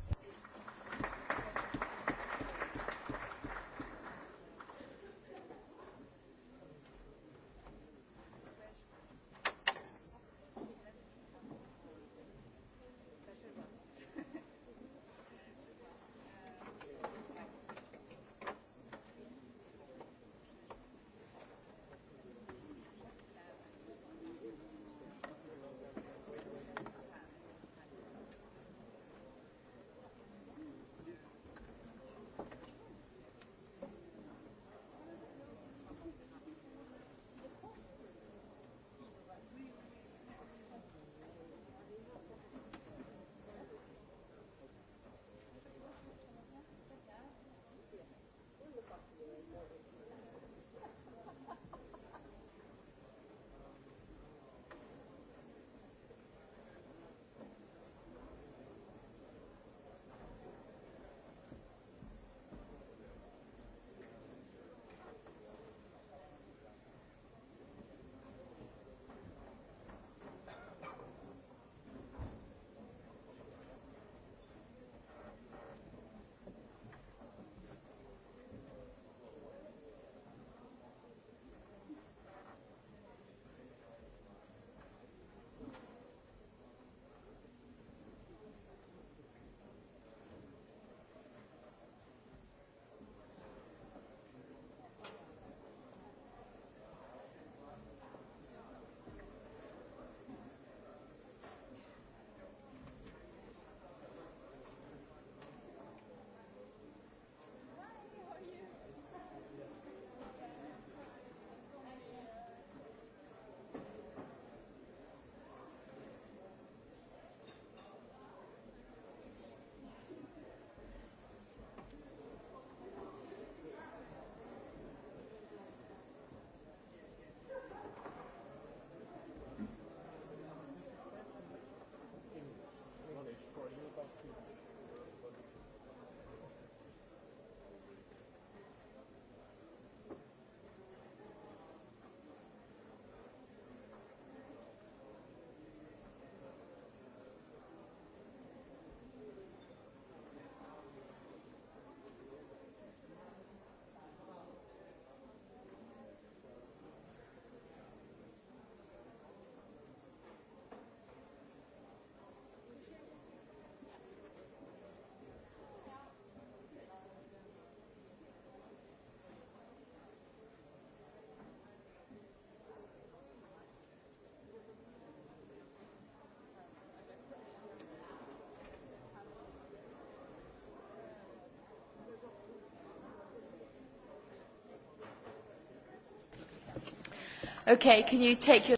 Okay, can you take your...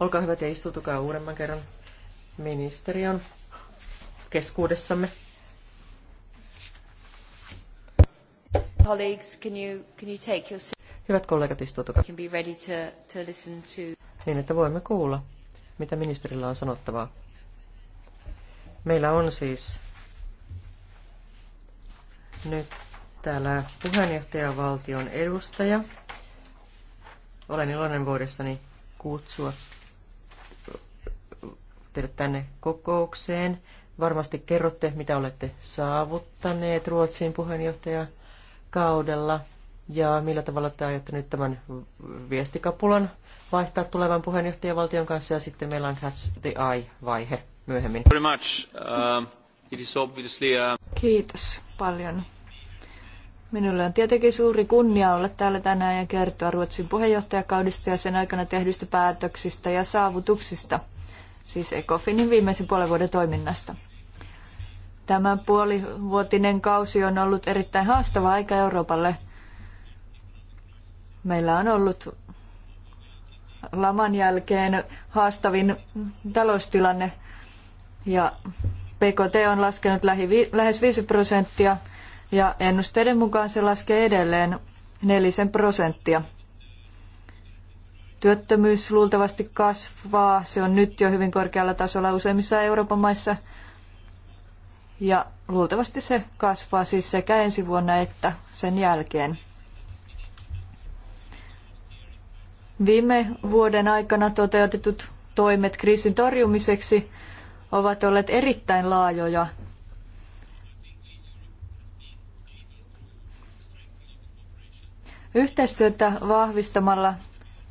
Olkaa istutukaa uudemman kerran. Ministeri on keskuudessamme. Colleagues, can you, can you take your... Hyvät kollegat, istutukaa. Can be ready to, to listen to... Niin, että voimme kuulla, mitä ministerillä on sanottavaa. Meillä on siis nyt täällä puheenjohtajavaltion edustaja. Olen iloinen voidessani kutsua teidät tänne kokoukseen. Varmasti kerrotte, mitä olette saavuttaneet Ruotsin puheenjohtajakaudella ja millä tavalla te aiotte nyt tämän viestikapulan vaihtaa tulevan puheenjohtajavaltion kanssa ja sitten meillä on Catch the Eye-vaihe myöhemmin. Very much. Uh, it is obviously uh, Kiitos paljon. Minulla on tietenkin suuri kunnia olla täällä tänään ja kertoa Ruotsin puheenjohtajakaudesta ja sen aikana tehdyistä päätöksistä ja saavutuksista, siis Ecofinin viimeisen puolen vuoden toiminnasta. Tämä puolivuotinen kausi on ollut erittäin haastava aika Euroopalle. Meillä on ollut laman jälkeen haastavin taloustilanne ja PKT on laskenut lähes 5 prosenttia – ja ennusteiden mukaan se laskee edelleen nelisen prosenttia. Työttömyys luultavasti kasvaa, se on nyt jo hyvin korkealla tasolla useimmissa Euroopan maissa ja luultavasti se kasvaa siis sekä ensi vuonna että sen jälkeen. Viime vuoden aikana toteutetut toimet kriisin torjumiseksi ovat olleet erittäin laajoja Yhteistyötä vahvistamalla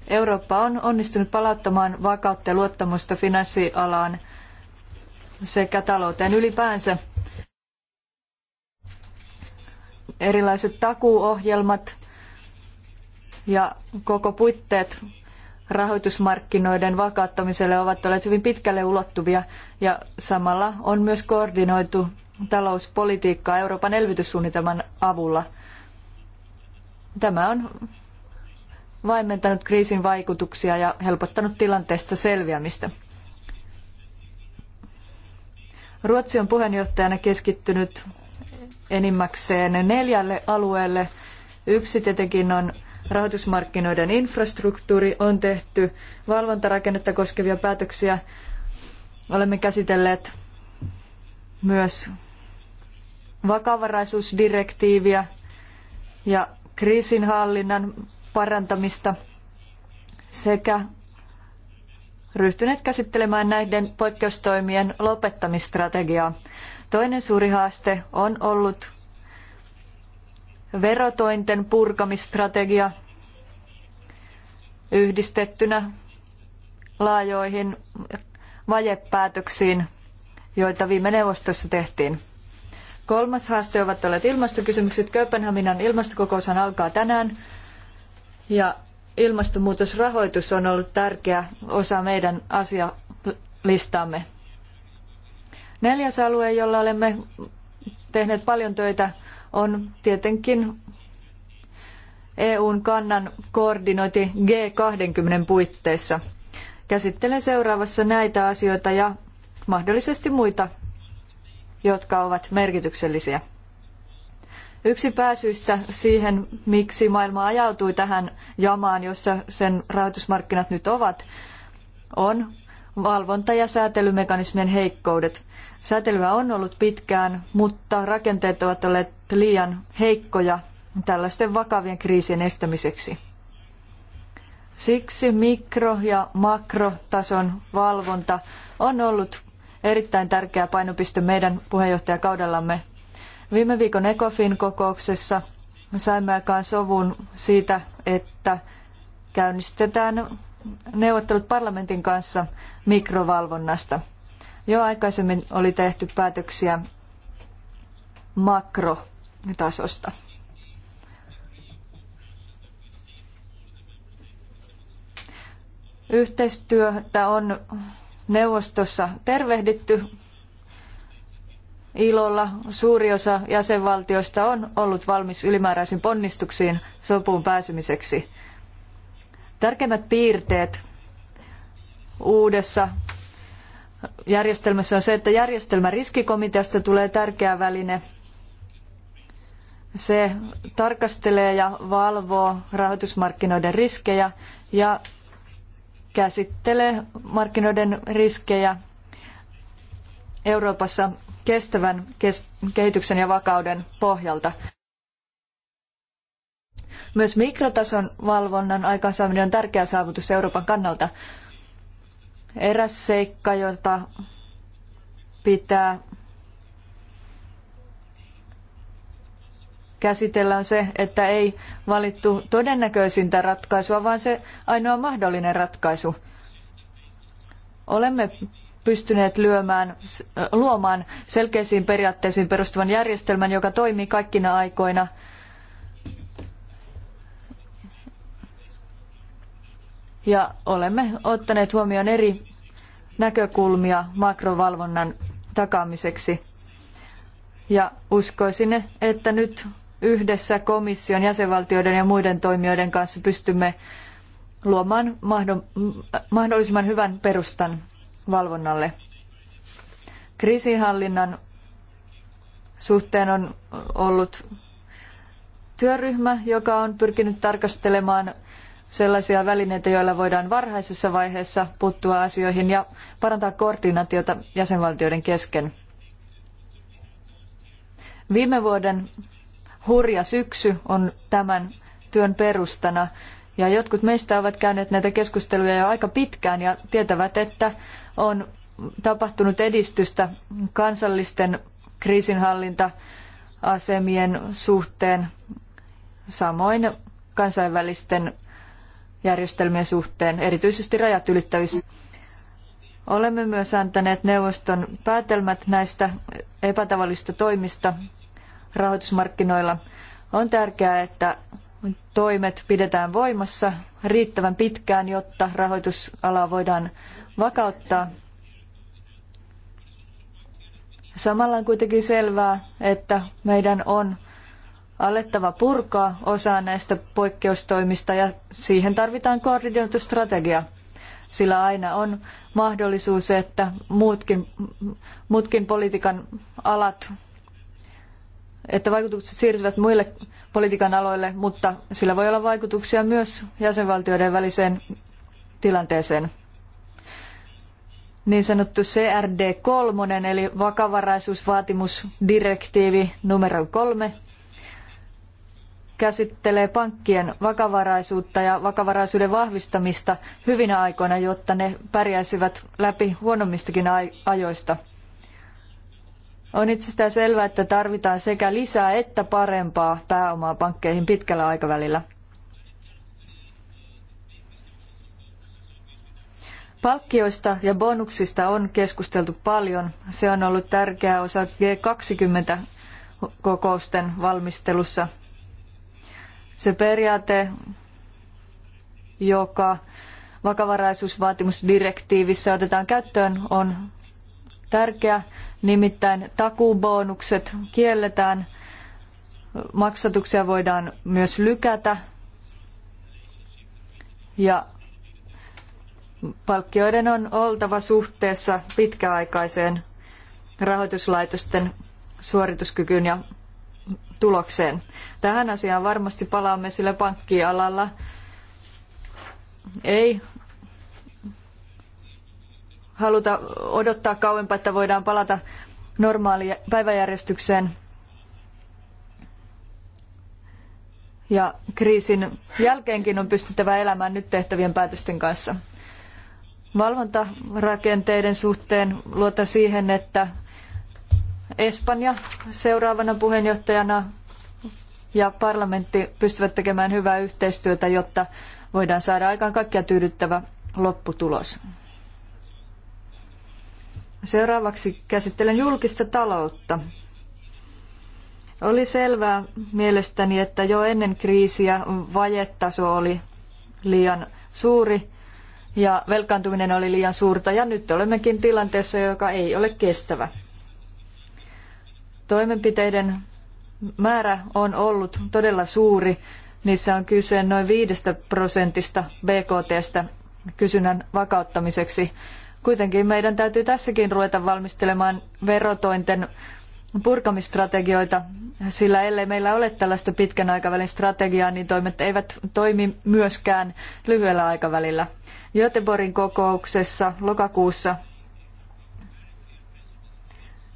Eurooppa on onnistunut palauttamaan vakautta ja luottamusta finanssialaan sekä talouteen ylipäänsä. Erilaiset takuuohjelmat ja koko puitteet rahoitusmarkkinoiden vakauttamiselle ovat olleet hyvin pitkälle ulottuvia ja samalla on myös koordinoitu talouspolitiikkaa Euroopan elvytyssuunnitelman avulla – Tämä on vaimentanut kriisin vaikutuksia ja helpottanut tilanteesta selviämistä. Ruotsi on puheenjohtajana keskittynyt enimmäkseen neljälle alueelle. Yksi tietenkin on rahoitusmarkkinoiden infrastruktuuri, on tehty valvontarakennetta koskevia päätöksiä. Olemme käsitelleet myös vakavaraisuusdirektiiviä ja kriisinhallinnan parantamista sekä ryhtyneet käsittelemään näiden poikkeustoimien lopettamistrategiaa. Toinen suuri haaste on ollut verotointen purkamistrategia yhdistettynä laajoihin vajepäätöksiin, joita viime neuvostossa tehtiin. Kolmas haaste ovat olleet ilmastokysymykset. Kööpenhaminan ilmastokokoushan alkaa tänään ja ilmastonmuutosrahoitus on ollut tärkeä osa meidän asialistaamme. Neljäs alue, jolla olemme tehneet paljon töitä, on tietenkin EUn kannan koordinointi G20 puitteissa. Käsittelen seuraavassa näitä asioita ja mahdollisesti muita jotka ovat merkityksellisiä. Yksi pääsyistä siihen, miksi maailma ajautui tähän jamaan, jossa sen rahoitusmarkkinat nyt ovat, on valvonta- ja säätelymekanismien heikkoudet. Säätelyä on ollut pitkään, mutta rakenteet ovat olleet liian heikkoja tällaisten vakavien kriisien estämiseksi. Siksi mikro- ja makrotason valvonta on ollut erittäin tärkeä painopiste meidän puheenjohtajakaudellamme. Viime viikon ECOFIN kokouksessa saimme aikaan sovun siitä, että käynnistetään neuvottelut parlamentin kanssa mikrovalvonnasta. Jo aikaisemmin oli tehty päätöksiä makrotasosta. Yhteistyötä on neuvostossa tervehditty ilolla. Suuri osa jäsenvaltioista on ollut valmis ylimääräisiin ponnistuksiin sopuun pääsemiseksi. Tärkeimmät piirteet uudessa järjestelmässä on se, että järjestelmän riskikomiteasta tulee tärkeä väline. Se tarkastelee ja valvoo rahoitusmarkkinoiden riskejä ja käsittelee markkinoiden riskejä Euroopassa kestävän kehityksen ja vakauden pohjalta. Myös mikrotason valvonnan aikaansaaminen on tärkeä saavutus Euroopan kannalta. Eräs seikka, jota pitää käsitellä on se, että ei valittu todennäköisintä ratkaisua, vaan se ainoa mahdollinen ratkaisu. Olemme pystyneet lyömään, luomaan selkeisiin periaatteisiin perustuvan järjestelmän, joka toimii kaikkina aikoina. Ja olemme ottaneet huomioon eri näkökulmia makrovalvonnan takaamiseksi. Ja uskoisin, että nyt yhdessä komission, jäsenvaltioiden ja muiden toimijoiden kanssa pystymme luomaan mahdollisimman hyvän perustan valvonnalle. Kriisinhallinnan suhteen on ollut työryhmä, joka on pyrkinyt tarkastelemaan sellaisia välineitä, joilla voidaan varhaisessa vaiheessa puuttua asioihin ja parantaa koordinaatiota jäsenvaltioiden kesken. Viime vuoden Hurja syksy on tämän työn perustana. Ja jotkut meistä ovat käyneet näitä keskusteluja jo aika pitkään ja tietävät, että on tapahtunut edistystä kansallisten kriisinhallinta-asemien suhteen, samoin kansainvälisten järjestelmien suhteen, erityisesti rajat ylittävissä. Olemme myös antaneet neuvoston päätelmät näistä epätavallisista toimista rahoitusmarkkinoilla. On tärkeää, että toimet pidetään voimassa riittävän pitkään, jotta rahoitusalaa voidaan vakauttaa. Samalla on kuitenkin selvää, että meidän on alettava purkaa osaa näistä poikkeustoimista ja siihen tarvitaan koordinoitu strategia, sillä aina on mahdollisuus, että muutkin, muutkin politiikan alat että vaikutukset siirtyvät muille politiikan aloille, mutta sillä voi olla vaikutuksia myös jäsenvaltioiden väliseen tilanteeseen. Niin sanottu CRD3, eli vakavaraisuusvaatimusdirektiivi numero kolme, käsittelee pankkien vakavaraisuutta ja vakavaraisuuden vahvistamista hyvinä aikoina, jotta ne pärjäisivät läpi huonommistakin ajoista – on itsestään selvää, että tarvitaan sekä lisää että parempaa pääomaa pankkeihin pitkällä aikavälillä. Palkkioista ja bonuksista on keskusteltu paljon. Se on ollut tärkeä osa G20-kokousten valmistelussa. Se periaate, joka vakavaraisuusvaatimusdirektiivissä otetaan käyttöön, on tärkeä, nimittäin takuubonukset kielletään, maksatuksia voidaan myös lykätä ja palkkioiden on oltava suhteessa pitkäaikaiseen rahoituslaitosten suorituskykyyn ja tulokseen. Tähän asiaan varmasti palaamme, sillä pankkialalla ei haluta odottaa kauempaa, että voidaan palata normaaliin päiväjärjestykseen. Ja kriisin jälkeenkin on pystyttävä elämään nyt tehtävien päätösten kanssa. Valvontarakenteiden suhteen luotan siihen, että Espanja seuraavana puheenjohtajana ja parlamentti pystyvät tekemään hyvää yhteistyötä, jotta voidaan saada aikaan kaikkia tyydyttävä lopputulos. Seuraavaksi käsittelen julkista taloutta. Oli selvää mielestäni, että jo ennen kriisiä vajetaso oli liian suuri ja velkaantuminen oli liian suurta ja nyt olemmekin tilanteessa, joka ei ole kestävä. Toimenpiteiden määrä on ollut todella suuri. Niissä on kyse noin viidestä prosentista BKTstä kysynnän vakauttamiseksi Kuitenkin meidän täytyy tässäkin ruveta valmistelemaan verotointen purkamistrategioita, sillä ellei meillä ole tällaista pitkän aikavälin strategiaa, niin toimet eivät toimi myöskään lyhyellä aikavälillä. Göteborgin kokouksessa lokakuussa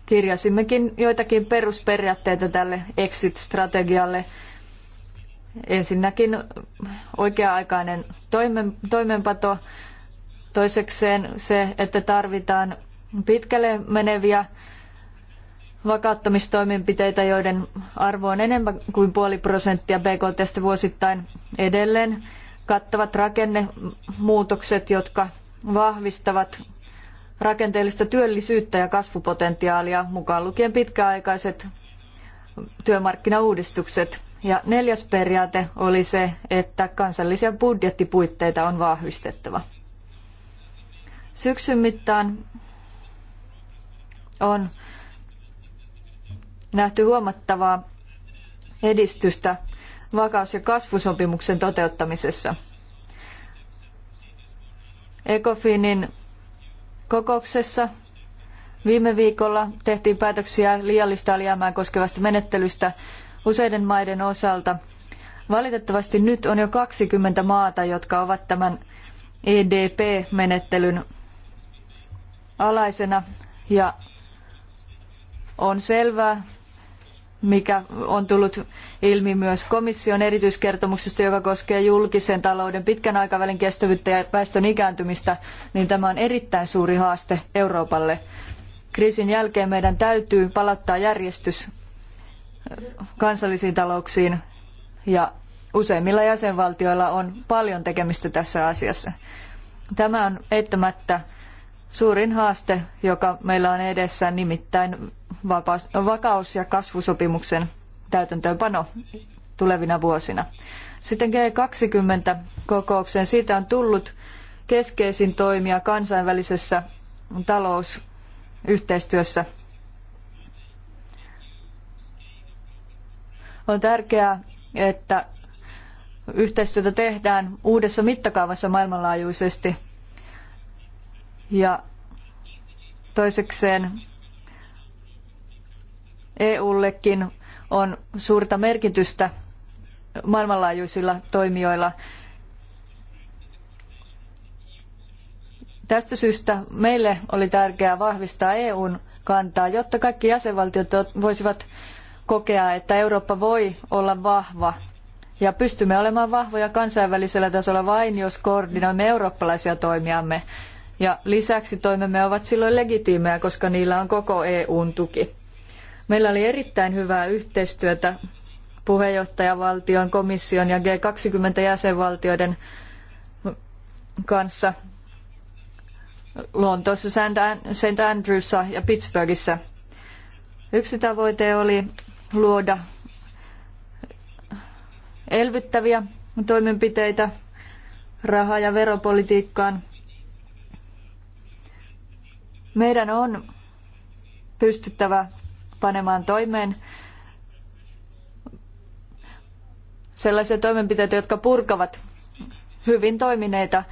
kirjasimmekin joitakin perusperiaatteita tälle exit-strategialle. Ensinnäkin oikea-aikainen toimen, toimenpato, Toisekseen se, että tarvitaan pitkälle meneviä vakauttamistoimenpiteitä, joiden arvo on enemmän kuin puoli prosenttia BKTstä vuosittain edelleen, kattavat rakennemuutokset, jotka vahvistavat rakenteellista työllisyyttä ja kasvupotentiaalia, mukaan lukien pitkäaikaiset työmarkkinauudistukset. Ja neljäs periaate oli se, että kansallisia budjettipuitteita on vahvistettava. Syksyn mittaan on nähty huomattavaa edistystä vakaus- ja kasvusopimuksen toteuttamisessa. Ecofinin kokouksessa viime viikolla tehtiin päätöksiä liiallista alijäämää koskevasta menettelystä useiden maiden osalta. Valitettavasti nyt on jo 20 maata, jotka ovat tämän EDP-menettelyn alaisena ja on selvää, mikä on tullut ilmi myös komission erityiskertomuksesta, joka koskee julkisen talouden pitkän aikavälin kestävyyttä ja väestön ikääntymistä, niin tämä on erittäin suuri haaste Euroopalle. Kriisin jälkeen meidän täytyy palauttaa järjestys kansallisiin talouksiin ja useimmilla jäsenvaltioilla on paljon tekemistä tässä asiassa. Tämä on eittämättä suurin haaste, joka meillä on edessä, nimittäin vakaus- ja kasvusopimuksen täytäntöönpano tulevina vuosina. Sitten G20-kokoukseen siitä on tullut keskeisin toimija kansainvälisessä talousyhteistyössä. On tärkeää, että yhteistyötä tehdään uudessa mittakaavassa maailmanlaajuisesti – ja toisekseen EUllekin on suurta merkitystä maailmanlaajuisilla toimijoilla. Tästä syystä meille oli tärkeää vahvistaa EUn kantaa, jotta kaikki jäsenvaltiot voisivat kokea, että Eurooppa voi olla vahva. Ja pystymme olemaan vahvoja kansainvälisellä tasolla vain, jos koordinoimme eurooppalaisia toimiamme. Ja lisäksi toimemme ovat silloin legitiimejä, koska niillä on koko EUn tuki. Meillä oli erittäin hyvää yhteistyötä puheenjohtajavaltion, komission ja G20-jäsenvaltioiden kanssa Lontoossa, St. Andrewsissa ja Pittsburghissa. Yksi tavoite oli luoda elvyttäviä toimenpiteitä raha- ja veropolitiikkaan – meidän on pystyttävä panemaan toimeen sellaisia toimenpiteitä, jotka purkavat hyvin toimineita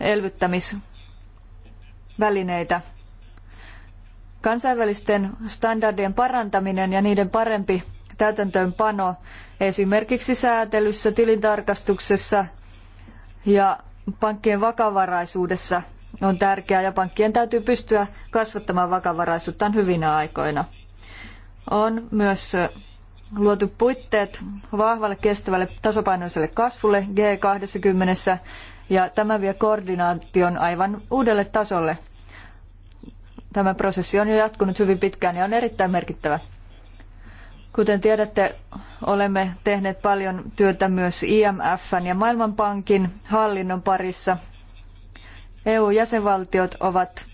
elvyttämisvälineitä. Kansainvälisten standardien parantaminen ja niiden parempi täytäntöönpano esimerkiksi säätelyssä, tilintarkastuksessa ja pankkien vakavaraisuudessa – on tärkeää ja pankkien täytyy pystyä kasvattamaan vakavaraisuuttaan hyvinä aikoina. On myös luotu puitteet vahvalle kestävälle tasapainoiselle kasvulle G20 ja tämä vie koordinaation aivan uudelle tasolle. Tämä prosessi on jo jatkunut hyvin pitkään ja on erittäin merkittävä. Kuten tiedätte, olemme tehneet paljon työtä myös IMFn ja Maailmanpankin hallinnon parissa – EU-jäsenvaltiot ovat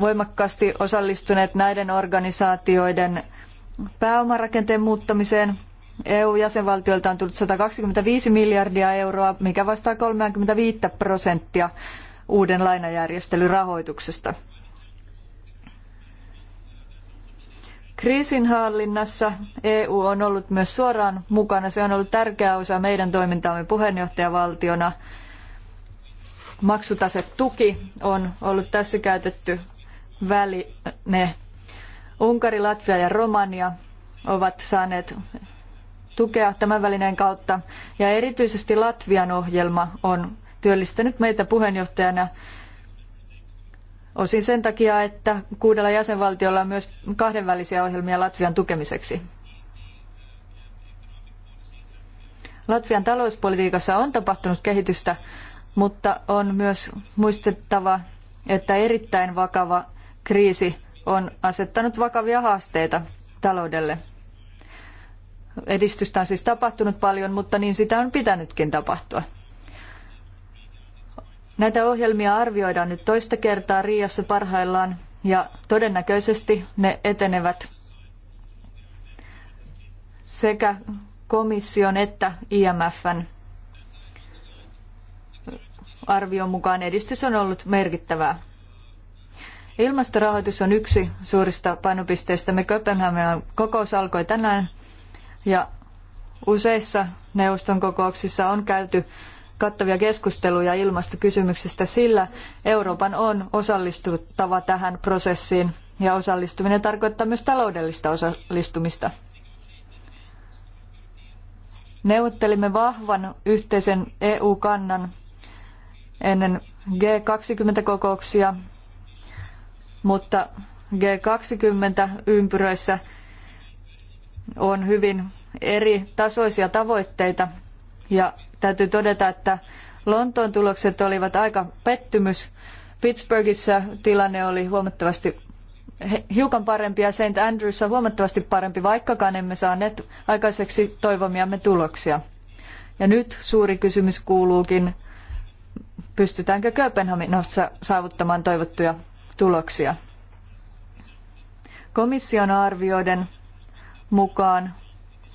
voimakkaasti osallistuneet näiden organisaatioiden pääomarakenteen muuttamiseen. EU-jäsenvaltioilta on tullut 125 miljardia euroa, mikä vastaa 35 prosenttia uuden lainajärjestelyn rahoituksesta. Kriisinhallinnassa EU on ollut myös suoraan mukana. Se on ollut tärkeä osa meidän toimintaamme puheenjohtajavaltiona maksutasetuki on ollut tässä käytetty väline. Unkari, Latvia ja Romania ovat saaneet tukea tämän välineen kautta ja erityisesti Latvian ohjelma on työllistänyt meitä puheenjohtajana osin sen takia, että kuudella jäsenvaltiolla on myös kahdenvälisiä ohjelmia Latvian tukemiseksi. Latvian talouspolitiikassa on tapahtunut kehitystä mutta on myös muistettava, että erittäin vakava kriisi on asettanut vakavia haasteita taloudelle. Edistystä on siis tapahtunut paljon, mutta niin sitä on pitänytkin tapahtua. Näitä ohjelmia arvioidaan nyt toista kertaa Riassa parhaillaan ja todennäköisesti ne etenevät sekä komission että IMFn arvion mukaan edistys on ollut merkittävää. Ilmastorahoitus on yksi suurista painopisteistä. Me Kööpenhaminan kokous alkoi tänään ja useissa neuvoston kokouksissa on käyty kattavia keskusteluja ilmastokysymyksistä, sillä Euroopan on osallistuttava tähän prosessiin ja osallistuminen tarkoittaa myös taloudellista osallistumista. Neuvottelimme vahvan yhteisen EU-kannan ennen G20-kokouksia, mutta G20-ympyröissä on hyvin eri tasoisia tavoitteita ja täytyy todeta, että Lontoon tulokset olivat aika pettymys. Pittsburghissa tilanne oli huomattavasti hiukan parempi ja St. Andrewsissa huomattavasti parempi, vaikkakaan emme saaneet aikaiseksi toivomiamme tuloksia. Ja nyt suuri kysymys kuuluukin, pystytäänkö Kööpenhaminassa saavuttamaan toivottuja tuloksia. Komission arvioiden mukaan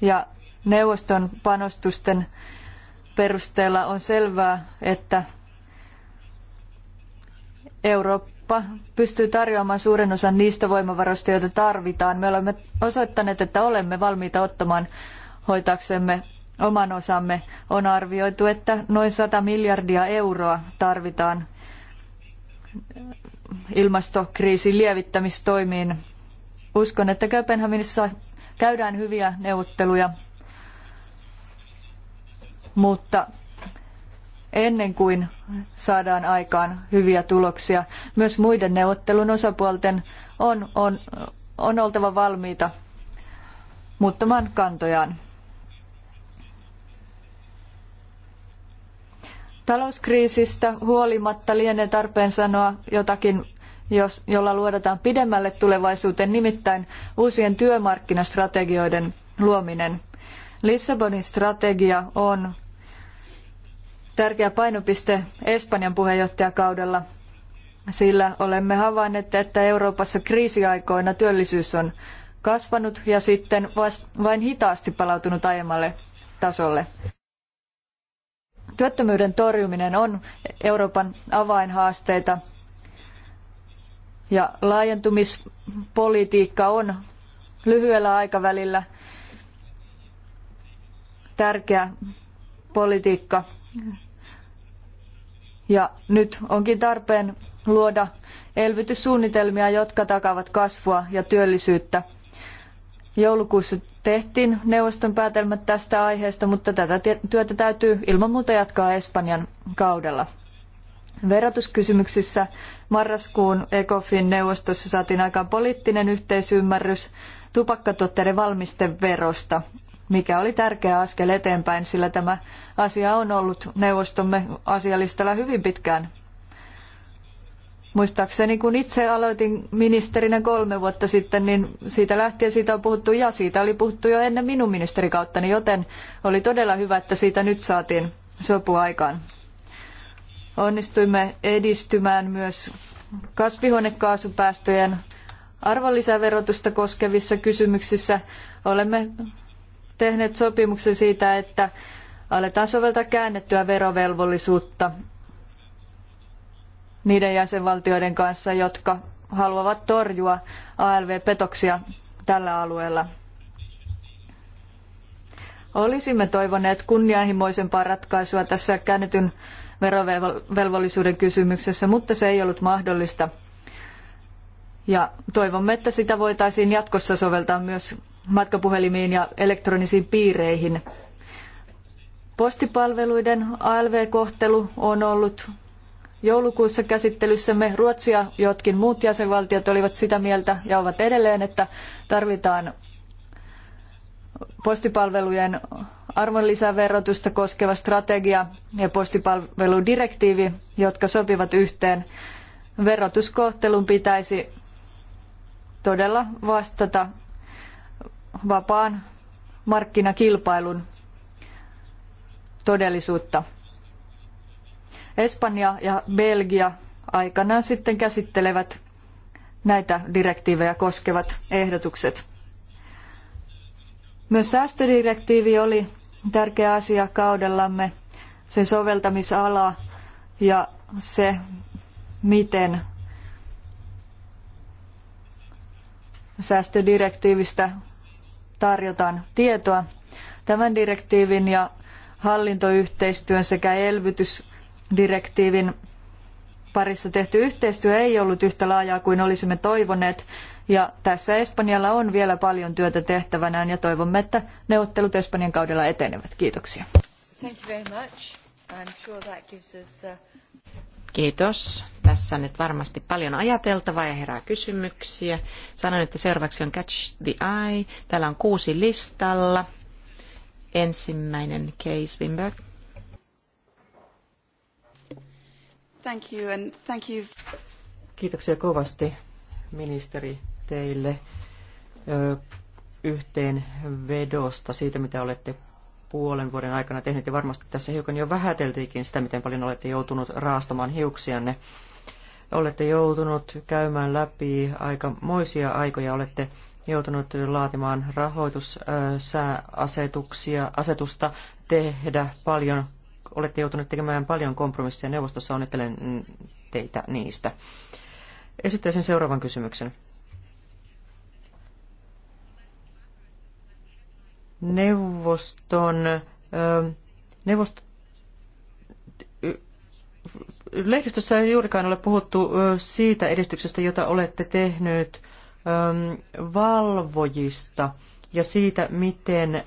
ja neuvoston panostusten perusteella on selvää, että Eurooppa pystyy tarjoamaan suuren osan niistä voimavaroista, joita tarvitaan. Me olemme osoittaneet, että olemme valmiita ottamaan hoitaaksemme oman osamme. On arvioitu, että noin 100 miljardia euroa tarvitaan ilmastokriisin lievittämistoimiin. Uskon, että Kööpenhaminissa käydään hyviä neuvotteluja, mutta ennen kuin saadaan aikaan hyviä tuloksia, myös muiden neuvottelun osapuolten on, on, on oltava valmiita muuttamaan kantojaan. Talouskriisistä huolimatta lienee tarpeen sanoa jotakin, jos, jolla luodataan pidemmälle tulevaisuuteen, nimittäin uusien työmarkkinastrategioiden luominen. Lissabonin strategia on tärkeä painopiste Espanjan puheenjohtajakaudella, sillä olemme havainneet, että Euroopassa kriisiaikoina työllisyys on kasvanut ja sitten vain hitaasti palautunut aiemmalle tasolle. Työttömyyden torjuminen on Euroopan avainhaasteita ja laajentumispolitiikka on lyhyellä aikavälillä tärkeä politiikka. Ja nyt onkin tarpeen luoda elvytyssuunnitelmia, jotka takaavat kasvua ja työllisyyttä. Joulukuussa tehtiin neuvoston päätelmät tästä aiheesta, mutta tätä työtä täytyy ilman muuta jatkaa Espanjan kaudella. Verotuskysymyksissä marraskuun ECOFIN neuvostossa saatiin aikaan poliittinen yhteisymmärrys tupakkatuotteiden valmisteverosta, mikä oli tärkeä askel eteenpäin, sillä tämä asia on ollut neuvostomme asialistalla hyvin pitkään. Muistaakseni kun itse aloitin ministerinä kolme vuotta sitten, niin siitä lähtien siitä on puhuttu ja siitä oli puhuttu jo ennen minun ministerikauttani, joten oli todella hyvä, että siitä nyt saatiin sopu aikaan. Onnistuimme edistymään myös kasvihuonekaasupäästöjen arvonlisäverotusta koskevissa kysymyksissä. Olemme tehneet sopimuksen siitä, että aletaan soveltaa käännettyä verovelvollisuutta niiden jäsenvaltioiden kanssa, jotka haluavat torjua ALV-petoksia tällä alueella. Olisimme toivoneet kunnianhimoisempaa ratkaisua tässä käännetyn verovelvollisuuden kysymyksessä, mutta se ei ollut mahdollista. Ja toivomme, että sitä voitaisiin jatkossa soveltaa myös matkapuhelimiin ja elektronisiin piireihin. Postipalveluiden ALV-kohtelu on ollut joulukuussa käsittelyssämme. Ruotsi ja jotkin muut jäsenvaltiot olivat sitä mieltä ja ovat edelleen, että tarvitaan postipalvelujen arvonlisäverotusta koskeva strategia ja postipalveludirektiivi, jotka sopivat yhteen. Verotuskohtelun pitäisi todella vastata vapaan markkinakilpailun todellisuutta. Espanja ja Belgia aikanaan sitten käsittelevät näitä direktiivejä koskevat ehdotukset. Myös säästödirektiivi oli tärkeä asia kaudellamme, sen soveltamisala ja se, miten säästödirektiivistä tarjotaan tietoa. Tämän direktiivin ja hallintoyhteistyön sekä elvytys- direktiivin parissa tehty yhteistyö ei ollut yhtä laajaa kuin olisimme toivoneet, ja tässä Espanjalla on vielä paljon työtä tehtävänään ja toivomme, että neuvottelut Espanjan kaudella etenevät. Kiitoksia. Kiitos. Tässä on nyt varmasti paljon ajateltavaa ja herää kysymyksiä. Sanoin, että seuraavaksi on Catch the Eye. Täällä on kuusi listalla. Ensimmäinen case Wimberg. Thank you and thank you. Kiitoksia kovasti ministeri teille yhteenvedosta siitä, mitä olette puolen vuoden aikana tehnyt. Ja varmasti tässä hiukan jo vähäteltiikin sitä, miten paljon olette joutunut raastamaan hiuksianne. Olette joutunut käymään läpi aika moisia aikoja. Olette joutunut laatimaan rahoitusasetuksia, asetusta, tehdä paljon olette joutuneet tekemään paljon kompromisseja neuvostossa, onnittelen teitä niistä. Esittäisin seuraavan kysymyksen. Neuvoston, ö, neuvost, lehdistössä ei juurikaan ole puhuttu siitä edistyksestä, jota olette tehnyt valvojista – ja siitä, miten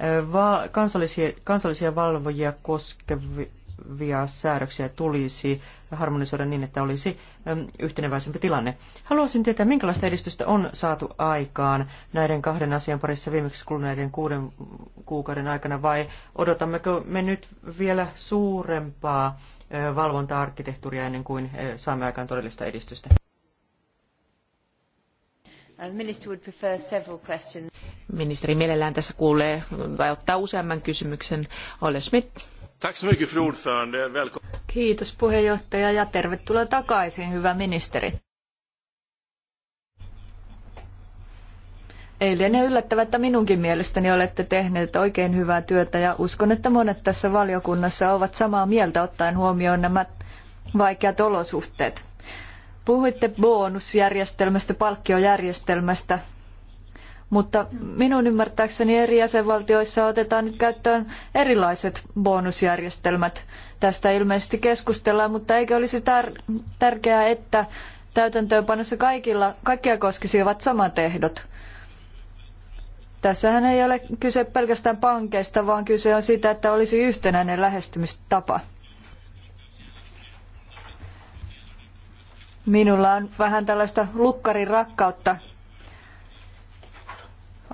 kansallisia, kansallisia valvojia koskevia säädöksiä tulisi harmonisoida niin, että olisi yhteneväisempi tilanne. Haluaisin tietää, minkälaista edistystä on saatu aikaan näiden kahden asian parissa viimeksi kuluneiden kuuden kuukauden aikana, vai odotammeko me nyt vielä suurempaa valvonta-arkkitehtuuria ennen kuin saamme aikaan todellista edistystä? Uh, ministeri mielellään tässä kuulee tai ottaa useamman kysymyksen. Ole Schmidt. Kiitos puheenjohtaja ja tervetuloa takaisin, hyvä ministeri. Ei liene yllättävää, että minunkin mielestäni olette tehneet oikein hyvää työtä ja uskon, että monet tässä valiokunnassa ovat samaa mieltä ottaen huomioon nämä vaikeat olosuhteet. Puhuitte bonusjärjestelmästä, palkkiojärjestelmästä, mutta minun ymmärtääkseni eri jäsenvaltioissa otetaan nyt käyttöön erilaiset bonusjärjestelmät. Tästä ilmeisesti keskustellaan, mutta eikö olisi tärkeää, että täytäntöönpanossa kaikilla, kaikkia koskisivat samat ehdot? Tässähän ei ole kyse pelkästään pankeista, vaan kyse on siitä, että olisi yhtenäinen lähestymistapa. Minulla on vähän tällaista lukkarin rakkautta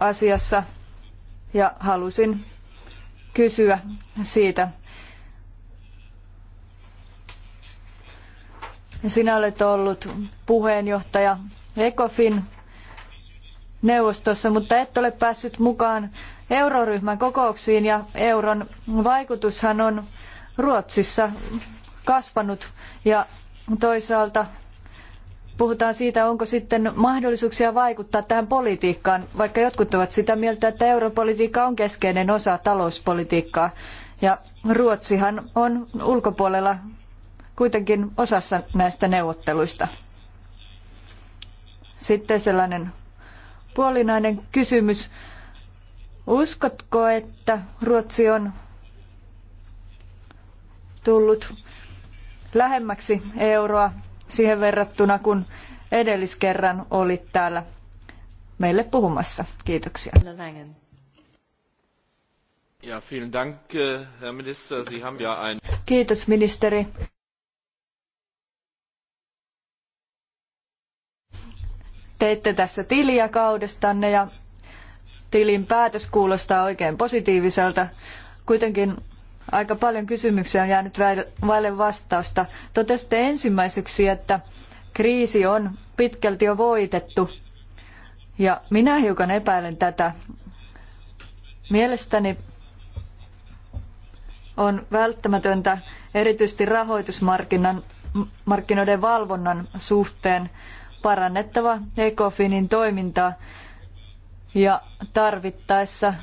asiassa ja halusin kysyä siitä. Sinä olet ollut puheenjohtaja ECOFIN neuvostossa, mutta et ole päässyt mukaan euroryhmän kokouksiin ja euron vaikutushan on Ruotsissa kasvanut ja toisaalta puhutaan siitä, onko sitten mahdollisuuksia vaikuttaa tähän politiikkaan, vaikka jotkut ovat sitä mieltä, että europolitiikka on keskeinen osa talouspolitiikkaa. Ja Ruotsihan on ulkopuolella kuitenkin osassa näistä neuvotteluista. Sitten sellainen puolinainen kysymys. Uskotko, että Ruotsi on tullut lähemmäksi euroa siihen verrattuna, kun edelliskerran olit täällä meille puhumassa. Kiitoksia. Ja, vielen Dank, äh, Herr Minister. Sie haben ja ein... Kiitos, ministeri. Teitte tässä tiliä kaudestanne ja tilin päätös kuulostaa oikein positiiviselta. Kuitenkin Aika paljon kysymyksiä on jäänyt vaille vastausta. Totesitte ensimmäiseksi, että kriisi on pitkälti jo voitettu. Ja minä hiukan epäilen tätä. Mielestäni on välttämätöntä erityisesti rahoitusmarkkinoiden valvonnan suhteen parannettava ECOFINin toimintaa ja tarvittaessa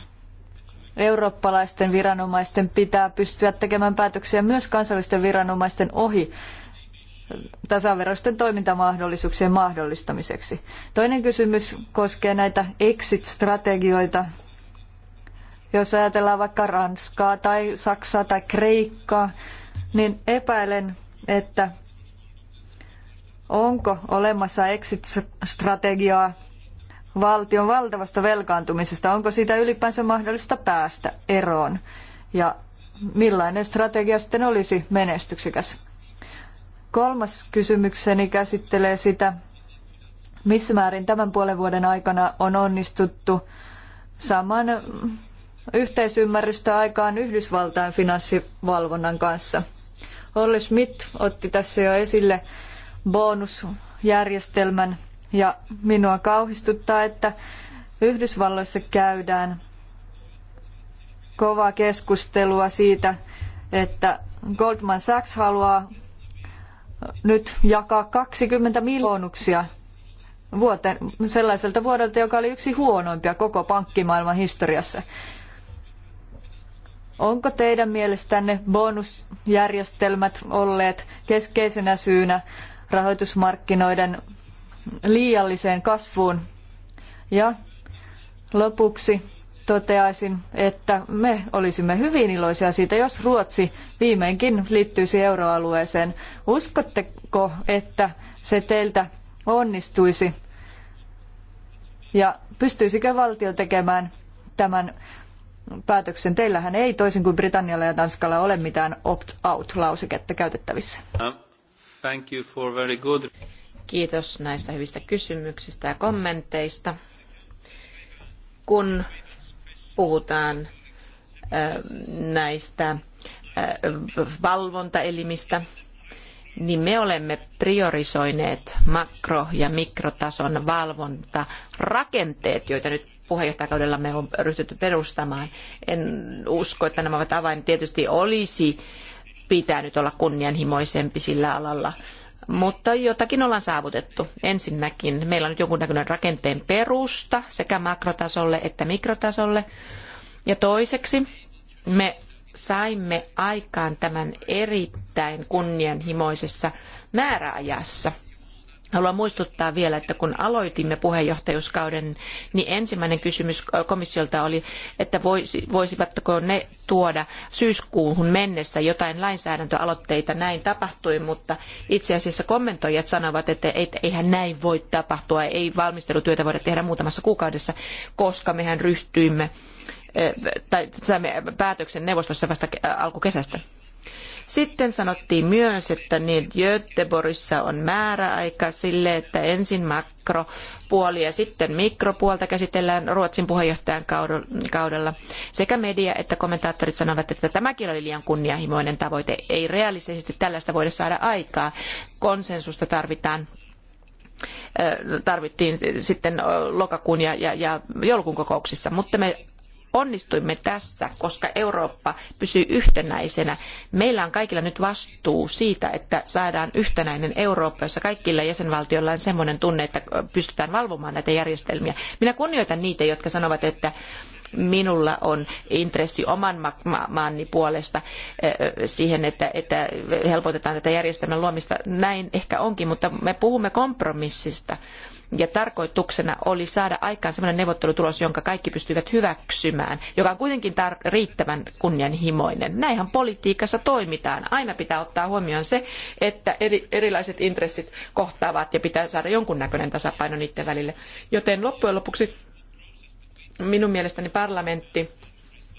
Eurooppalaisten viranomaisten pitää pystyä tekemään päätöksiä myös kansallisten viranomaisten ohi tasaveroisten toimintamahdollisuuksien mahdollistamiseksi. Toinen kysymys koskee näitä exit-strategioita, jos ajatellaan vaikka Ranskaa tai Saksaa tai Kreikkaa, niin epäilen, että onko olemassa exit-strategiaa valtion valtavasta velkaantumisesta. Onko siitä ylipäänsä mahdollista päästä eroon? Ja millainen strategia sitten olisi menestyksekäs? Kolmas kysymykseni käsittelee sitä, missä määrin tämän puolen vuoden aikana on onnistuttu saman yhteisymmärrystä aikaan Yhdysvaltain finanssivalvonnan kanssa. Olli Schmidt otti tässä jo esille bonusjärjestelmän ja minua kauhistuttaa, että Yhdysvalloissa käydään kovaa keskustelua siitä, että Goldman Sachs haluaa nyt jakaa 20 miljoonuksia vuoteen, sellaiselta vuodelta, joka oli yksi huonoimpia koko pankkimaailman historiassa. Onko teidän mielestänne bonusjärjestelmät olleet keskeisenä syynä rahoitusmarkkinoiden liialliseen kasvuun. Ja lopuksi toteaisin, että me olisimme hyvin iloisia siitä, jos Ruotsi viimeinkin liittyisi euroalueeseen. Uskotteko, että se teiltä onnistuisi? Ja pystyisikö valtio tekemään tämän päätöksen? Teillähän ei toisin kuin Britannialla ja Tanskalla ole mitään opt-out-lauseketta käytettävissä. Uh, Kiitos näistä hyvistä kysymyksistä ja kommenteista. Kun puhutaan näistä valvontaelimistä, niin me olemme priorisoineet makro- ja mikrotason valvontarakenteet, joita nyt puheenjohtajakaudella me on ryhdytty perustamaan. En usko, että nämä ovat avain. Tietysti olisi pitänyt olla kunnianhimoisempi sillä alalla, mutta jotakin ollaan saavutettu. Ensinnäkin meillä on nyt jonkunnäköinen rakenteen perusta sekä makrotasolle että mikrotasolle. Ja toiseksi me saimme aikaan tämän erittäin kunnianhimoisessa määräajassa – Haluan muistuttaa vielä, että kun aloitimme puheenjohtajuuskauden, niin ensimmäinen kysymys komissiolta oli, että voisivatko ne tuoda syyskuuhun mennessä jotain lainsäädäntöaloitteita. Näin tapahtui, mutta itse asiassa kommentoijat sanovat, että eihän näin voi tapahtua, ei valmistelutyötä voida tehdä muutamassa kuukaudessa, koska mehän ryhtyimme eh, tai saimme päätöksen neuvostossa vasta alkukesästä. Sitten sanottiin myös, että niin Göteborgissa on määräaika sille, että ensin makropuoli ja sitten mikropuolta käsitellään Ruotsin puheenjohtajan kaudella. Sekä media että kommentaattorit sanovat, että tämäkin oli liian kunnianhimoinen tavoite. Ei realistisesti tällaista voida saada aikaa. Konsensusta tarvitaan tarvittiin sitten lokakuun ja, ja, ja joulukuun kokouksissa, mutta me onnistuimme tässä, koska Eurooppa pysyy yhtenäisenä. Meillä on kaikilla nyt vastuu siitä, että saadaan yhtenäinen Eurooppa, jossa kaikilla jäsenvaltioilla on semmoinen tunne, että pystytään valvomaan näitä järjestelmiä. Minä kunnioitan niitä, jotka sanovat, että minulla on intressi oman ma- ma- maani puolesta eh, eh, siihen, että, että helpotetaan tätä järjestelmän luomista. Näin ehkä onkin, mutta me puhumme kompromissista ja tarkoituksena oli saada aikaan sellainen neuvottelutulos, jonka kaikki pystyivät hyväksymään, joka on kuitenkin tar- riittävän kunnianhimoinen. Näinhän politiikassa toimitaan. Aina pitää ottaa huomioon se, että eri, erilaiset intressit kohtaavat ja pitää saada jonkunnäköinen tasapaino niiden välille. Joten loppujen lopuksi minun mielestäni parlamentti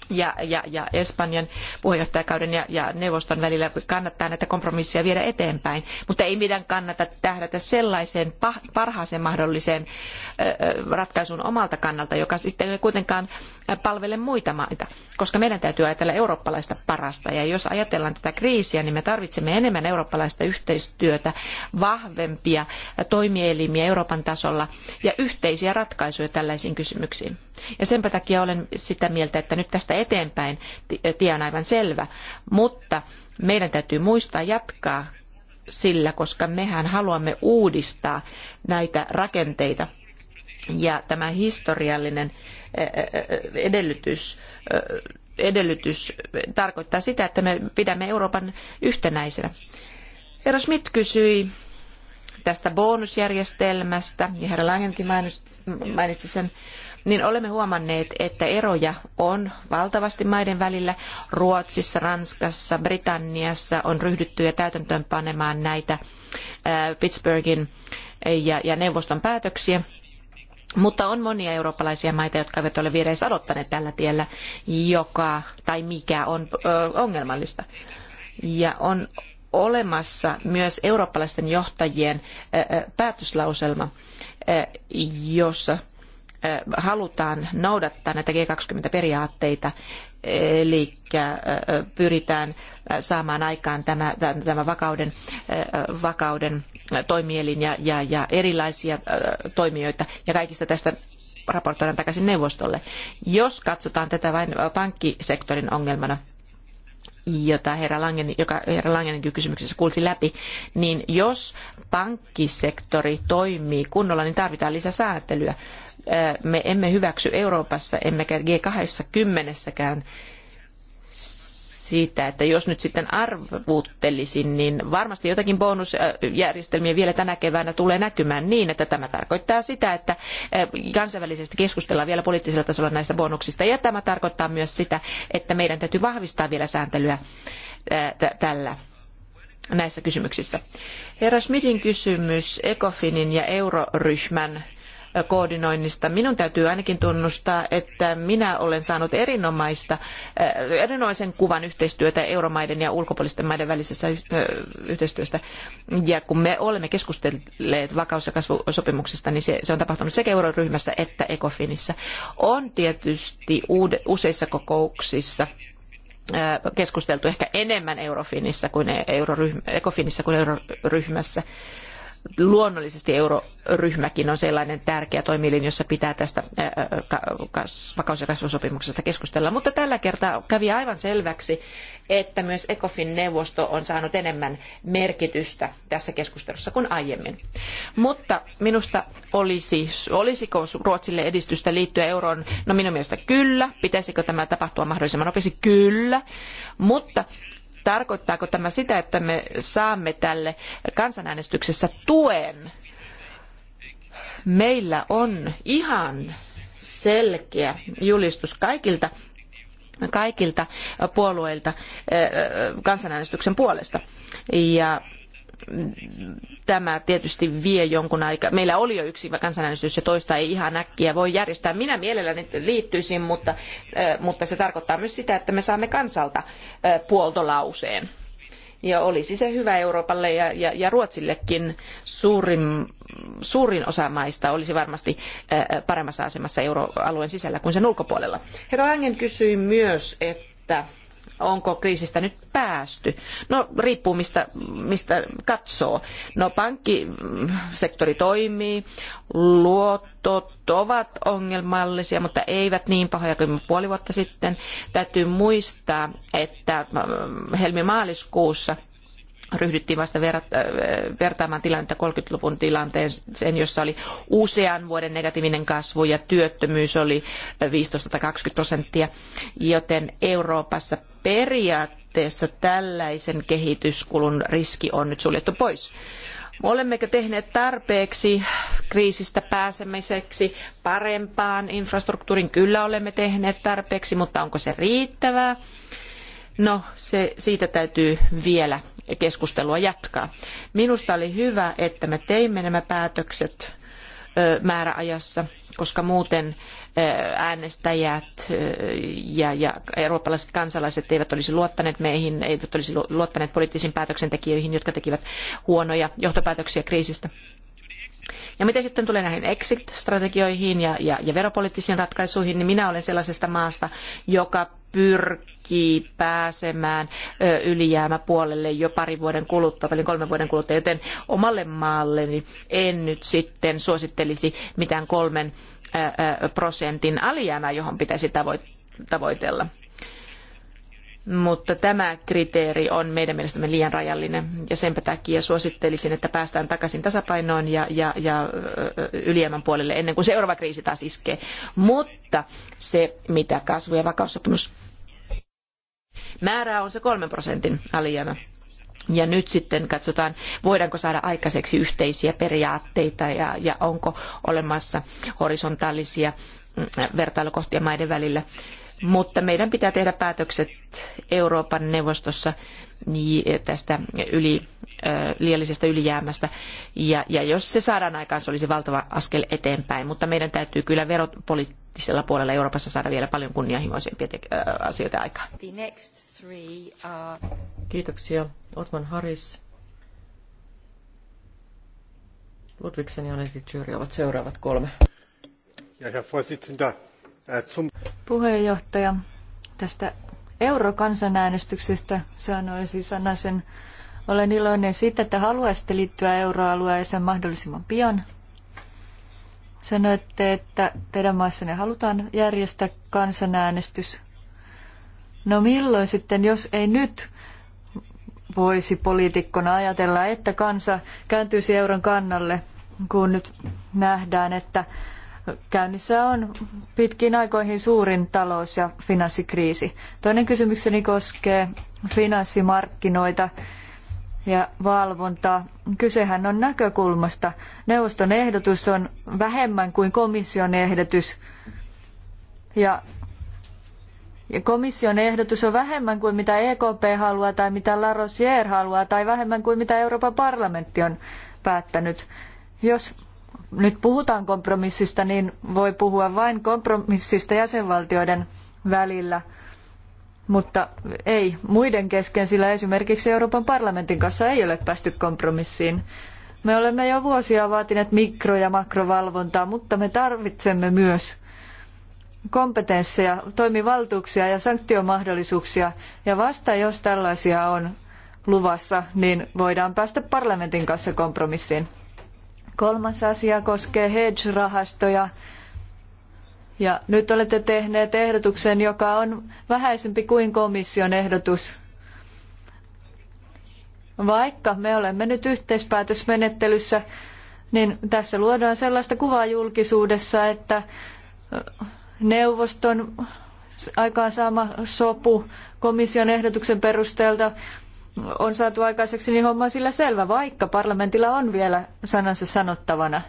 ja, ja, ja Espanjan puheenjohtajakauden ja, ja neuvoston välillä kannattaa näitä kompromisseja viedä eteenpäin. Mutta ei meidän kannata tähdätä sellaiseen parhaaseen mahdolliseen ratkaisuun omalta kannalta, joka sitten ei kuitenkaan palvele muita maita, koska meidän täytyy ajatella eurooppalaista parasta. Ja jos ajatellaan tätä kriisiä, niin me tarvitsemme enemmän eurooppalaista yhteistyötä, vahvempia toimielimiä Euroopan tasolla ja yhteisiä ratkaisuja tällaisiin kysymyksiin. Ja senpä takia olen sitä mieltä, että nyt tästä eteenpäin. Eh, tie on aivan selvä, mutta meidän täytyy muistaa jatkaa sillä, koska mehän haluamme uudistaa näitä rakenteita. Ja tämä historiallinen eh, eh, edellytys, edellytys tarkoittaa sitä, että me pidämme Euroopan yhtenäisenä. Herra Schmidt kysyi tästä bonusjärjestelmästä, ja herra Langenkin mainitsi sen niin olemme huomanneet, että eroja on valtavasti maiden välillä. Ruotsissa, Ranskassa, Britanniassa on ryhdytty ja täytäntöönpanemaan näitä äh, Pittsburghin äh, ja neuvoston päätöksiä. Mutta on monia eurooppalaisia maita, jotka eivät ole vielä edes odottaneet tällä tiellä, joka tai mikä on äh, ongelmallista. Ja on olemassa myös eurooppalaisten johtajien päätöslauselma, jossa halutaan noudattaa näitä G20-periaatteita, eli pyritään saamaan aikaan tämä, tämä vakauden, vakauden toimielin ja, ja, ja erilaisia toimijoita, ja kaikista tästä raportoidaan takaisin neuvostolle. Jos katsotaan tätä vain pankkisektorin ongelmana, jota herra Langen, joka herra Langenin kysymyksessä kuulsi läpi, niin jos pankkisektori toimii kunnolla, niin tarvitaan lisää säätelyä me emme hyväksy Euroopassa emmekä g 20 kymmenessäkään siitä, että jos nyt sitten arvuuttelisin, niin varmasti jotakin bonusjärjestelmiä vielä tänä keväänä tulee näkymään niin, että tämä tarkoittaa sitä, että kansainvälisesti keskustellaan vielä poliittisella tasolla näistä bonuksista. Ja tämä tarkoittaa myös sitä, että meidän täytyy vahvistaa vielä sääntelyä tällä näissä kysymyksissä. Herra Schmidtin kysymys ECOFINin ja euroryhmän koordinoinnista. Minun täytyy ainakin tunnustaa, että minä olen saanut erinomaista, äh, erinomaisen kuvan yhteistyötä euromaiden ja ulkopuolisten maiden välisestä äh, yhteistyöstä. Ja kun me olemme keskustelleet vakaus- ja kasvusopimuksesta, niin se, on tapahtunut sekä euroryhmässä että ECOFINissa. On tietysti useissa kokouksissa äh, keskusteltu ehkä enemmän Eurofinissa kuin euroryhmä, Ecofinissa kuin euroryhmässä luonnollisesti euroryhmäkin on sellainen tärkeä toimielin, jossa pitää tästä vakaus- ja kasvusopimuksesta keskustella. Mutta tällä kertaa kävi aivan selväksi, että myös ECOFIN neuvosto on saanut enemmän merkitystä tässä keskustelussa kuin aiemmin. Mutta minusta olisi, olisiko Ruotsille edistystä liittyä euroon? No minun mielestä kyllä. Pitäisikö tämä tapahtua mahdollisimman nopeasti? Kyllä. Mutta Tarkoittaako tämä sitä, että me saamme tälle kansanäänestyksessä tuen? Meillä on ihan selkeä julistus kaikilta kaikilta puolueilta eh, eh, kansanäänestyksen puolesta. Ja tämä tietysti vie jonkun aikaa. Meillä oli jo yksi kansanäänestys ja toista ei ihan äkkiä voi järjestää. Minä mielelläni liittyisin, mutta, mutta se tarkoittaa myös sitä, että me saamme kansalta puoltolauseen. Ja olisi se hyvä Euroopalle ja, ja, ja Ruotsillekin. Suurin, suurin osa maista olisi varmasti paremmassa asemassa euroalueen sisällä kuin sen ulkopuolella. Herra Langen kysyi myös, että onko kriisistä nyt päästy? No riippuu mistä, mistä katsoo. No pankkisektori toimii, luotot ovat ongelmallisia, mutta eivät niin pahoja kuin puoli vuotta sitten. Täytyy muistaa, että ähm, helmi-maaliskuussa ryhdyttiin vasta äh, vertaamaan tilannetta 30-luvun tilanteeseen, jossa oli usean vuoden negatiivinen kasvu ja työttömyys oli 15-20 äh, prosenttia, joten Euroopassa periaatteessa tällaisen kehityskulun riski on nyt suljettu pois. Olemmeko tehneet tarpeeksi kriisistä pääsemiseksi parempaan infrastruktuuriin? Kyllä olemme tehneet tarpeeksi, mutta onko se riittävää? No, se, siitä täytyy vielä keskustelua jatkaa. Minusta oli hyvä, että me teimme nämä päätökset määräajassa, koska muuten äänestäjät ja, ja eurooppalaiset kansalaiset eivät olisi luottaneet meihin, eivät olisi luottaneet poliittisiin päätöksentekijöihin, jotka tekivät huonoja johtopäätöksiä kriisistä. Ja mitä sitten tulee näihin exit-strategioihin ja, ja, ja veropoliittisiin ratkaisuihin, niin minä olen sellaisesta maasta, joka pyrkii pääsemään ylijäämäpuolelle jo pari vuoden kuluttua, eli kolmen vuoden kuluttua, joten omalle maalleni en nyt sitten suosittelisi mitään kolmen prosentin alijäämää, johon pitäisi tavoitella mutta tämä kriteeri on meidän mielestämme liian rajallinen ja senpä takia suosittelisin, että päästään takaisin tasapainoon ja, ja, ja ylijäämän puolelle ennen kuin seuraava kriisi taas iskee. Mutta se, mitä kasvu- ja vakaussopimus määrää, on se kolmen prosentin alijäämä. Ja nyt sitten katsotaan, voidaanko saada aikaiseksi yhteisiä periaatteita ja, ja onko olemassa horisontaalisia mm, vertailukohtia maiden välillä mutta meidän pitää tehdä päätökset Euroopan neuvostossa tästä yli, liiallisesta ylijäämästä. Ja, ja jos se saadaan aikaan, se olisi valtava askel eteenpäin. Mutta meidän täytyy kyllä veropoliittisella puolella Euroopassa saada vielä paljon kunnianhimoisempia asioita aikaan. Kiitoksia. Otman Harris. Ludvigsen ja Annette ovat seuraavat kolme. Ja herra Puheenjohtaja, tästä eurokansanäänestyksestä sanoisin sanasen. Olen iloinen siitä, että haluaisitte liittyä euroalueeseen mahdollisimman pian. Sanoitte, että teidän maassanne halutaan järjestää kansanäänestys. No milloin sitten, jos ei nyt, voisi poliitikkona ajatella, että kansa kääntyisi euron kannalle, kun nyt nähdään, että käynnissä on pitkin aikoihin suurin talous- ja finanssikriisi. Toinen kysymykseni koskee finanssimarkkinoita ja valvontaa. Kysehän on näkökulmasta. Neuvoston ehdotus on vähemmän kuin komission ehdotus. Ja ja komission ehdotus on vähemmän kuin mitä EKP haluaa tai mitä La Rosière haluaa tai vähemmän kuin mitä Euroopan parlamentti on päättänyt. Jos nyt puhutaan kompromissista, niin voi puhua vain kompromissista jäsenvaltioiden välillä, mutta ei muiden kesken, sillä esimerkiksi Euroopan parlamentin kanssa ei ole päästy kompromissiin. Me olemme jo vuosia vaatineet mikro- ja makrovalvontaa, mutta me tarvitsemme myös kompetensseja, toimivaltuuksia ja sanktiomahdollisuuksia. Ja vasta jos tällaisia on luvassa, niin voidaan päästä parlamentin kanssa kompromissiin. Kolmas asia koskee hedge-rahastoja. Ja nyt olette tehneet ehdotuksen, joka on vähäisempi kuin komission ehdotus. Vaikka me olemme nyt yhteispäätösmenettelyssä, niin tässä luodaan sellaista kuvaa julkisuudessa, että neuvoston aikaansaama sopu komission ehdotuksen perusteelta on saatu aikaiseksi, niin homma on sillä selvä, vaikka parlamentilla on vielä sanansa sanottavana.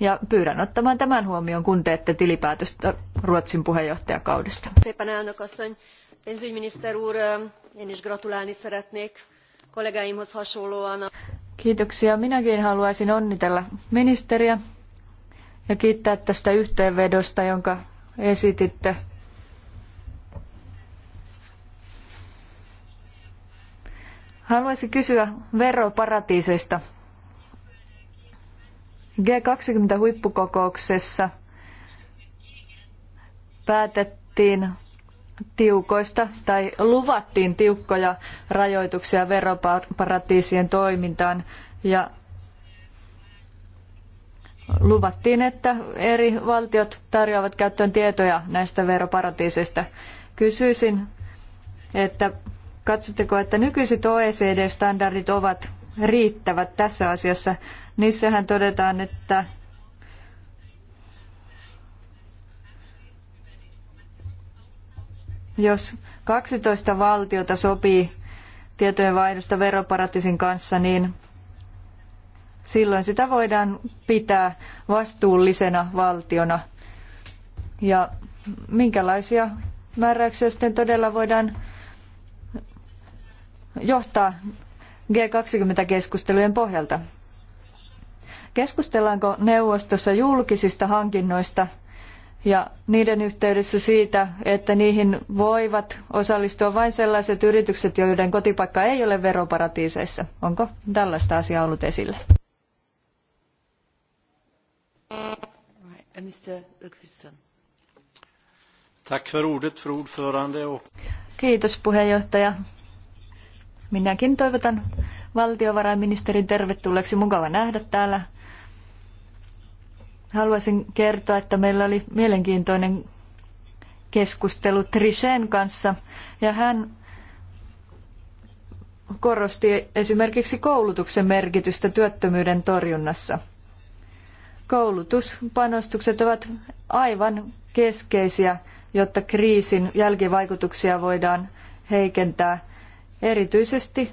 Ja pyydän ottamaan tämän huomioon, kun teette tilipäätöstä Ruotsin puheenjohtajakaudesta. Kiitoksia. Minäkin haluaisin onnitella ministeriä ja kiittää tästä yhteenvedosta, jonka esititte Haluaisin kysyä veroparatiiseista. G20-huippukokouksessa päätettiin tiukoista tai luvattiin tiukkoja rajoituksia veroparatiisien toimintaan ja luvattiin, että eri valtiot tarjoavat käyttöön tietoja näistä veroparatiiseista. Kysyisin, että Katsotteko, että nykyiset OECD-standardit ovat riittävät tässä asiassa? Niissähän todetaan, että jos 12 valtiota sopii tietojenvaihdosta veroparatiisin kanssa, niin silloin sitä voidaan pitää vastuullisena valtiona. Ja minkälaisia määräyksiä sitten todella voidaan johtaa G20-keskustelujen pohjalta? Keskustellaanko neuvostossa julkisista hankinnoista ja niiden yhteydessä siitä, että niihin voivat osallistua vain sellaiset yritykset, joiden kotipaikka ei ole veroparatiiseissa. Onko tällaista asiaa ollut esillä? Kiitos puheenjohtaja. Minäkin toivotan valtiovarainministerin tervetulleeksi. Mukava nähdä täällä. Haluaisin kertoa, että meillä oli mielenkiintoinen keskustelu Trishén kanssa ja hän korosti esimerkiksi koulutuksen merkitystä työttömyyden torjunnassa. Koulutuspanostukset ovat aivan keskeisiä, jotta kriisin jälkivaikutuksia voidaan heikentää erityisesti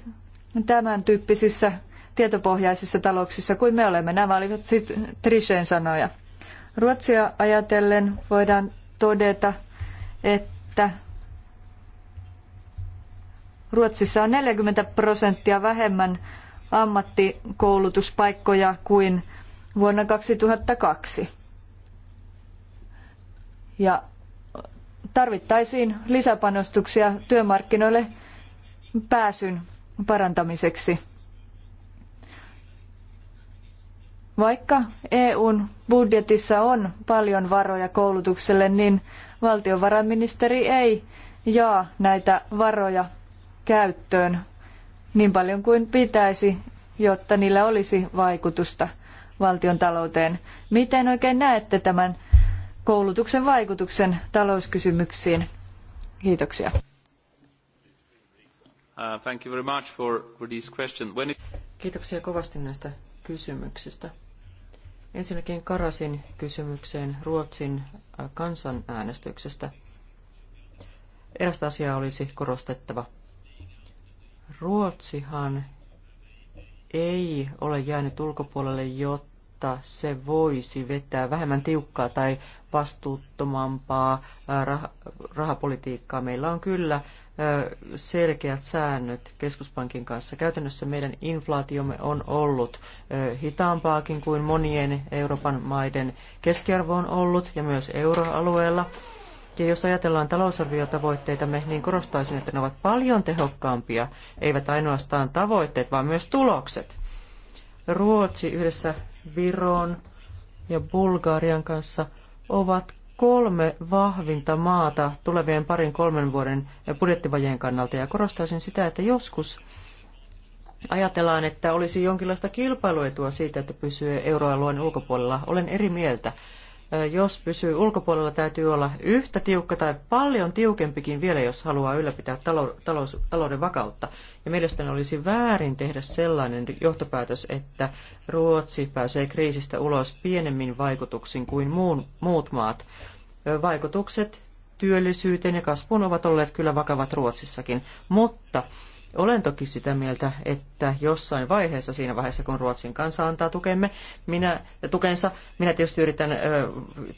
tämän tyyppisissä tietopohjaisissa talouksissa kuin me olemme. Nämä olivat siis Trisheen sanoja. Ruotsia ajatellen voidaan todeta, että Ruotsissa on 40 prosenttia vähemmän ammattikoulutuspaikkoja kuin vuonna 2002. Ja tarvittaisiin lisäpanostuksia työmarkkinoille pääsyn parantamiseksi. Vaikka EUn budjetissa on paljon varoja koulutukselle, niin valtiovarainministeri ei jaa näitä varoja käyttöön niin paljon kuin pitäisi, jotta niillä olisi vaikutusta valtion talouteen. Miten oikein näette tämän koulutuksen vaikutuksen talouskysymyksiin? Kiitoksia. Uh, thank you very much for, When it... Kiitoksia kovasti näistä kysymyksistä. Ensinnäkin Karasin kysymykseen Ruotsin uh, kansanäänestyksestä. Erästä asiaa olisi korostettava. Ruotsihan ei ole jäänyt ulkopuolelle, jotta se voisi vetää vähemmän tiukkaa tai vastuuttomampaa uh, rahapolitiikkaa. Meillä on kyllä selkeät säännöt keskuspankin kanssa. Käytännössä meidän inflaatiomme on ollut hitaampaakin kuin monien Euroopan maiden keskiarvo on ollut ja myös euroalueella. Ja jos ajatellaan talousarviotavoitteitamme, niin korostaisin, että ne ovat paljon tehokkaampia, eivät ainoastaan tavoitteet, vaan myös tulokset. Ruotsi yhdessä Viron ja Bulgarian kanssa ovat kolme vahvinta maata tulevien parin kolmen vuoden budjettivajeen kannalta. Ja korostaisin sitä, että joskus ajatellaan, että olisi jonkinlaista kilpailuetua siitä, että pysyy euroalueen ulkopuolella. Olen eri mieltä. Jos pysyy ulkopuolella, täytyy olla yhtä tiukka tai paljon tiukempikin vielä, jos haluaa ylläpitää talouden vakautta. Ja mielestäni olisi väärin tehdä sellainen johtopäätös, että Ruotsi pääsee kriisistä ulos pienemmin vaikutuksin kuin muun, muut maat vaikutukset työllisyyteen ja kasvuun ovat olleet kyllä vakavat Ruotsissakin, mutta olen toki sitä mieltä, että jossain vaiheessa, siinä vaiheessa kun Ruotsin kansa antaa tukemme, minä, tukensa, minä tietysti yritän ö,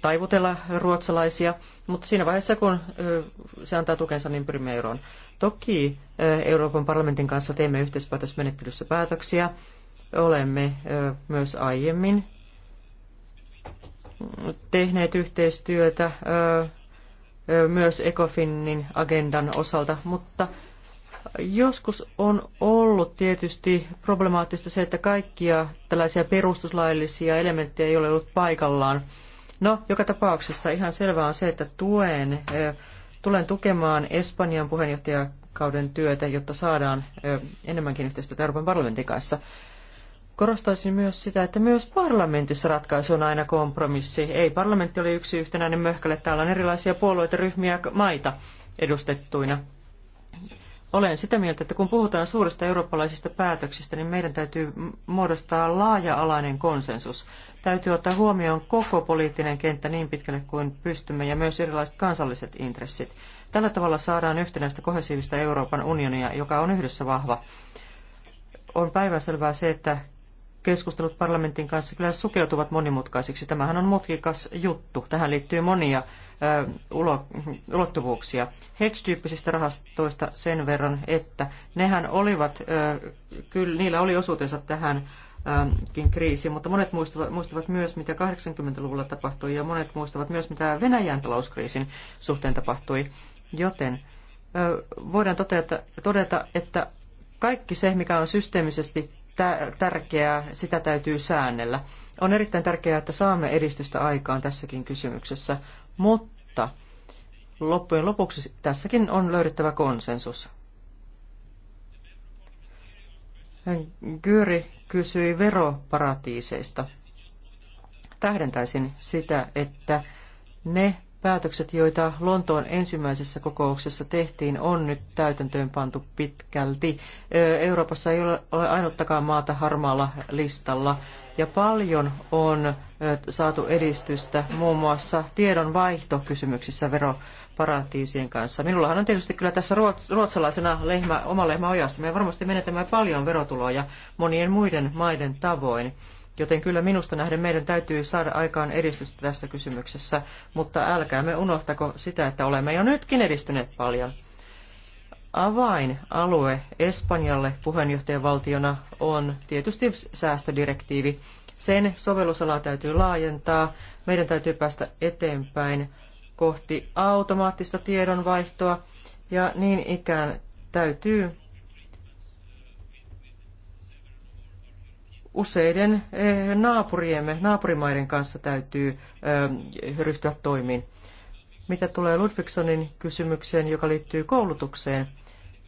taivutella ruotsalaisia, mutta siinä vaiheessa kun ö, se antaa tukensa, niin pyrimme euroon. Toki ö, Euroopan parlamentin kanssa teemme yhteispäätösmenettelyssä päätöksiä. Olemme ö, myös aiemmin tehneet yhteistyötä myös Ecofinin agendan osalta, mutta joskus on ollut tietysti problemaattista se, että kaikkia tällaisia perustuslaillisia elementtejä ei ole ollut paikallaan. No, joka tapauksessa ihan selvää on se, että tuen, tulen tukemaan Espanjan puheenjohtajakauden työtä, jotta saadaan enemmänkin yhteistyötä Euroopan parlamentin kanssa. Korostaisin myös sitä, että myös parlamentissa ratkaisu on aina kompromissi. Ei parlamentti ole yksi yhtenäinen möhkäle. Täällä on erilaisia puolueita, ryhmiä, maita edustettuina. Olen sitä mieltä, että kun puhutaan suurista eurooppalaisista päätöksistä, niin meidän täytyy muodostaa laaja-alainen konsensus. Täytyy ottaa huomioon koko poliittinen kenttä niin pitkälle kuin pystymme ja myös erilaiset kansalliset intressit. Tällä tavalla saadaan yhtenäistä kohesiivista Euroopan unionia, joka on yhdessä vahva. On päivänselvää se, että keskustelut parlamentin kanssa kyllä sukeutuvat monimutkaisiksi. Tämähän on mutkikas juttu. Tähän liittyy monia ö, ulo, ulottuvuuksia. Hedge-tyyppisistä rahastoista sen verran, että nehän olivat, kyllä niillä oli osuutensa tähän kriisi, mutta monet muistavat, muistavat myös, mitä 80-luvulla tapahtui, ja monet muistavat myös, mitä Venäjän talouskriisin suhteen tapahtui. Joten voidaan todeta, todeta, että kaikki se, mikä on systeemisesti tärkeää, sitä täytyy säännellä. On erittäin tärkeää, että saamme edistystä aikaan tässäkin kysymyksessä, mutta loppujen lopuksi tässäkin on löydettävä konsensus. Gyri kysyi veroparatiiseista. Tähdentäisin sitä, että ne päätökset, joita Lontoon ensimmäisessä kokouksessa tehtiin, on nyt täytäntöön pantu pitkälti. Euroopassa ei ole ainuttakaan maata harmaalla listalla ja paljon on saatu edistystä muun muassa tiedonvaihtokysymyksissä veroparatiisien kanssa. Minullahan on tietysti kyllä tässä ruotsalaisena lehmä, oma lehmä ojassa. Me varmasti menetämme paljon verotuloja monien muiden maiden tavoin. Joten kyllä minusta nähden meidän täytyy saada aikaan edistystä tässä kysymyksessä, mutta älkäämme unohtako sitä, että olemme jo nytkin edistyneet paljon. Avainalue Espanjalle puheenjohtajavaltiona on tietysti säästödirektiivi. Sen sovellusalaa täytyy laajentaa, meidän täytyy päästä eteenpäin kohti automaattista tiedonvaihtoa ja niin ikään täytyy useiden eh, naapuriemme, naapurimaiden kanssa täytyy eh, ryhtyä toimiin. Mitä tulee Ludvigsonin kysymykseen, joka liittyy koulutukseen?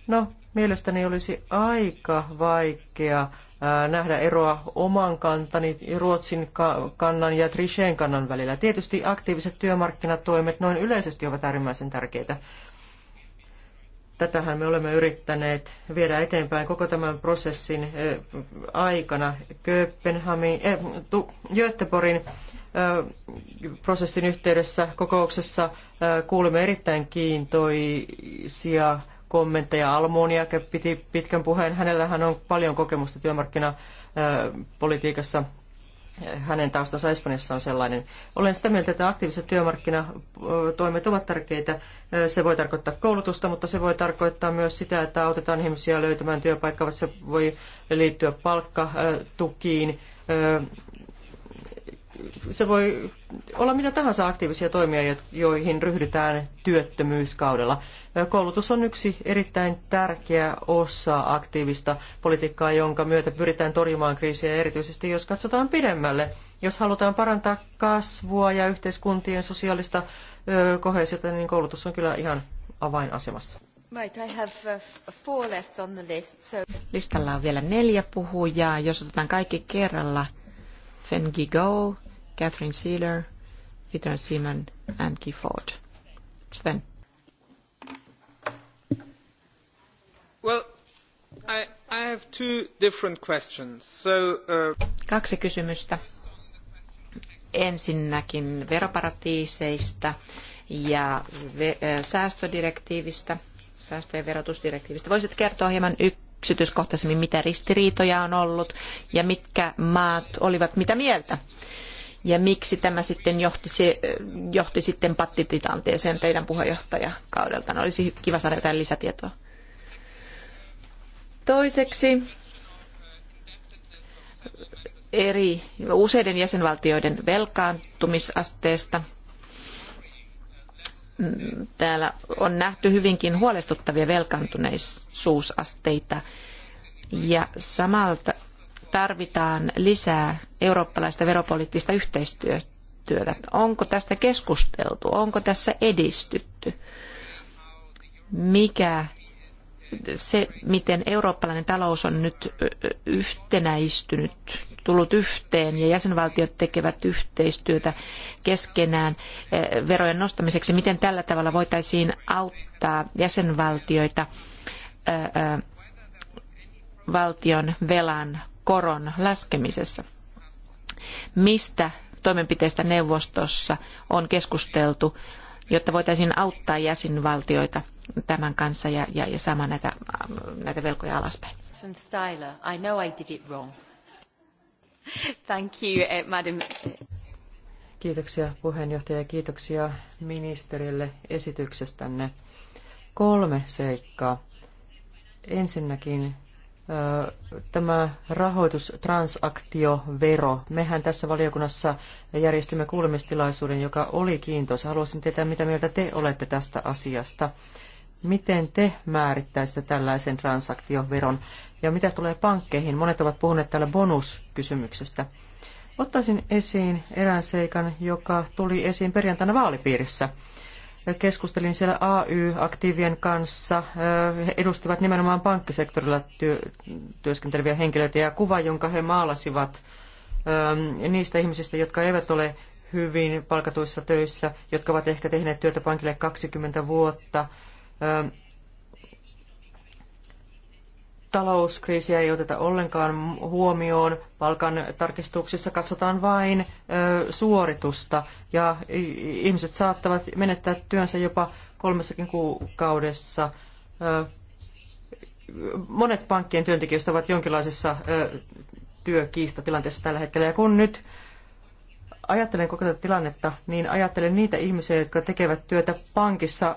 No, mielestäni olisi aika vaikea eh, nähdä eroa oman kantani, Ruotsin kannan ja Trisheen kannan välillä. Tietysti aktiiviset työmarkkinatoimet noin yleisesti ovat äärimmäisen tärkeitä. Tätähän me olemme yrittäneet viedä eteenpäin koko tämän prosessin eh, aikana Kööpenhamin, eh, Göteborgin eh, prosessin yhteydessä kokouksessa eh, kuulimme erittäin kiintoisia kommentteja. Almonia piti pitkän puheen. Hänellähän on paljon kokemusta työmarkkinapolitiikassa hänen taustansa Espanjassa on sellainen. Olen sitä mieltä, että aktiiviset työmarkkinatoimet ovat tärkeitä. Se voi tarkoittaa koulutusta, mutta se voi tarkoittaa myös sitä, että autetaan ihmisiä löytämään työpaikkaa, se voi liittyä palkkatukiin, se voi olla mitä tahansa aktiivisia toimia, joihin ryhdytään työttömyyskaudella. Koulutus on yksi erittäin tärkeä osa aktiivista politiikkaa, jonka myötä pyritään torjumaan kriisiä erityisesti, jos katsotaan pidemmälle. Jos halutaan parantaa kasvua ja yhteiskuntien sosiaalista kohesiota, niin koulutus on kyllä ihan avainasemassa. Right, I have uh, four left on the list, so... Listalla on vielä neljä puhujaa. Jos otetaan kaikki kerralla, Go. Sealer, Peter Ford. Sven. Well, I, have two different questions. So, uh, Kaksi kysymystä. Ensinnäkin veroparatiiseista ja säästödirektiivistä, säästö- ja verotusdirektiivistä. Voisit kertoa hieman yksityiskohtaisemmin, mitä ristiriitoja on ollut ja mitkä maat olivat mitä mieltä ja miksi tämä sitten johti, se, johti sitten pattitilanteeseen teidän puheenjohtajakaudelta? No, olisi kiva saada jotain lisätietoa. Toiseksi eri useiden jäsenvaltioiden velkaantumisasteesta. Täällä on nähty hyvinkin huolestuttavia velkaantuneisuusasteita ja samalta tarvitaan lisää eurooppalaista veropoliittista yhteistyötä. Onko tästä keskusteltu? Onko tässä edistytty? Mikä se, miten eurooppalainen talous on nyt yhtenäistynyt, tullut yhteen ja jäsenvaltiot tekevät yhteistyötä keskenään verojen nostamiseksi, miten tällä tavalla voitaisiin auttaa jäsenvaltioita valtion velan koron laskemisessa. Mistä toimenpiteistä neuvostossa on keskusteltu, jotta voitaisiin auttaa jäsenvaltioita tämän kanssa ja, ja, ja saamaan näitä, näitä velkoja alaspäin? Thank you, eh, madam. Kiitoksia puheenjohtaja ja kiitoksia ministerille esityksestänne. Kolme seikkaa. Ensinnäkin tämä rahoitustransaktiovero. Mehän tässä valiokunnassa järjestimme kuulemistilaisuuden, joka oli kiintoisa. Haluaisin tietää, mitä mieltä te olette tästä asiasta. Miten te määrittäisitte tällaisen transaktioveron? Ja mitä tulee pankkeihin? Monet ovat puhuneet täällä bonuskysymyksestä. Ottaisin esiin erään seikan, joka tuli esiin perjantaina vaalipiirissä keskustelin siellä AY-aktiivien kanssa. He edustivat nimenomaan pankkisektorilla työskenteleviä henkilöitä ja kuva, jonka he maalasivat ähm, niistä ihmisistä, jotka eivät ole hyvin palkatuissa töissä, jotka ovat ehkä tehneet työtä pankille 20 vuotta, ähm, talouskriisiä ei oteta ollenkaan huomioon. Palkan tarkistuksissa katsotaan vain suoritusta ja ihmiset saattavat menettää työnsä jopa kolmessakin kuukaudessa. monet pankkien työntekijöistä ovat jonkinlaisessa ö, työkiistatilanteessa tällä hetkellä. Ja kun nyt ajattelen koko tätä tilannetta, niin ajattelen niitä ihmisiä, jotka tekevät työtä pankissa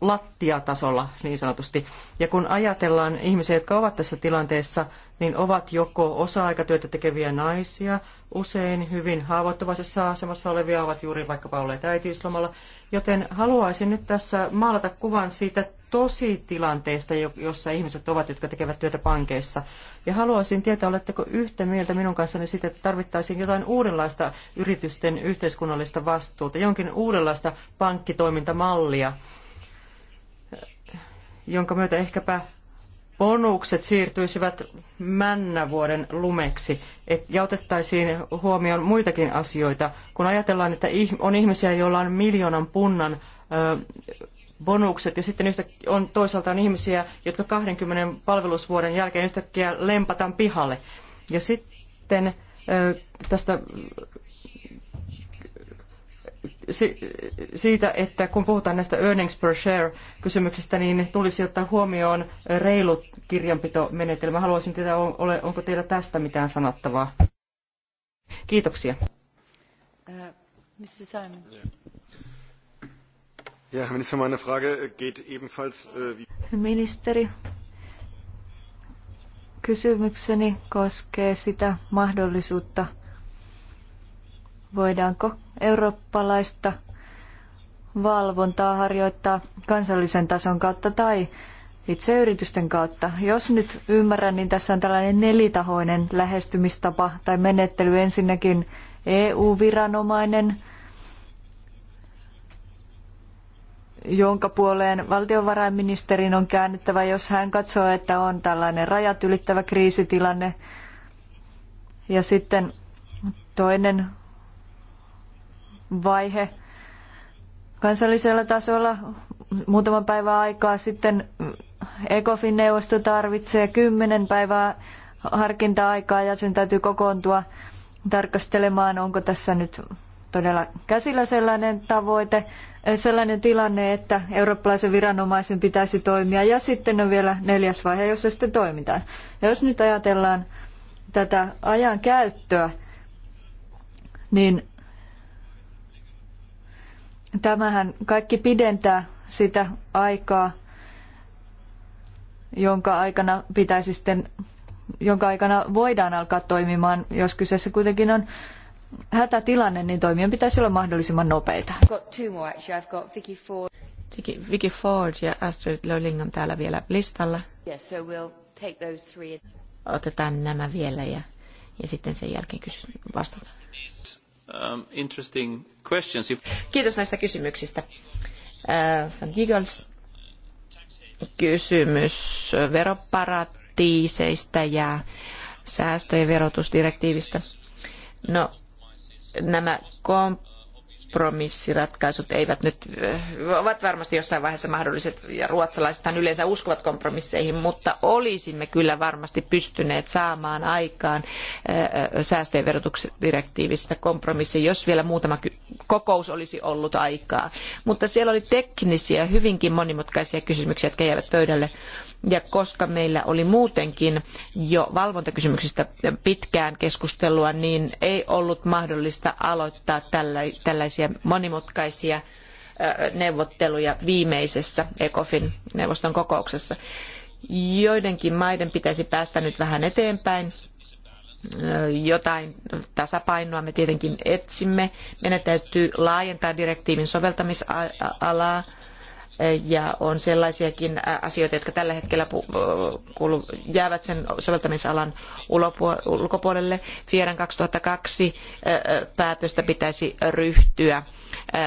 lattiatasolla niin sanotusti. Ja kun ajatellaan ihmisiä, jotka ovat tässä tilanteessa, niin ovat joko osa-aikatyötä tekeviä naisia, usein hyvin haavoittuvaisessa asemassa olevia, ovat juuri vaikkapa olleet äitiyslomalla. Joten haluaisin nyt tässä maalata kuvan siitä tosi tilanteesta, jossa ihmiset ovat, jotka tekevät työtä pankeissa. Ja haluaisin tietää, oletteko yhtä mieltä minun kanssani siitä, että tarvittaisiin jotain uudenlaista yritysten yhteiskunnallista vastuuta, jonkin uudenlaista pankkitoimintamallia, jonka myötä ehkäpä bonukset siirtyisivät männävuoden lumeksi et, ja otettaisiin huomioon muitakin asioita, Kun ajatellaan, että on ihmisiä, joilla on miljoonan punnan bonukset ja sitten yhtä, on toisaalta on ihmisiä, jotka 20 palvelusvuoden jälkeen yhtäkkiä lempataan pihalle. Ja sitten tästä siitä, että kun puhutaan näistä earnings per share kysymyksistä, niin tulisi ottaa huomioon reilu kirjanpitomenetelmä. Haluaisin tietää, onko teillä tästä mitään sanottavaa? Kiitoksia. Uh, Mr. Simon. Ja, Minister, meine Frage geht ebenfalls, uh, Ministeri, kysymykseni koskee sitä mahdollisuutta, Voidaanko eurooppalaista valvontaa harjoittaa kansallisen tason kautta tai itse yritysten kautta. Jos nyt ymmärrän, niin tässä on tällainen nelitahoinen lähestymistapa tai menettely. Ensinnäkin EU-viranomainen, jonka puoleen valtiovarainministerin on käännyttävä, jos hän katsoo, että on tällainen rajat ylittävä kriisitilanne. Ja sitten toinen vaihe kansallisella tasolla. Muutaman päivän aikaa sitten ECOFIN neuvosto tarvitsee kymmenen päivää harkinta-aikaa ja sen täytyy kokoontua tarkastelemaan, onko tässä nyt todella käsillä sellainen tavoite, sellainen tilanne, että eurooppalaisen viranomaisen pitäisi toimia. Ja sitten on vielä neljäs vaihe, jossa sitten toimitaan. Ja jos nyt ajatellaan tätä ajan käyttöä, niin Tämähän kaikki pidentää sitä aikaa, jonka aikana pitäisi sitten, jonka aikana voidaan alkaa toimimaan, jos kyseessä kuitenkin on hätätilanne, niin toimien pitäisi olla mahdollisimman nopeita. Vicky Ford ja Astrid Lolling on täällä vielä listalla. Yes, so we'll take those three. Otetaan nämä vielä ja, ja sitten sen jälkeen kysy, vastataan. Um, Kiitos näistä kysymyksistä. Äh, Van Giggles kysymys veroparatiiseista ja säästöjen verotusdirektiivistä. No, nämä kom- kompromissiratkaisut eivät nyt, eh, ovat varmasti jossain vaiheessa mahdolliset, ja ruotsalaisethan yleensä uskovat kompromisseihin, mutta olisimme kyllä varmasti pystyneet saamaan aikaan eh, säästöjen verotusdirektiivistä kompromissi, jos vielä muutama kokous olisi ollut aikaa. Mutta siellä oli teknisiä, hyvinkin monimutkaisia kysymyksiä, jotka jäivät pöydälle ja koska meillä oli muutenkin jo valvontakysymyksistä pitkään keskustelua, niin ei ollut mahdollista aloittaa tällaisia monimutkaisia neuvotteluja viimeisessä ECOFIN neuvoston kokouksessa. Joidenkin maiden pitäisi päästä nyt vähän eteenpäin. Jotain tasapainoa me tietenkin etsimme. Meidän täytyy laajentaa direktiivin soveltamisalaa ja on sellaisiakin asioita, jotka tällä hetkellä jäävät sen soveltamisalan ulkopuolelle. Fieran 2002 päätöstä pitäisi ryhtyä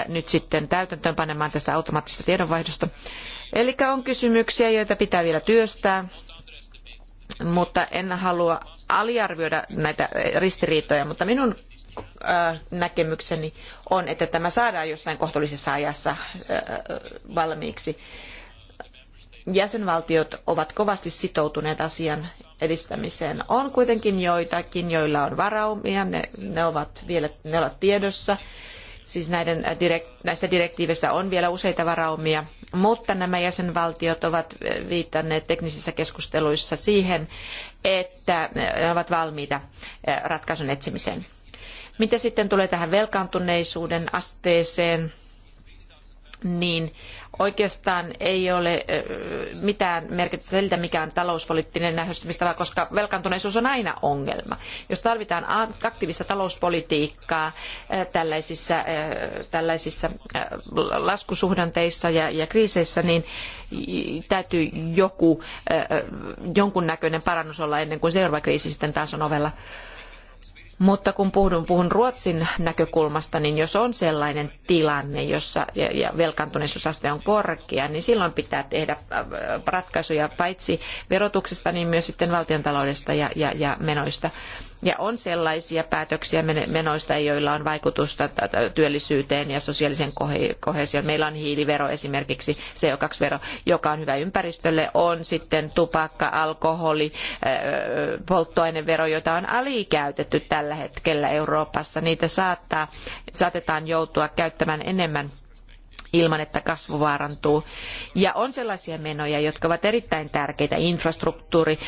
nyt sitten täytäntöönpanemaan tästä automaattisesta tiedonvaihdosta. Eli on kysymyksiä, joita pitää vielä työstää, mutta en halua aliarvioida näitä ristiriitoja, mutta minun näkemykseni on, että tämä saadaan jossain kohtuullisessa ajassa valmiiksi. Jäsenvaltiot ovat kovasti sitoutuneet asian edistämiseen. On kuitenkin joitakin, joilla on varaumia, ne, ne ovat vielä ne ovat tiedossa. Siis näiden, näistä direktiiveistä on vielä useita varaumia, mutta nämä jäsenvaltiot ovat viitanneet teknisissä keskusteluissa siihen, että ne ovat valmiita ratkaisun etsimiseen mitä sitten tulee tähän velkaantuneisuuden asteeseen, niin oikeastaan ei ole mitään merkitystä siltä, mikä on talouspoliittinen lähestymistapa, koska velkaantuneisuus on aina ongelma. Jos tarvitaan aktiivista talouspolitiikkaa tällaisissa, tällaisissa laskusuhdanteissa ja, ja kriiseissä, niin täytyy joku, jonkunnäköinen parannus olla ennen kuin seuraava kriisi sitten taas on ovella mutta kun puhun, puhun Ruotsin näkökulmasta, niin jos on sellainen tilanne, jossa ja velkaantuneisuusaste on korkea, niin silloin pitää tehdä äh, ratkaisuja paitsi verotuksesta, niin myös sitten valtiontaloudesta ja, ja, ja menoista. Ja on sellaisia päätöksiä menoista, joilla on vaikutusta työllisyyteen ja sosiaalisen kohesioon. Meillä on hiilivero esimerkiksi, CO2-vero, joka on hyvä ympäristölle. On sitten tupakka, alkoholi, polttoainevero, jota on alikäytetty tällä hetkellä Euroopassa. Niitä saattaa, saatetaan joutua käyttämään enemmän ilman, että kasvu vaarantuu. Ja on sellaisia menoja, jotka ovat erittäin tärkeitä, infrastruktuuri,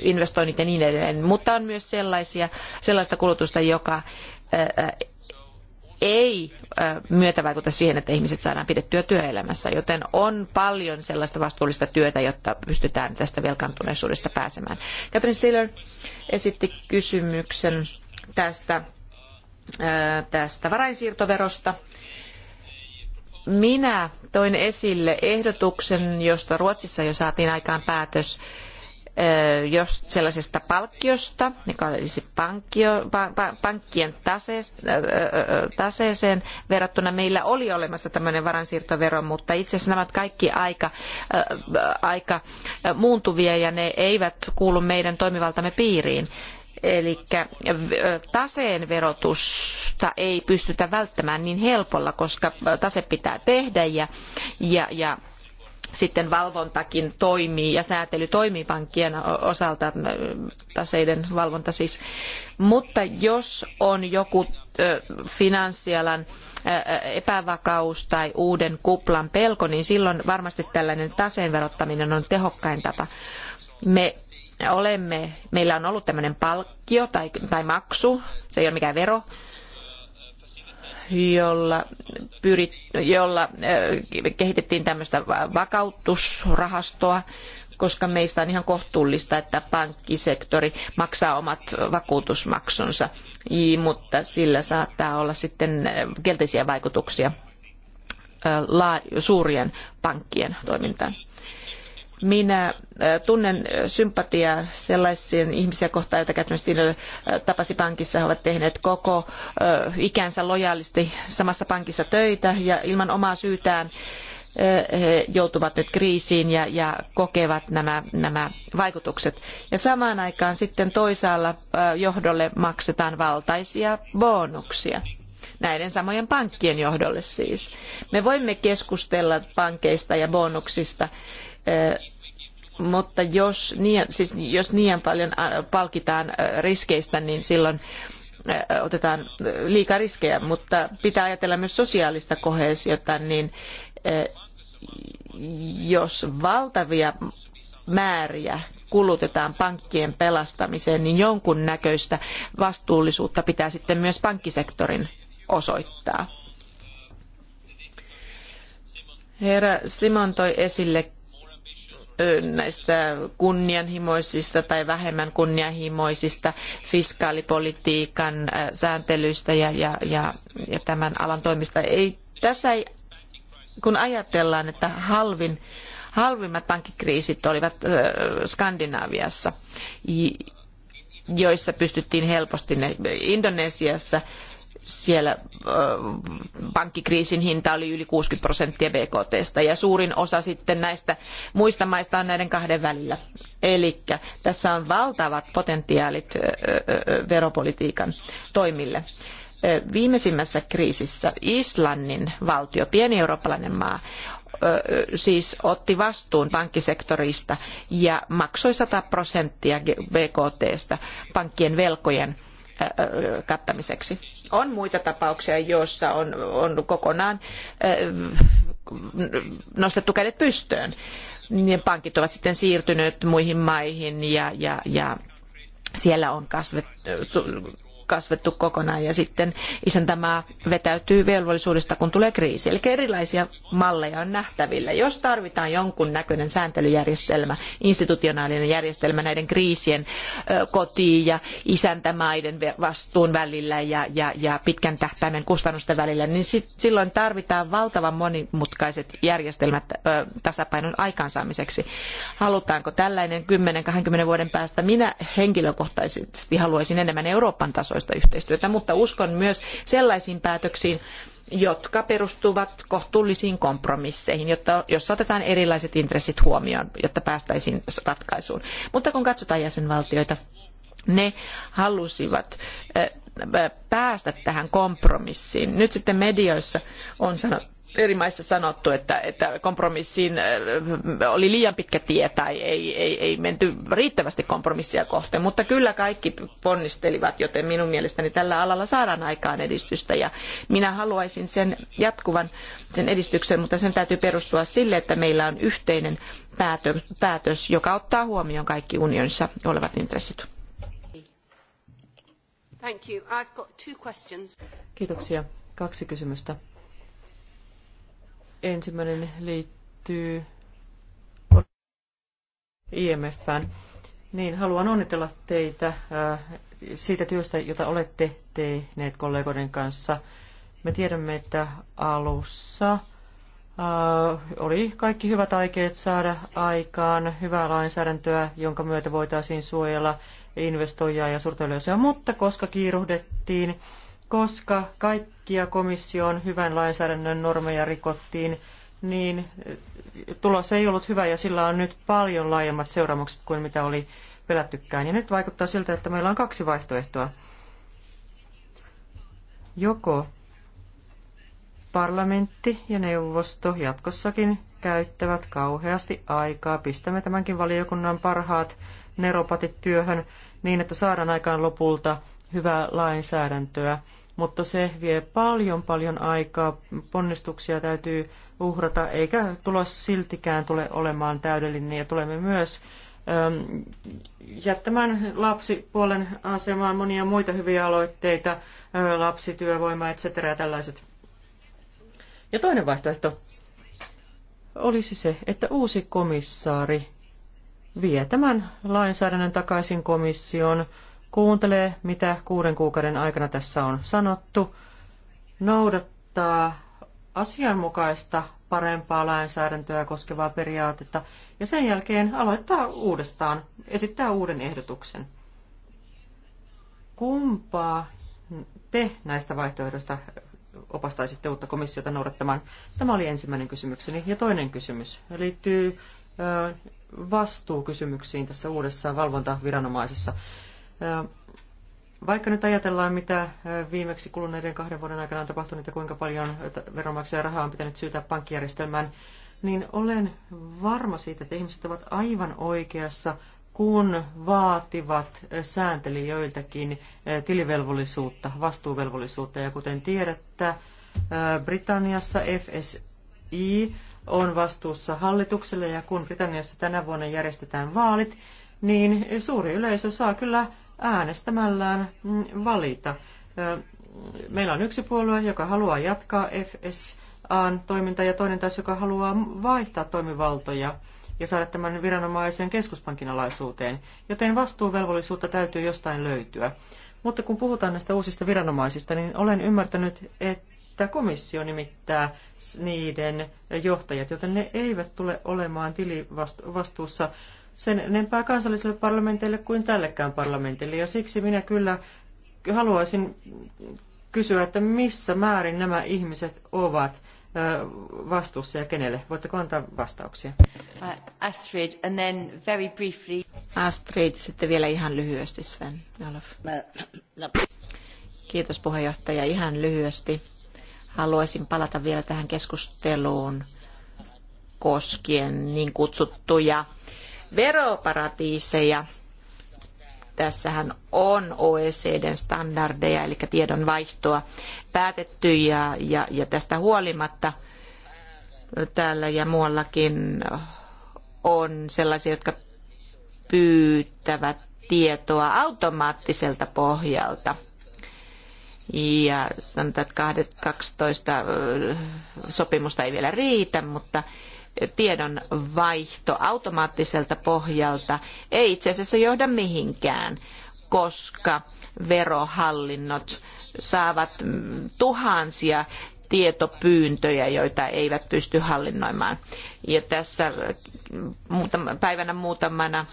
investoinnit ja niin edelleen, mutta on myös sellaisia, sellaista kulutusta, joka ei myötävaikuta siihen, että ihmiset saadaan pidettyä työelämässä, joten on paljon sellaista vastuullista työtä, jotta pystytään tästä velkaantuneisuudesta pääsemään. Catherine Stiller esitti kysymyksen tästä, tästä varainsiirtoverosta minä toin esille ehdotuksen, josta Ruotsissa jo saatiin aikaan päätös jos sellaisesta palkkiosta, joka olisi pankkien taseeseen verrattuna. Meillä oli olemassa tämmöinen varainsiirtovero, mutta itse asiassa nämä ovat kaikki aika, aika muuntuvia ja ne eivät kuulu meidän toimivaltamme piiriin. Eli taseen verotusta ei pystytä välttämään niin helpolla, koska tase pitää tehdä ja, ja, ja sitten valvontakin toimii ja säätely toimii pankkien osalta, taseiden valvonta siis. Mutta jos on joku finanssialan epävakaus tai uuden kuplan pelko, niin silloin varmasti tällainen taseen verottaminen on tehokkain tapa. Me olemme, meillä on ollut tämmöinen palkkio tai, tai maksu, se ei ole mikään vero, jolla, pyrit, jolla kehitettiin tämmöistä vakautusrahastoa, koska meistä on ihan kohtuullista, että pankkisektori maksaa omat vakuutusmaksunsa, mutta sillä saattaa olla sitten kielteisiä vaikutuksia suurien pankkien toimintaan. Minä äh, tunnen äh, sympatiaa sellaisiin ihmisiä kohtaan, joita Catherine äh, tapasi pankissa. He ovat tehneet koko ikänsä lojaalisti samassa pankissa töitä ja ilman omaa syytään he joutuvat nyt kriisiin ja, ja kokevat nämä, nämä vaikutukset. Ja samaan aikaan sitten toisaalla johdolle maksetaan valtaisia bonuksia näiden samojen pankkien johdolle siis. Me voimme keskustella pankeista ja bonuksista mutta jos niin, siis jos niin paljon äh, palkitaan äh, riskeistä, niin silloin äh, otetaan liikaa riskejä, mutta pitää ajatella myös sosiaalista kohesiota, niin jos valtavia määriä kulutetaan pankkien pelastamiseen, niin jonkun näköistä vastuullisuutta pitää sitten myös pankkisektorin osoittaa. Herra Simon toi esille näistä kunnianhimoisista tai vähemmän kunnianhimoisista fiskaalipolitiikan sääntelyistä ja, ja, ja, ja tämän alan toimista. Ei, tässä ei, kun ajatellaan, että halvin, halvimmat pankkikriisit olivat Skandinaviassa, joissa pystyttiin helposti ne Indonesiassa – siellä pankkikriisin hinta oli yli 60 prosenttia BKTstä ja suurin osa sitten näistä muista maista on näiden kahden välillä. Eli tässä on valtavat potentiaalit veropolitiikan toimille. Viimeisimmässä kriisissä Islannin valtio, pieni eurooppalainen maa, siis otti vastuun pankkisektorista ja maksoi 100 prosenttia BKTstä pankkien velkojen kattamiseksi on muita tapauksia, joissa on, on kokonaan nostettu kädet pystyyn. Pankit ovat sitten siirtyneet muihin maihin ja, ja, ja siellä on kasvet, kasvettu kokonaan ja sitten isäntämaa vetäytyy velvollisuudesta, kun tulee kriisi. Eli erilaisia malleja on nähtävillä. Jos tarvitaan jonkun näköinen sääntelyjärjestelmä, institutionaalinen järjestelmä näiden kriisien kotiin ja isäntämaiden vastuun välillä ja, ja, ja pitkän tähtäimen kustannusten välillä, niin sit, silloin tarvitaan valtavan monimutkaiset järjestelmät ö, tasapainon aikaansaamiseksi. Halutaanko tällainen 10-20 vuoden päästä? Minä henkilökohtaisesti haluaisin enemmän Euroopan tasolla tasoista yhteistyötä, mutta uskon myös sellaisiin päätöksiin, jotka perustuvat kohtuullisiin kompromisseihin, jotta, jossa otetaan erilaiset intressit huomioon, jotta päästäisiin ratkaisuun. Mutta kun katsotaan jäsenvaltioita, ne halusivat päästä tähän kompromissiin. Nyt sitten medioissa on sanottu, eri maissa sanottu, että, että kompromissiin äh, oli liian pitkä tie tai ei, ei, ei menty riittävästi kompromissia kohti, mutta kyllä kaikki ponnistelivat, joten minun mielestäni tällä alalla saadaan aikaan edistystä ja minä haluaisin sen jatkuvan sen edistyksen, mutta sen täytyy perustua sille, että meillä on yhteinen päätös, päätös joka ottaa huomioon kaikki unionissa olevat intressit. Kiitoksia. Kaksi kysymystä. Ensimmäinen liittyy IMFään. Niin, haluan onnitella teitä äh, siitä työstä, jota olette tehneet kollegoiden kanssa. Me tiedämme, että alussa äh, oli kaikki hyvät aikeet saada aikaan hyvää lainsäädäntöä, jonka myötä voitaisiin suojella investoijaa ja suurteollisuutta. mutta koska kiiruhdettiin, koska kaikkia komission hyvän lainsäädännön normeja rikottiin, niin eh, tulos ei ollut hyvä ja sillä on nyt paljon laajemmat seuraamukset kuin mitä oli pelättykään. Ja nyt vaikuttaa siltä, että meillä on kaksi vaihtoehtoa. Joko parlamentti ja neuvosto jatkossakin käyttävät kauheasti aikaa. Pistämme tämänkin valiokunnan parhaat neropatit työhön niin, että saadaan aikaan lopulta hyvää lainsäädäntöä mutta se vie paljon paljon aikaa, ponnistuksia täytyy uhrata, eikä tulos siltikään tule olemaan täydellinen ja tulemme myös ähm, jättämään lapsipuolen asemaan monia muita hyviä aloitteita, äh, lapsityövoima, etc. tällaiset. Ja toinen vaihtoehto olisi se, että uusi komissaari vie tämän lainsäädännön takaisin komission kuuntelee, mitä kuuden kuukauden aikana tässä on sanottu, noudattaa asianmukaista parempaa lainsäädäntöä koskevaa periaatetta ja sen jälkeen aloittaa uudestaan, esittää uuden ehdotuksen. Kumpaa te näistä vaihtoehdoista opastaisitte uutta komissiota noudattamaan? Tämä oli ensimmäinen kysymykseni. Ja toinen kysymys liittyy vastuukysymyksiin tässä uudessa valvontaviranomaisessa. Vaikka nyt ajatellaan, mitä viimeksi kuluneiden kahden vuoden aikana on tapahtunut ja kuinka paljon veronmaksajan rahaa on pitänyt syytää pankkijärjestelmään, niin olen varma siitä, että ihmiset ovat aivan oikeassa, kun vaativat sääntelijöiltäkin tilivelvollisuutta, vastuuvelvollisuutta. Ja kuten tiedätte, Britanniassa FSI on vastuussa hallitukselle ja kun Britanniassa tänä vuonna järjestetään vaalit, niin suuri yleisö saa kyllä äänestämällään mm, valita. Meillä on yksi puolue, joka haluaa jatkaa FSAn toimintaa ja toinen taas, joka haluaa vaihtaa toimivaltoja ja saada tämän viranomaisen keskuspankin alaisuuteen, joten vastuuvelvollisuutta täytyy jostain löytyä. Mutta kun puhutaan näistä uusista viranomaisista, niin olen ymmärtänyt, että komissio nimittää niiden johtajat, joten ne eivät tule olemaan tilivastuussa tilivastu- sen enempää kansalliselle parlamenteille kuin tällekään parlamentille. Ja siksi minä kyllä haluaisin kysyä, että missä määrin nämä ihmiset ovat vastuussa ja kenelle? Voitteko antaa vastauksia? Uh, Astrid, and then very briefly. Astrid, sitten vielä ihan lyhyesti Sven Olof. Kiitos puheenjohtaja. Ihan lyhyesti haluaisin palata vielä tähän keskusteluun koskien niin kutsuttuja veroparatiiseja. Tässähän on OECDn standardeja, eli tiedonvaihtoa päätetty ja, ja, ja tästä huolimatta täällä ja muuallakin on sellaisia, jotka pyytävät tietoa automaattiselta pohjalta. Ja sanotaan, että 12 sopimusta ei vielä riitä, mutta tiedonvaihto automaattiselta pohjalta ei itse asiassa johda mihinkään, koska verohallinnot saavat tuhansia tietopyyntöjä, joita eivät pysty hallinnoimaan. Ja tässä päivänä muutamana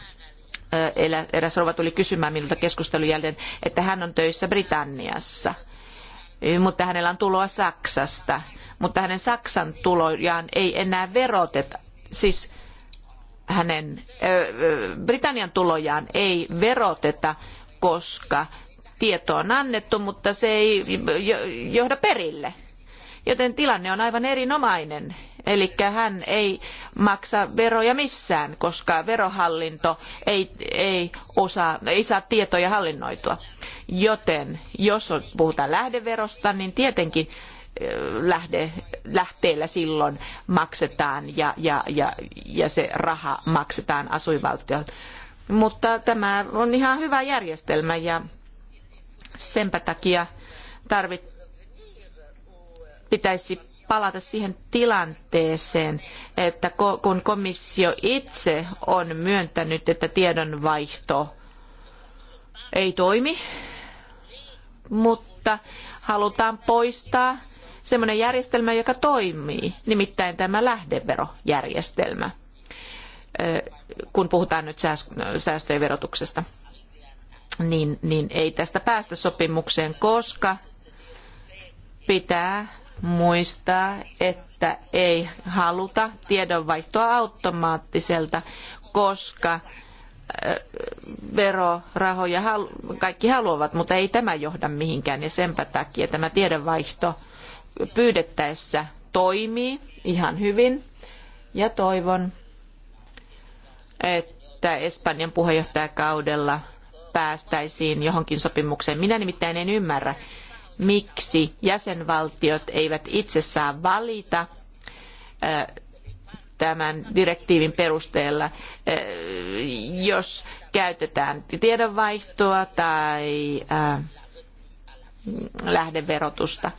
eräs rouva tuli kysymään minulta keskustelun jälkeen, että hän on töissä Britanniassa, mutta hänellä on tuloa Saksasta mutta hänen Saksan tulojaan ei enää veroteta. Siis hänen Britannian tulojaan ei veroteta, koska tieto on annettu, mutta se ei johda perille. Joten tilanne on aivan erinomainen. Eli hän ei maksa veroja missään, koska verohallinto ei, ei, osaa, ei saa tietoja hallinnoitua. Joten jos puhutaan lähdeverosta, niin tietenkin lähde, lähteellä silloin maksetaan ja, ja, ja, ja se raha maksetaan asuinvaltioon. Mutta tämä on ihan hyvä järjestelmä ja senpä takia tarvit, pitäisi palata siihen tilanteeseen, että kun komissio itse on myöntänyt, että tiedonvaihto ei toimi, mutta halutaan poistaa semmoinen järjestelmä, joka toimii, nimittäin tämä lähdeverojärjestelmä, kun puhutaan nyt säästöjen verotuksesta. Niin, niin ei tästä päästä sopimukseen, koska pitää muistaa, että ei haluta tiedonvaihtoa automaattiselta, koska verorahoja kaikki haluavat, mutta ei tämä johda mihinkään ja senpä takia tämä tiedonvaihto pyydettäessä toimii ihan hyvin. Ja toivon, että Espanjan puheenjohtajakaudella päästäisiin johonkin sopimukseen. Minä nimittäin en ymmärrä, miksi jäsenvaltiot eivät itse saa valita äh, tämän direktiivin perusteella, äh, jos käytetään tiedonvaihtoa tai äh, lähdeverotusta.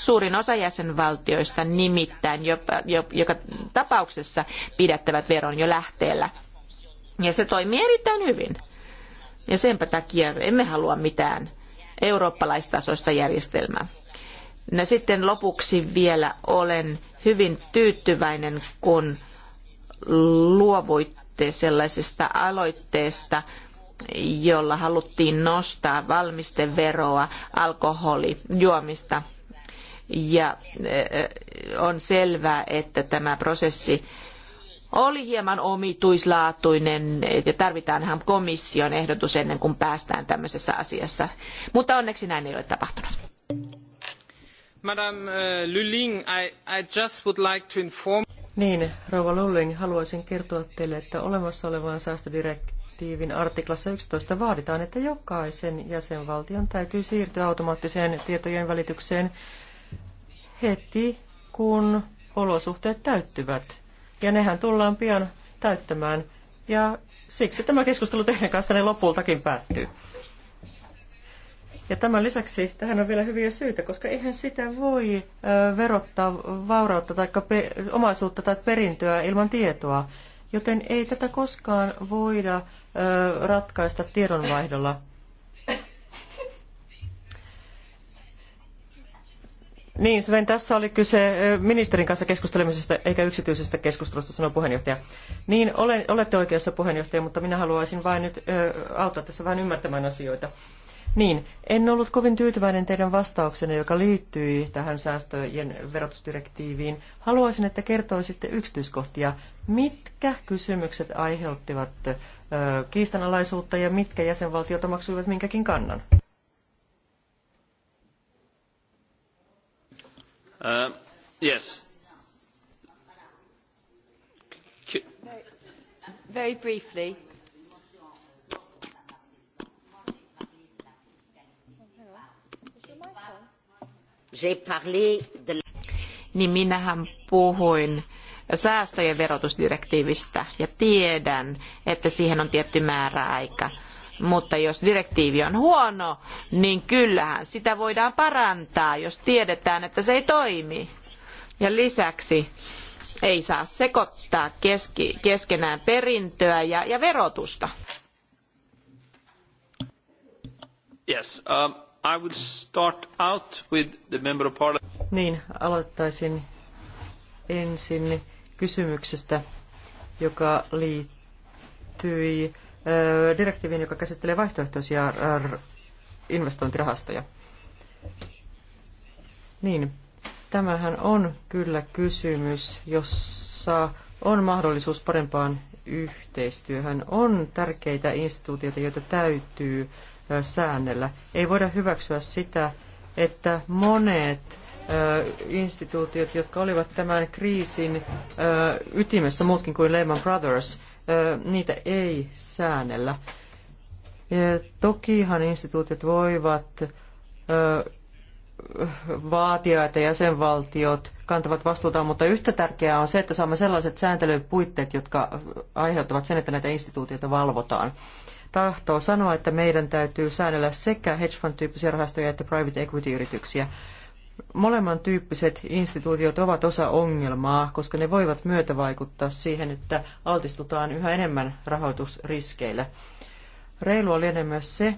Suurin osa jäsenvaltioista nimittäin jopa, joka tapauksessa pidättävät veron jo lähteellä. Ja se toimii erittäin hyvin. Ja senpä takia emme halua mitään eurooppalaistasoista järjestelmää. No sitten lopuksi vielä olen hyvin tyytyväinen, kun luovuitte sellaisesta aloitteesta, jolla haluttiin nostaa valmisteveroa alkoholijuomista ja on selvää, että tämä prosessi oli hieman omituislaatuinen ja tarvitaanhan komission ehdotus ennen kuin päästään tämmöisessä asiassa. Mutta onneksi näin ei ole tapahtunut. Madame Lulling, I, I just would like to inform... Niin, rouva Lulling, haluaisin kertoa teille, että olemassa olevan säästödirektiivin artiklassa 11 vaaditaan, että jokaisen jäsenvaltion täytyy siirtyä automaattiseen tietojen välitykseen heti, kun olosuhteet täyttyvät. Ja nehän tullaan pian täyttämään. Ja siksi tämä keskustelu teidän kanssa ne lopultakin päättyy. Ja tämän lisäksi tähän on vielä hyviä syitä, koska eihän sitä voi verottaa vaurautta tai omaisuutta tai perintöä ilman tietoa. Joten ei tätä koskaan voida ratkaista tiedonvaihdolla. Niin, Sven, tässä oli kyse ministerin kanssa keskustelemisesta eikä yksityisestä keskustelusta, sanoi puheenjohtaja. Niin, olen, olette oikeassa puheenjohtaja, mutta minä haluaisin vain nyt ö, auttaa tässä vähän ymmärtämään asioita. Niin, en ollut kovin tyytyväinen teidän vastauksenne, joka liittyi tähän säästöjen verotusdirektiiviin. Haluaisin, että kertoisitte yksityiskohtia, mitkä kysymykset aiheuttivat ö, kiistanalaisuutta ja mitkä jäsenvaltiot omaksuivat minkäkin kannan. Um, Very briefly. Niin minähän puhuin säästöjen verotusdirektiivistä ja tiedän, että siihen on tietty määräaika. Mutta jos direktiivi on huono, niin kyllähän sitä voidaan parantaa, jos tiedetään, että se ei toimi. Ja lisäksi ei saa sekoittaa keski, keskenään perintöä ja, ja verotusta. Yes, um, I would start out with the member of parliament. Niin, aloittaisin ensin kysymyksestä, joka liittyi direktiiviin, joka käsittelee vaihtoehtoisia investointirahastoja. Niin, tämähän on kyllä kysymys, jossa on mahdollisuus parempaan yhteistyöhön. On tärkeitä instituutioita, joita täytyy säännellä. Ei voida hyväksyä sitä, että monet instituutiot, jotka olivat tämän kriisin ytimessä muutkin kuin Lehman Brothers, niitä ei säännellä. Tokihan instituutit voivat vaatia, että jäsenvaltiot kantavat vastuuta, mutta yhtä tärkeää on se, että saamme sellaiset sääntelypuitteet, jotka aiheuttavat sen, että näitä instituutioita valvotaan. Tahtoo sanoa, että meidän täytyy säännellä sekä hedge fund-tyyppisiä rahastoja että private equity-yrityksiä. Molemman tyyppiset instituutiot ovat osa ongelmaa, koska ne voivat myötävaikuttaa siihen, että altistutaan yhä enemmän rahoitusriskeille. Reilua lienee myös se,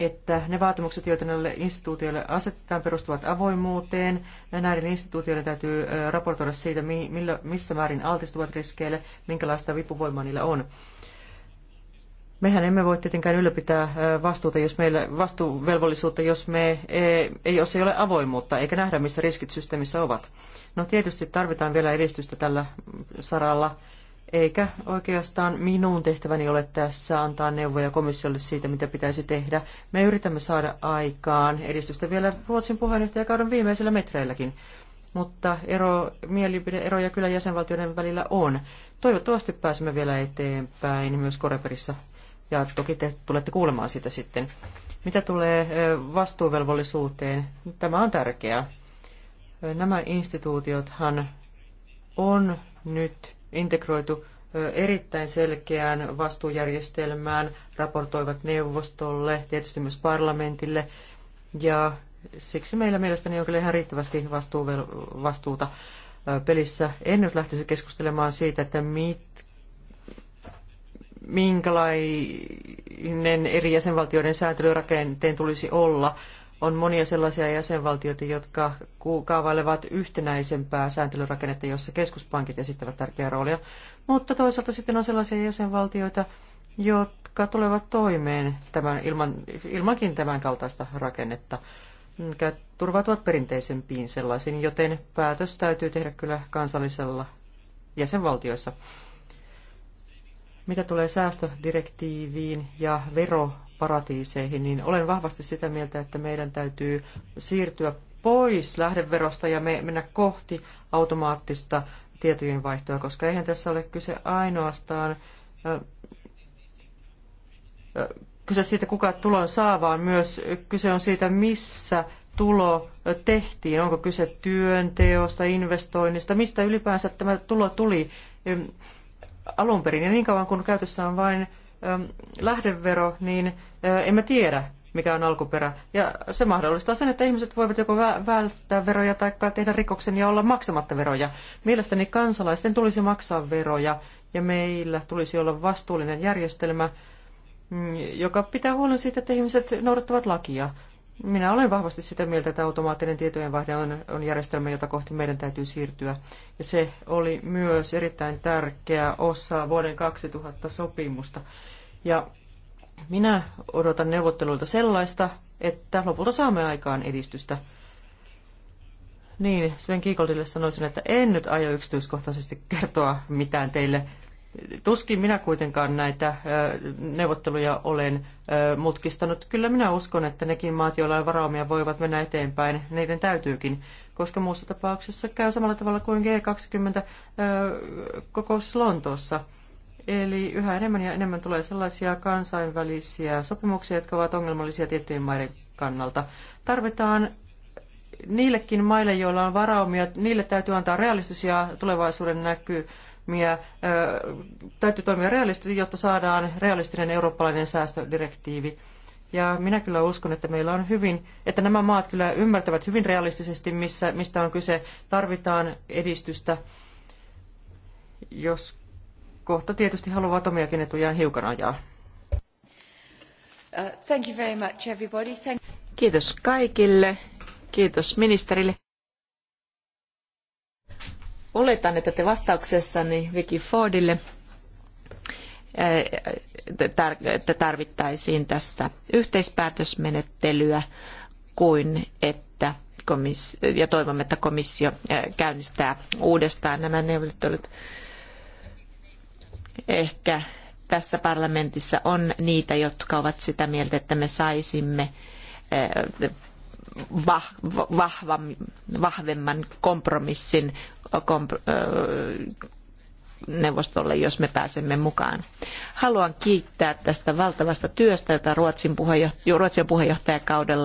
että ne vaatimukset, joita näille instituutioille asetetaan, perustuvat avoimuuteen. Näiden instituutioiden täytyy raportoida siitä, missä määrin altistuvat riskeille, minkälaista vipuvoimaa niillä on. Mehän emme voi tietenkään ylläpitää vastuuta, jos meillä, vastuuvelvollisuutta, jos me e, ei, jos ei ole avoimuutta eikä nähdä, missä riskit systeemissä ovat. No tietysti tarvitaan vielä edistystä tällä saralla, eikä oikeastaan minun tehtäväni ole tässä antaa neuvoja komissiolle siitä, mitä pitäisi tehdä. Me yritämme saada aikaan edistystä vielä Ruotsin puheenjohtajakauden viimeisillä metreilläkin mutta ero, mielipideeroja kyllä jäsenvaltioiden välillä on. Toivottavasti pääsemme vielä eteenpäin myös Koreperissä ja toki te tulette kuulemaan siitä sitten. Mitä tulee vastuuvelvollisuuteen, tämä on tärkeää. Nämä instituutiothan on nyt integroitu erittäin selkeään vastuujärjestelmään, raportoivat neuvostolle, tietysti myös parlamentille, ja siksi meillä mielestäni on kyllä ihan riittävästi vastuuta pelissä. En nyt lähtisi keskustelemaan siitä, että mit, minkälainen eri jäsenvaltioiden säätelyrakenteen tulisi olla. On monia sellaisia jäsenvaltioita, jotka kaavailevat yhtenäisempää sääntelyrakennetta, jossa keskuspankit esittävät tärkeää roolia. Mutta toisaalta sitten on sellaisia jäsenvaltioita, jotka tulevat toimeen tämän, ilman, ilmankin tämän kaltaista rakennetta, mikä turvautuvat perinteisempiin sellaisiin, joten päätös täytyy tehdä kyllä kansallisella jäsenvaltioissa. Mitä tulee säästödirektiiviin ja veroparatiiseihin, niin olen vahvasti sitä mieltä, että meidän täytyy siirtyä pois lähdeverosta ja mennä kohti automaattista tietojen vaihtoa, koska eihän tässä ole kyse ainoastaan kyse siitä, kuka tulon saa, vaan myös kyse on siitä, missä tulo tehtiin. Onko kyse työnteosta, investoinnista, mistä ylipäänsä tämä tulo tuli alun perin. Ja niin kauan kun käytössä on vain ähm, lähdevero, niin äh, emme tiedä, mikä on alkuperä. Ja se mahdollistaa sen, että ihmiset voivat joko välttää veroja tai tehdä rikoksen ja olla maksamatta veroja. Mielestäni kansalaisten tulisi maksaa veroja ja meillä tulisi olla vastuullinen järjestelmä, mm, joka pitää huolen siitä, että ihmiset noudattavat lakia. Minä olen vahvasti sitä mieltä, että automaattinen tietojenvaihde on, on järjestelmä, jota kohti meidän täytyy siirtyä. Ja se oli myös erittäin tärkeä osa vuoden 2000 sopimusta. Ja minä odotan neuvotteluilta sellaista, että lopulta saamme aikaan edistystä. Niin, Sven Kiikoldille sanoisin, että en nyt aio yksityiskohtaisesti kertoa mitään teille Tuskin minä kuitenkaan näitä neuvotteluja olen mutkistanut. Kyllä minä uskon, että nekin maat, joilla on varaumia, voivat mennä eteenpäin. Niiden täytyykin, koska muussa tapauksessa käy samalla tavalla kuin G20-kokous Lontoossa. Eli yhä enemmän ja enemmän tulee sellaisia kansainvälisiä sopimuksia, jotka ovat ongelmallisia tiettyjen maiden kannalta. Tarvitaan niillekin maille, joilla on varaumia, niille täytyy antaa realistisia tulevaisuuden näkyy toimia, täytyy toimia realistisesti, jotta saadaan realistinen eurooppalainen säästödirektiivi. Ja minä kyllä uskon, että meillä on hyvin, että nämä maat kyllä ymmärtävät hyvin realistisesti, missä, mistä on kyse. Tarvitaan edistystä, jos kohta tietysti haluavat omiakin etujaan hiukan ajaa. Uh, thank you very much everybody. Thank... Kiitos kaikille. Kiitos ministerille. Oletan, että te vastauksessani Vicky Fordille että tarvittaisiin tästä yhteispäätösmenettelyä kuin että komissio, ja toivomme, että komissio käynnistää uudestaan nämä neuvottelut. Ehkä tässä parlamentissa on niitä, jotka ovat sitä mieltä, että me saisimme vahvemman kompromissin neuvostolle, jos me pääsemme mukaan. Haluan kiittää tästä valtavasta työstä, jota Ruotsin, puheenjohtaja, Ruotsin puheenjohtajakaudella